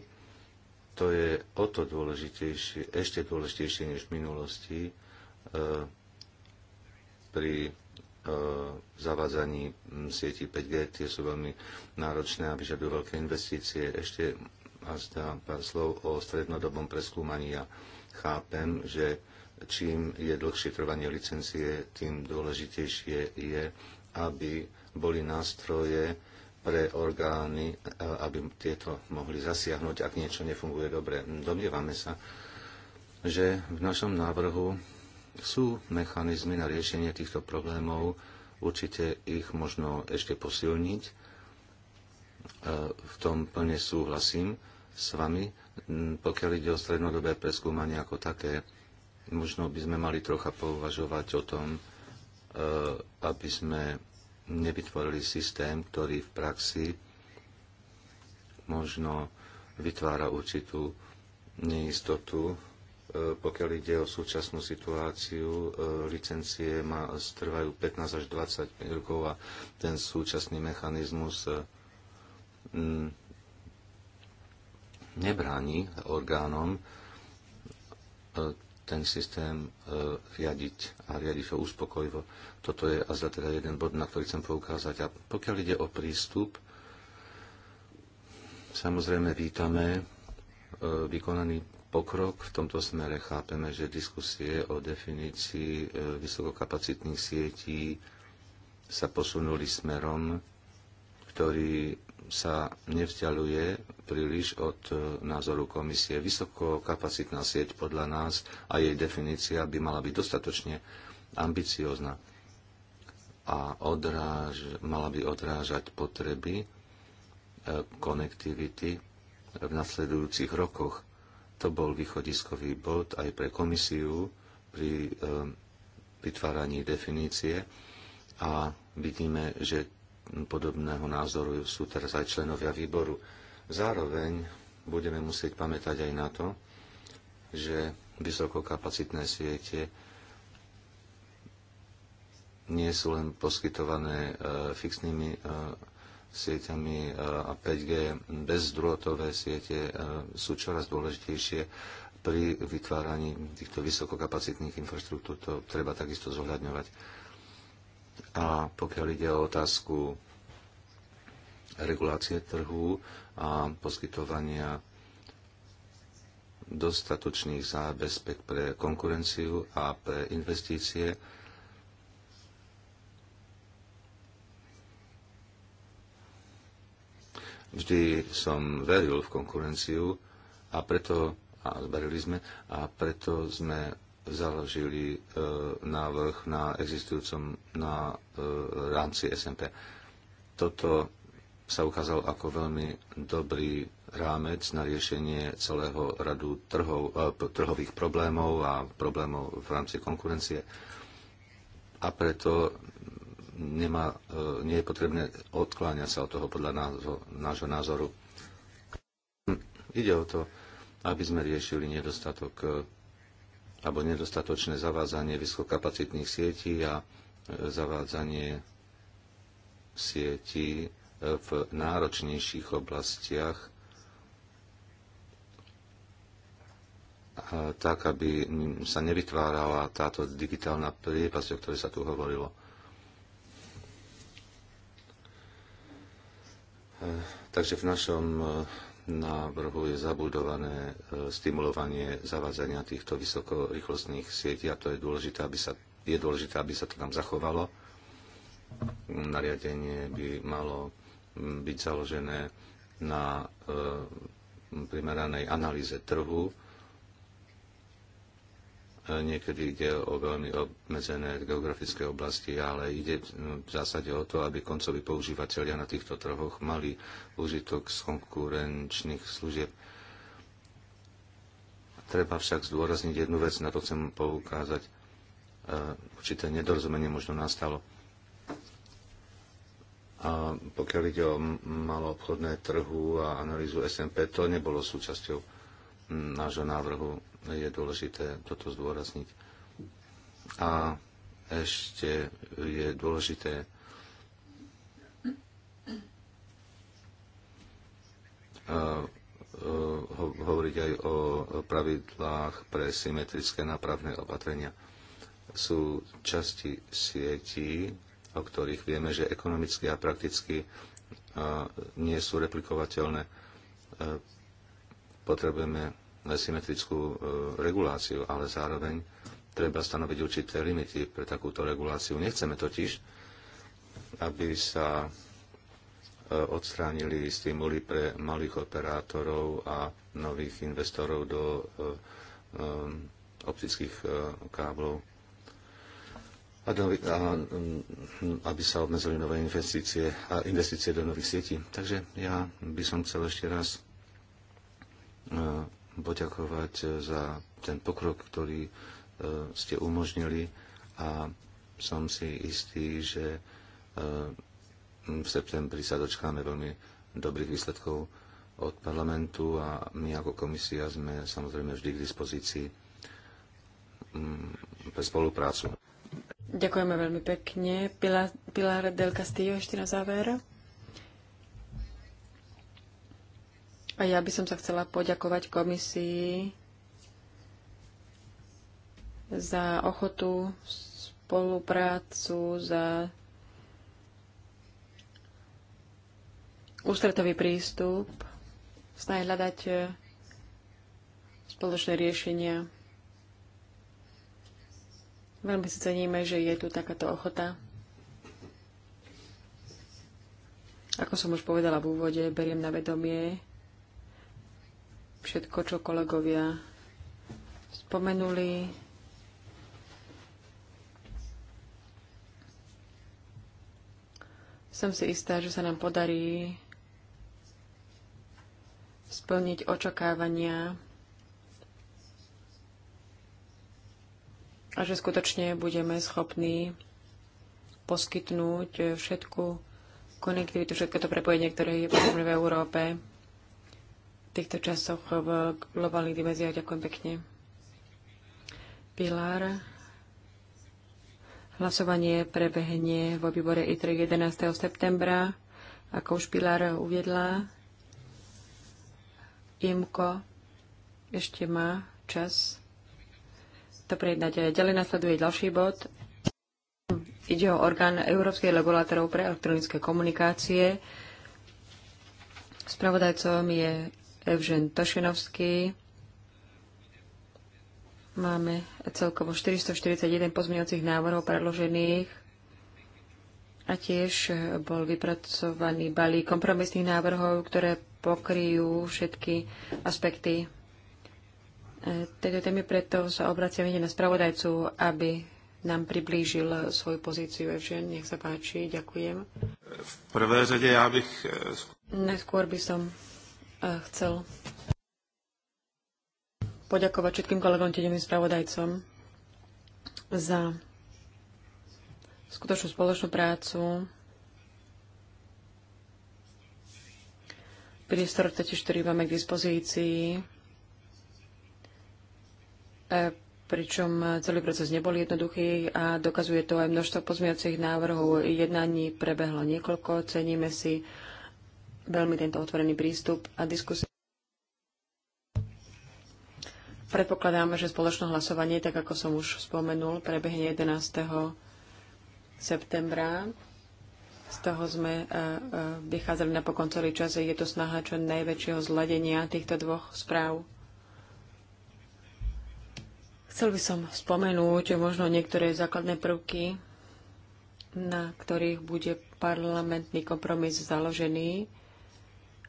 To je o to dôležitejšie, ešte dôležitejšie než v minulosti, pri e, zavádzaní sieti 5G, tie sú veľmi náročné a vyžadujú veľké investície. Ešte a zdá pár slov o strednodobom preskúmaní. Ja chápem, že čím je dlhšie trvanie licencie, tým dôležitejšie je, aby boli nástroje pre orgány, e, aby tieto mohli zasiahnuť, ak niečo nefunguje dobre. Domnievame sa, že v našom návrhu sú mechanizmy na riešenie týchto problémov, určite ich možno ešte posilniť. E, v tom plne súhlasím s vami. Pokiaľ ide o strednodobé preskúmanie ako také, možno by sme mali trocha pouvažovať o tom, e, aby sme nevytvorili systém, ktorý v praxi možno vytvára určitú neistotu E, pokiaľ ide o súčasnú situáciu, e, licencie má, trvajú 15 až 20 rokov a ten súčasný mechanizmus e, nebráni orgánom ten systém riadiť a riadiť ho uspokojivo. Toto je azda teda jeden bod, na ktorý chcem poukázať. A pokiaľ ide o prístup, samozrejme vítame vykonaný pokrok. V tomto smere chápeme, že diskusie o definícii e, vysokokapacitných sietí sa posunuli smerom, ktorý sa nevzdialuje príliš od e, názoru komisie. Vysokokapacitná sieť podľa nás a jej definícia by mala byť dostatočne ambiciózna a odráž, mala by odrážať potreby e, konektivity v nasledujúcich rokoch to bol východiskový bod aj pre komisiu pri ehm, vytváraní definície a vidíme, že podobného názoru sú teraz aj členovia výboru. Zároveň budeme musieť pamätať aj na to, že vysokokapacitné siete nie sú len poskytované ehm, fixnými ehm, sieťami eh, a 5G, bezdrôtové siete eh, sú čoraz dôležitejšie pri vytváraní týchto vysokokapacitných infraštruktúr. To treba takisto zohľadňovať. A pokiaľ ide o otázku regulácie trhu a poskytovania dostatočných zábezpek pre konkurenciu a pre investície, Vždy som veril v konkurenciu a preto, a zbarili sme, a preto sme založili e, návrh na existujúcom na e, rámci SMP. Toto sa ukázalo ako veľmi dobrý rámec na riešenie celého radu trhov, e, trhových problémov a problémov v rámci konkurencie. A preto nemá, e, nie je potrebné odkláňať sa od toho podľa názo, nášho názoru. Hm, ide o to, aby sme riešili nedostatok e, alebo nedostatočné zavádzanie vysokokapacitných sietí a e, zavádzanie sietí v náročnejších oblastiach, tak aby sa nevytvárala táto digitálna priepasť, o ktorej sa tu hovorilo. Takže v našom e, návrhu je zabudované e, stimulovanie zavádzania týchto vysokorýchlostných sietí a to je dôležité, aby sa, je dôležité, aby sa to tam zachovalo. Nariadenie by malo byť založené na e, primeranej analýze trhu Niekedy ide o veľmi obmedzené geografické oblasti, ale ide no, v zásade o to, aby koncoví používateľia na týchto trhoch mali užitok z konkurenčných služieb. Treba však zdôrazniť jednu vec, na to chcem poukázať. E, určité nedorozumenie možno nastalo. A pokiaľ ide o maloobchodné trhu a analýzu SMP, to nebolo súčasťou nášho návrhu je dôležité toto zdôrazniť. A ešte je dôležité e, hovoriť aj o pravidlách pre symetrické nápravné opatrenia. Sú časti sietí, o ktorých vieme, že ekonomicky a prakticky e, nie sú replikovateľné. E, potrebujeme symetrickú e, reguláciu, ale zároveň treba stanoviť určité limity pre takúto reguláciu. Nechceme totiž, aby sa e, odstránili stimuli pre malých operátorov a nových investorov do e, optických káblov mm, aby sa obmedzili nové investície a investície do nových sietí. Takže ja by som chcel ešte raz poďakovať eh, za ten pokrok, ktorý eh, ste umožnili a som si istý, že eh, v septembri sa dočkáme veľmi dobrých výsledkov od parlamentu a my ako komisia sme samozrejme vždy k dispozícii mm, pre spoluprácu. Ďakujeme veľmi pekne. Pilar, Pilar del Castillo ešte na záver. A ja by som sa chcela poďakovať komisii za ochotu, spoluprácu, za ústretový prístup, snaj hľadať e, spoločné riešenia. Veľmi si ceníme, že je tu takáto ochota. Ako som už povedala v úvode, beriem na vedomie všetko, čo kolegovia spomenuli. Som si istá, že sa nám podarí splniť očakávania a že skutočne budeme schopní poskytnúť všetku konektivitu, všetko to prepojenie, ktoré je potrebné v Európe týchto časoch v globálnych dimenziách. Ďakujem pekne. Pilar. Hlasovanie prebehne vo výbore ITRE 11. septembra. Ako už Pilar uviedla, IMKO ešte má čas to prejednať. Ďalej nasleduje ďalší bod. Ide o orgán Európskej regulátorov pre elektronické komunikácie. Spravodajcom je Evžen Tošinovský. Máme celkovo 441 pozmeňovacích návrhov predložených a tiež bol vypracovaný balík kompromisných návrhov, ktoré pokryjú všetky aspekty e, tejto témy, preto sa obraciam na spravodajcu, aby nám priblížil svoju pozíciu. Evžen, nech sa páči, ďakujem. V prvé řade ja bych... E, Najskôr by som E, chcel poďakovať všetkým kolegom, tedeným spravodajcom za skutočnú spoločnú prácu. Priestor totiž, ktorý máme k dispozícii, e, pričom celý proces nebol jednoduchý a dokazuje to aj množstvo pozmiacich návrhov. Jednaní prebehlo niekoľko, ceníme si veľmi tento otvorený prístup a diskusie. Predpokladáme, že spoločné hlasovanie, tak ako som už spomenul, prebehne 11. septembra. Z toho sme e, e, vychádzali na celý čas. Je to snaha čo najväčšieho zladenia týchto dvoch správ. Chcel by som spomenúť možno niektoré základné prvky, na ktorých bude parlamentný kompromis založený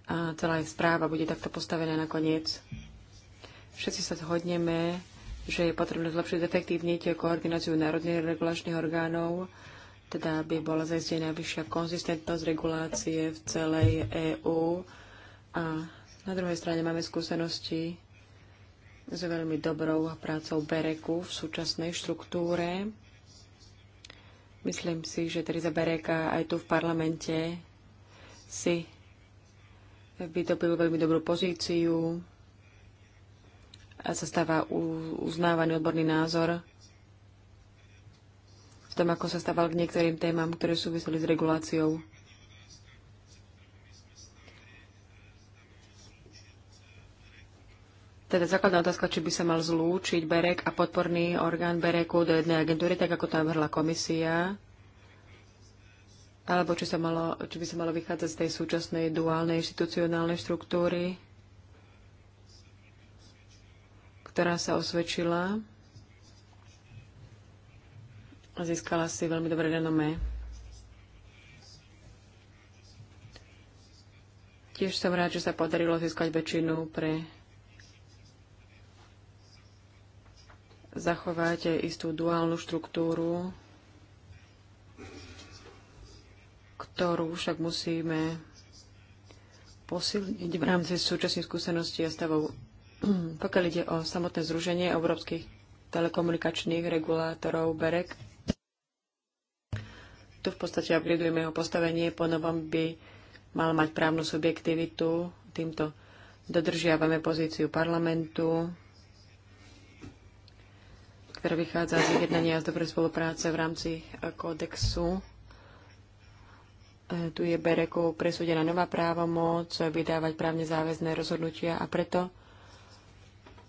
a celá ich správa bude takto postavená nakoniec. Všetci sa zhodneme, že je potrebné zlepšiť efektívniť koordináciu národných regulačných orgánov, teda aby bola zaistená vyššia konzistentnosť regulácie v celej EÚ. A na druhej strane máme skúsenosti s veľmi dobrou prácou Bereku v súčasnej štruktúre. Myslím si, že Teresa Bereka aj tu v parlamente si vydobil veľmi dobrú pozíciu a sa stáva uznávaný odborný názor v tom, ako sa stával k niektorým témam, ktoré súviseli s reguláciou. Teda základná otázka, či by sa mal zlúčiť BEREK a podporný orgán BEREKu do jednej agentúry, tak ako tam navrhla komisia alebo či, sa malo, či by sa malo vychádzať z tej súčasnej duálnej institucionálnej štruktúry, ktorá sa osvedčila a získala si veľmi dobré renomé. Tiež som rád, že sa podarilo získať väčšinu pre zachovať istú duálnu štruktúru ktorú však musíme posilniť v rámci súčasných skúseností a stavov. [clears throat] Pokiaľ ide o samotné zruženie európskych telekomunikačných regulátorov BEREK, tu v podstate upgradujeme jeho postavenie, po novom by mal mať právnu subjektivitu, týmto dodržiavame pozíciu parlamentu, ktorá vychádza z jednania z dobrej spolupráce v rámci kódexu E, tu je Bereku presúdená nová právomoc e, vydávať právne záväzné rozhodnutia a preto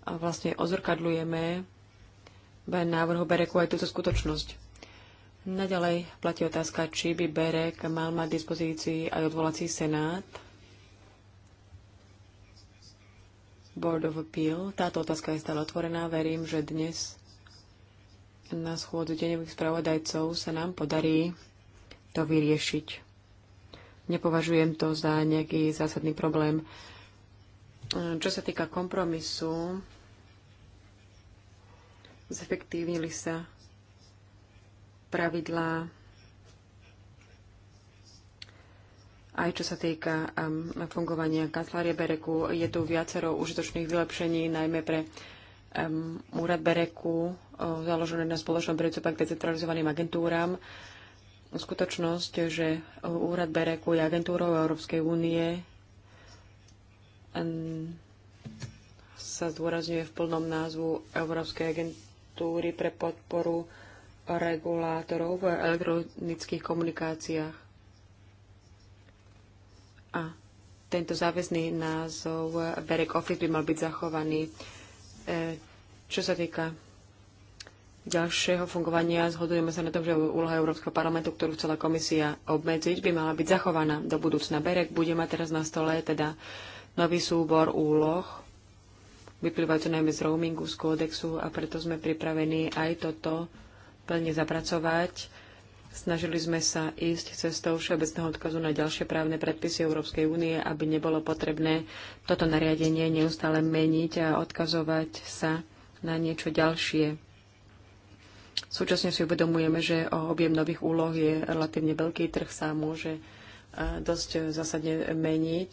e, vlastne ozrkadlujeme v návrhu Bereku aj túto skutočnosť. Naďalej platí otázka, či by Berek mal mať dispozícii aj odvolací senát, Board of Appeal. Táto otázka je stále otvorená. Verím, že dnes na schôdzu deňových spravodajcov sa nám podarí to vyriešiť. Nepovažujem to za nejaký zásadný problém. Čo sa týka kompromisu, zefektívnili sa pravidlá aj čo sa týka um, fungovania kancelárie Bereku. Je tu viacero užitočných vylepšení, najmä pre um, úrad Bereku, založené na spoločnom prístupe k decentralizovaným agentúram skutočnosť, že úrad Bereku je agentúrou Európskej únie, sa zdôrazňuje v plnom názvu Európskej agentúry pre podporu regulátorov v elektronických komunikáciách. A tento záväzný názov Berek Office by mal byť zachovaný. E, čo sa týka ďalšieho fungovania zhodujeme sa na tom, že úloha Európskeho parlamentu, ktorú chcela komisia obmedziť, by mala byť zachovaná do budúcna. Berek bude mať teraz na stole teda nový súbor úloh, vyplývajú to najmä z roamingu, z kódexu a preto sme pripravení aj toto plne zapracovať. Snažili sme sa ísť cestou všeobecného odkazu na ďalšie právne predpisy Európskej únie, aby nebolo potrebné toto nariadenie neustále meniť a odkazovať sa na niečo ďalšie. Súčasne si uvedomujeme, že objem nových úloh je relatívne veľký, trh sa môže e, dosť zásadne meniť.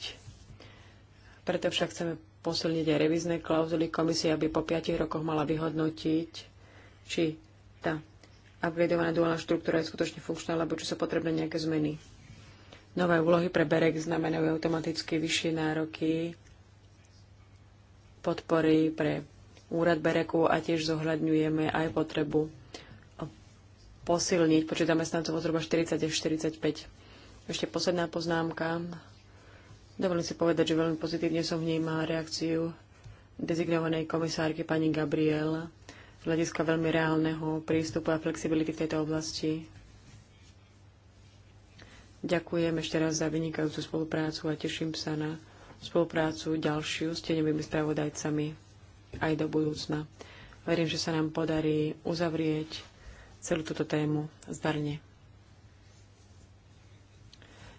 Preto však chceme posilniť aj revizné klauzuly komisie, aby po 5 rokoch mala vyhodnotiť, či tá upgradovaná duálna štruktúra je skutočne funkčná, alebo či sú potrebné nejaké zmeny. Nové úlohy pre BEREK znamenajú automaticky vyššie nároky podpory pre úrad Bereku a tiež zohľadňujeme aj potrebu posilniť počet zamestnancov zhruba 40 až 45. Ešte posledná poznámka. Dovolím si povedať, že veľmi pozitívne som vnímala reakciu dezignovanej komisárky pani Gabriel z hľadiska veľmi reálneho prístupu a flexibility v tejto oblasti. Ďakujem ešte raz za vynikajúcu spoluprácu a teším sa na spoluprácu ďalšiu s tenevými spravodajcami aj do budúcna. Verím, že sa nám podarí uzavrieť celú túto tému zdarne.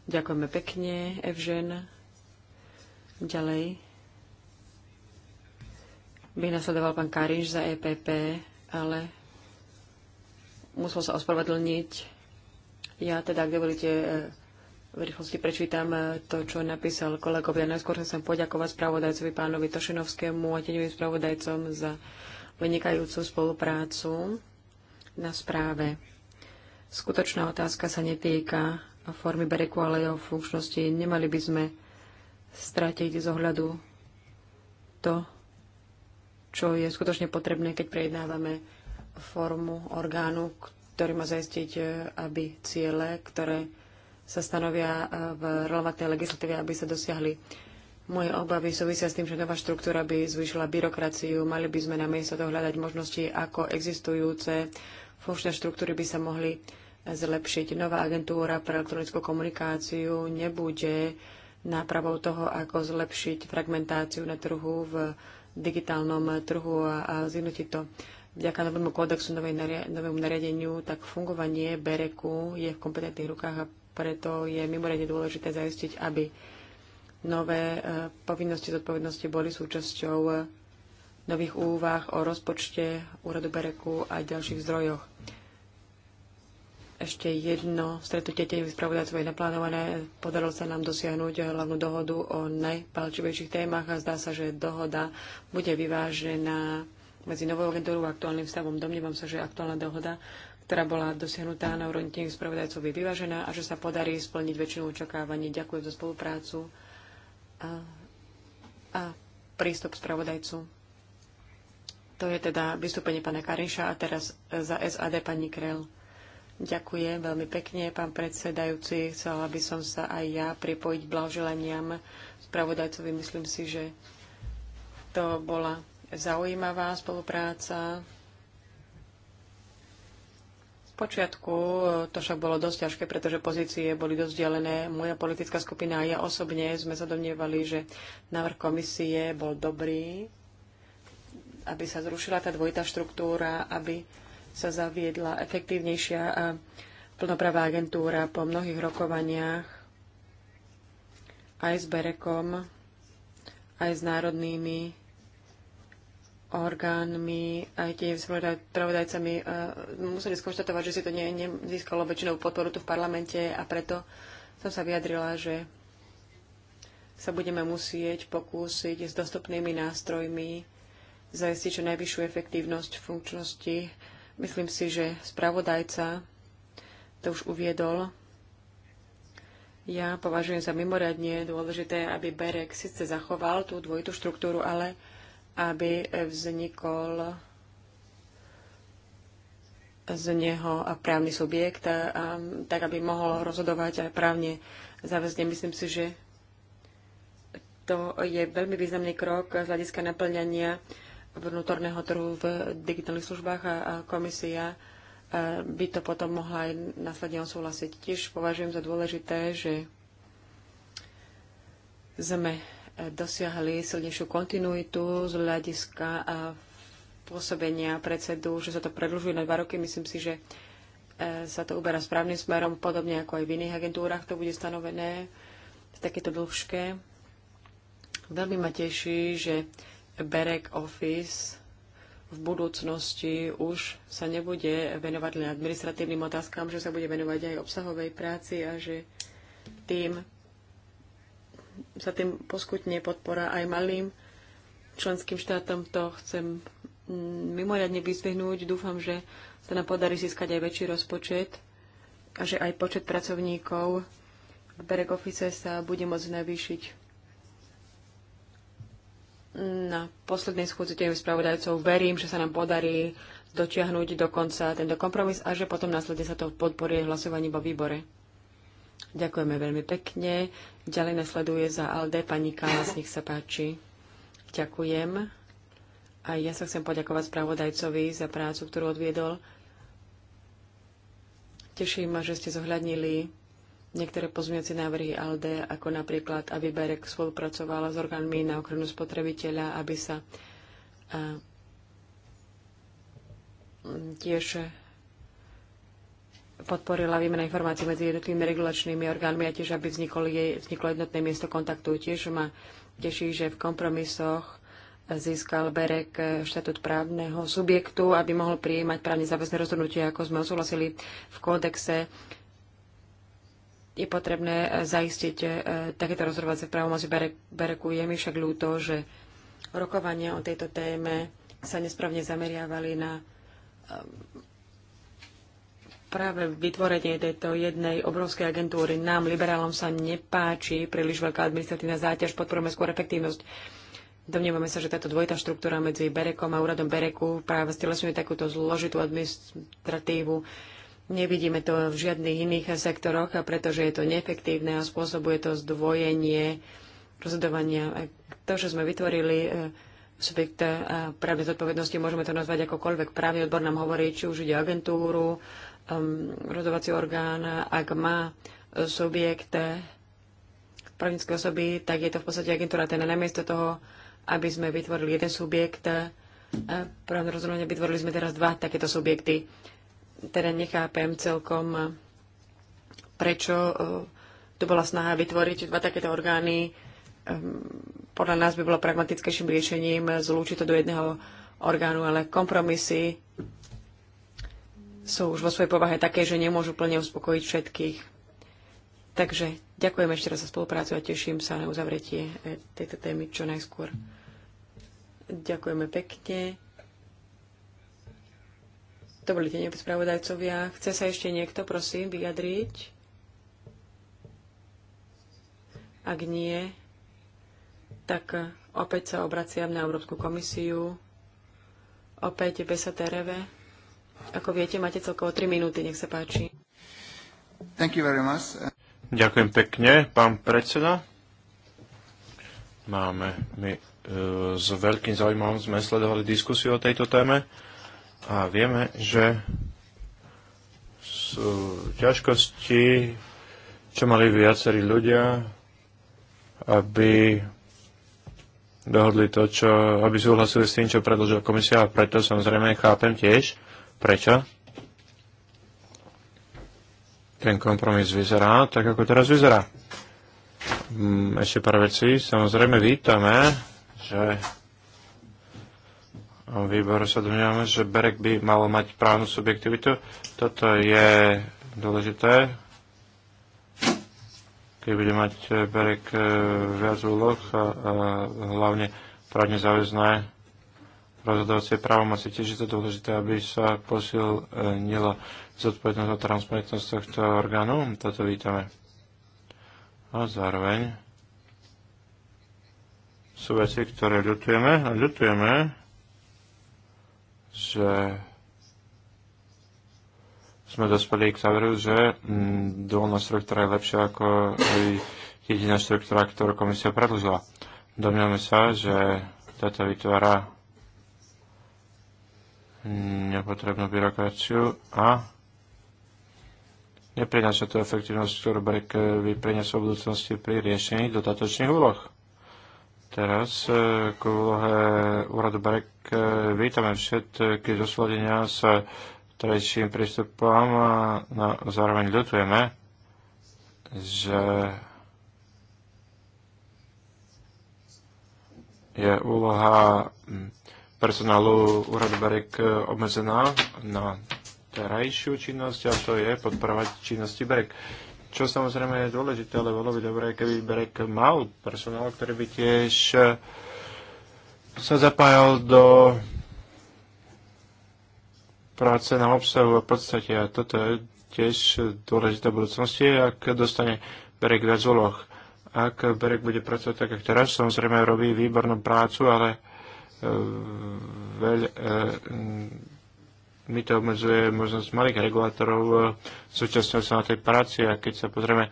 Ďakujeme pekne, Evžen. Ďalej by nasledoval pán Karinš za EPP, ale musel sa ospravedlniť. Ja teda, ak dovolíte, e, v rýchlosti prečítam e, to, čo napísal kolegovia. Najskôr chcem poďakovať spravodajcovi pánovi Tošinovskému a teňovým spravodajcom za vynikajúcu spoluprácu na správe. Skutočná otázka sa netýka formy bereku, ale jeho funkčnosti. Nemali by sme stratiť z ohľadu to, čo je skutočne potrebné, keď prejednávame formu orgánu, ktorý má zaistiť, e, aby ciele, ktoré sa stanovia e, v relevantnej legislatíve, aby sa dosiahli. Moje obavy súvisia s tým, že nová štruktúra by zvýšila byrokraciu. Mali by sme na miesto dohľadať možnosti, ako existujúce Funkčné štruktúry by sa mohli zlepšiť. Nová agentúra pre elektronickú komunikáciu nebude nápravou toho, ako zlepšiť fragmentáciu na trhu v digitálnom trhu a, a zjednotiť to. Vďaka novému kódexu, novej nari- novému nariadeniu, tak fungovanie Bereku je v kompetentných rukách a preto je mimoriadne dôležité zajistiť, aby nové e, povinnosti, zodpovednosti boli súčasťou e, nových úvah o rozpočte úradu Bereku a ďalších zdrojoch. Ešte jedno stretnutie tieňových spravodajcov je naplánované. Podarilo sa nám dosiahnuť hlavnú dohodu o najpalčivejších témach a zdá sa, že dohoda bude vyvážená medzi novou agentúrou a aktuálnym stavom. Domnívam sa, že aktuálna dohoda, ktorá bola dosiahnutá na úrovni tieňových spravodajcov, je vyvážená a že sa podarí splniť väčšinu očakávaní. Ďakujem za spoluprácu a, a prístup spravodajcu. To je teda vystúpenie pána Kariša a teraz za SAD pani Krell. Ďakujem veľmi pekne, pán predsedajúci. Chcela by som sa aj ja pripojiť blahoželaniam spravodajcovi. Myslím si, že to bola zaujímavá spolupráca. Z počiatku e, to však bolo dosť ťažké, pretože pozície boli dosť delené. Moja politická skupina a ja osobne sme sa domnievali, že návrh komisie bol dobrý, aby sa zrušila tá dvojitá štruktúra, aby sa zaviedla efektívnejšia a plnopravá agentúra po mnohých rokovaniach aj s Berekom, aj s národnými orgánmi, aj tie spravodajcami e, museli skonštatovať, že si to ne, nezískalo väčšinou podporu tu v parlamente a preto som sa vyjadrila, že sa budeme musieť pokúsiť s dostupnými nástrojmi zajistiť čo najvyššiu efektívnosť funkčnosti Myslím si, že spravodajca to už uviedol. Ja považujem za mimoriadne dôležité, aby Berek síce zachoval tú dvojitú štruktúru, ale aby vznikol z neho právny subjekt, a, a, tak aby mohol rozhodovať aj právne záväzne. Myslím si, že to je veľmi významný krok z hľadiska naplňania vnútorného trhu v digitálnych službách a, a komisia e, by to potom mohla aj následne osúhlasiť. Tiež považujem za dôležité, že sme e, dosiahli silnejšiu kontinuitu z hľadiska e, pôsobenia predsedu, že sa to predlžuje na dva roky. Myslím si, že sa to uberá správnym smerom, podobne ako aj v iných agentúrach to bude stanovené v takéto dĺžke. Veľmi ma teší, že back Office v budúcnosti už sa nebude venovať len administratívnym otázkam, že sa bude venovať aj obsahovej práci a že tým sa tým poskutne podpora aj malým členským štátom. To chcem mm, mimoriadne vyzvihnúť. Dúfam, že sa nám podarí získať aj väčší rozpočet a že aj počet pracovníkov v Berek Office sa bude môcť navýšiť na poslednej schôdzi tým spravodajcov verím, že sa nám podarí dotiahnuť do konca tento kompromis a že potom následne sa to podporí hlasovaním vo výbore. Ďakujeme veľmi pekne. Ďalej nasleduje za ALD pani Kalas, nech sa páči. Ďakujem. A ja sa chcem poďakovať spravodajcovi za prácu, ktorú odviedol. Teším ma, že ste zohľadnili niektoré pozmeňujúce návrhy ALDE, ako napríklad, aby Berek spolupracovala s orgánmi na ochranu spotrebiteľa, aby sa a, tiež podporila výmena informácií medzi jednotlivými regulačnými orgánmi a tiež, aby vzniklo, jej, vzniklo jednotné miesto kontaktu. Tiež ma teší, že v kompromisoch získal Berek štatút právneho subjektu, aby mohol prijímať právne záväzné rozhodnutie, ako sme osúhlasili v kódexe je potrebné e, zaistiť e, takéto rozhodovacie právomoci Bereku. Je mi však ľúto, že rokovania o tejto téme sa nesprávne zameriavali na e, práve vytvorenie tejto jednej obrovskej agentúry. Nám, liberálom, sa nepáči príliš veľká administratívna záťaž, podporujeme skôr efektívnosť. Domnievame sa, že táto dvojitá štruktúra medzi Berekom a úradom Bereku práve stelesňuje takúto zložitú administratívu Nevidíme to v žiadnych iných sektoroch, pretože je to neefektívne a spôsobuje to zdvojenie rozhodovania. To, že sme vytvorili e, subjekt e, právnej zodpovednosti, môžeme to nazvať akokoľvek. Právny odbor nám hovorí, či už ide agentúru, e, rozhodovací orgán, ak má subjekt právnické osoby, tak je to v podstate agentúra. Ten namiesto toho, aby sme vytvorili jeden subjekt, právne rozhodovanie, vytvorili sme teraz dva takéto subjekty teda nechápem celkom, eh, prečo eh, to bola snaha vytvoriť dva takéto orgány. Ehm, podľa nás by bolo pragmatickejším riešením zlúčiť to do jedného orgánu, ale kompromisy sú už vo svojej povahe také, že nemôžu plne uspokojiť všetkých. Takže ďakujem ešte raz za spoluprácu a teším sa na uzavretie eh, tejto témy čo najskôr. Ďakujeme pekne boli tenevi spravodajcovia. Chce sa ešte niekto, prosím, vyjadriť? Ak nie, tak opäť sa obraciam na Európsku komisiu. Opäť Besa Tereve. Ako viete, máte celkovo 3 minúty, nech sa páči. Thank you very much. Ďakujem pekne, pán predseda. Máme my e, s veľkým zaujímavom sme sledovali diskusiu o tejto téme a vieme, že sú ťažkosti, čo mali viacerí ľudia, aby dohodli to, čo, aby súhlasili s tým, čo predložila komisia a preto samozrejme chápem tiež, prečo ten kompromis vyzerá tak, ako teraz vyzerá. Mm, ešte pár veci. Samozrejme vítame, že výboru sa domnievame, že BEREK by malo mať právnu subjektivitu. Toto je dôležité. Keď bude mať eh, BEREK eh, viac úloh a, a hlavne právne záväzné rozhodovacie právomoci, tiež je to dôležité, aby sa posilnila zodpovednosť a transparentnosť tohto orgánu. Toto vítame. A zároveň sú veci, ktoré ľutujeme a ľutujeme, že sme dospeli k záveru, že mm, struktúra štruktúra je lepšia ako jediná štruktúra, ktorú komisia predlžila. Domňame sa, že toto vytvára nepotrebnú byrokraciu a neprináša tú efektivnosť, ktorú BREK by priniesol v budúcnosti pri riešení dodatočných úloh. Teraz e, k úlohe úradu Barek e, vítame všetky zosledenia s terajším prístupom a no, zároveň ľutujeme, že je úloha personálu úradu Berek e, obmedzená na terajšiu činnosť a to je podporovať činnosti Berek. Čo samozrejme je dôležité, ale bolo by dobré, keby Berek mal personál, ktorý by tiež e, sa zapájal do práce na obsahu a podstate. A toto je tiež dôležité v budúcnosti, ak dostane Berek viac úloh. Ak Berek bude pracovať tak, ako teraz, samozrejme robí výbornú prácu, ale e, veľ, e, mi to obmedzuje možnosť malých regulátorov e, súčasňovať sa na tej práci a keď sa pozrieme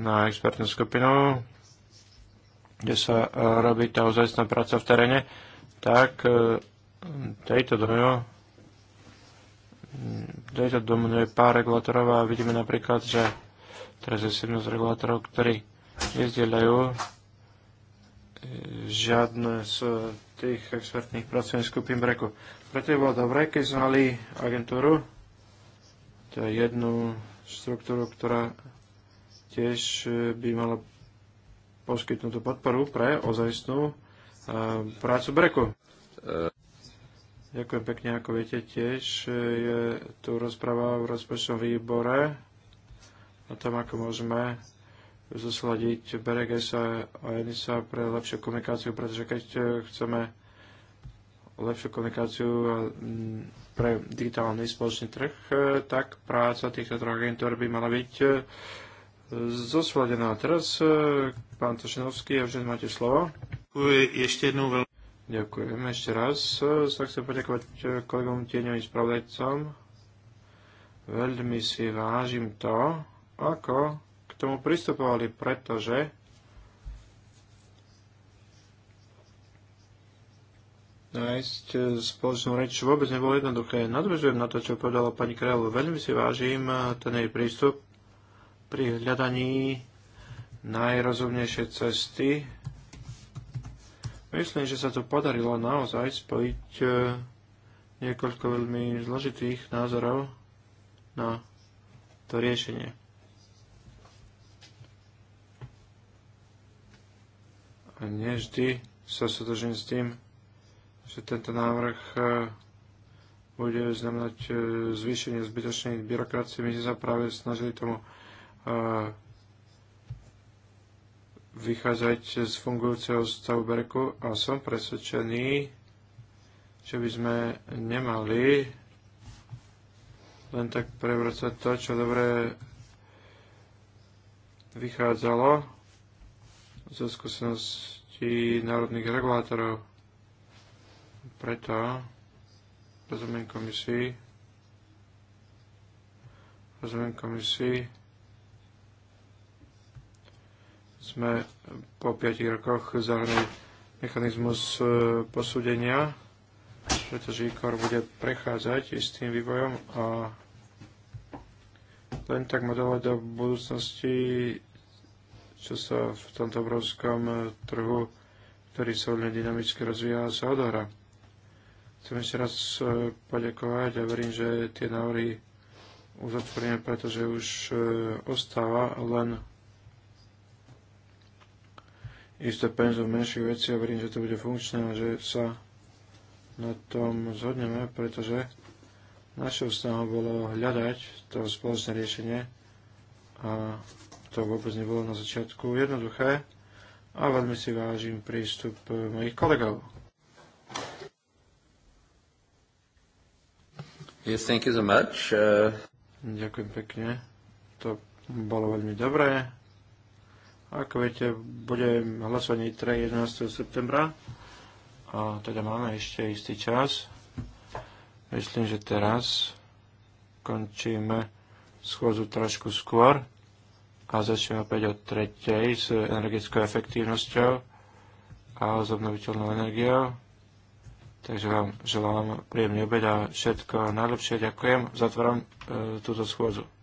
na expertnú skupinu, kde sa e, robí tá ozajstná práca v teréne, tak e, tejto domino tejto je pár regulátorov a vidíme napríklad, že teraz je 17 regulátorov, ktorí nezdieľajú žiadne z tých expertných pracovných skupín breku. Preto je bolo dobré, keď sme mali agentúru, to je jednu štruktúru, ktorá tiež e, by mala poskytnutú podporu pre ozajstnú e, prácu breku. Ďakujem pekne, ako viete, tiež e, je tu rozpráva v rozpočtovom výbore o tom, ako môžeme zosladiť Beregesa a Enisa pre lepšiu komunikáciu, pretože keď e, chceme lepšiu komunikáciu mm, pre digitálny spoločný trh, e, tak práca týchto troch agentúr by mala byť e, zosladená. Teraz pán Tošinovský, ja už máte slovo. Ďakujem ešte jednou veľmi. Ďakujem ešte raz. Sa chcem poďakovať kolegom tieňovým spravodajcom. Veľmi si vážim to, ako tomu pristupovali, pretože nájsť eh, spoločnú reč vôbec nebolo jednoduché. Nadvežujem na to, čo povedala pani Kráľov. Veľmi si vážim eh, ten jej prístup pri hľadaní najrozumnejšej cesty. Myslím, že sa to podarilo naozaj spojiť eh, niekoľko veľmi zložitých názorov na to riešenie. nevždy sa súdržím s tým, že tento návrh e, bude znamenať e, zvýšenie zbytočnej byrokracie. My sme sa práve snažili tomu e, vychádzať z fungujúceho stavu Berku a som presvedčený, že by sme nemali len tak prevracať to, čo dobre vychádzalo zo skúsenosti národných regulátorov. Preto rozumiem komisii, rozumiem komisii, sme po 5 rokoch zahrali mechanizmus e, posúdenia, pretože IKOR bude prechádzať tým vývojom a len tak modelovať do budúcnosti čo sa v tomto obrovskom e, trhu, ktorý sa veľmi dynamicky rozvíja, sa odohrá. Chcem ešte raz e, poďakovať a verím, že tie návrhy uzatvoríme, pretože už e, ostáva len isté penzo menších vecí a verím, že to bude funkčné a že sa na tom zhodneme, pretože našou snahou bolo hľadať to spoločné riešenie a to vôbec nebolo na začiatku jednoduché a veľmi si vážim prístup eh, mojich kolegov. Yes, thank you so much. Uh... Ďakujem pekne. To bolo veľmi dobré. Ako viete, bude hlasovanie 3. 11. septembra. A teda máme ešte istý čas. Myslím, že teraz končíme schôzu trošku skôr a začneme opäť od tretej s energetickou efektívnosťou a s obnoviteľnou energiou. Takže vám želám príjemný obed a všetko najlepšie. Ďakujem. Zatváram e, túto schôdzu.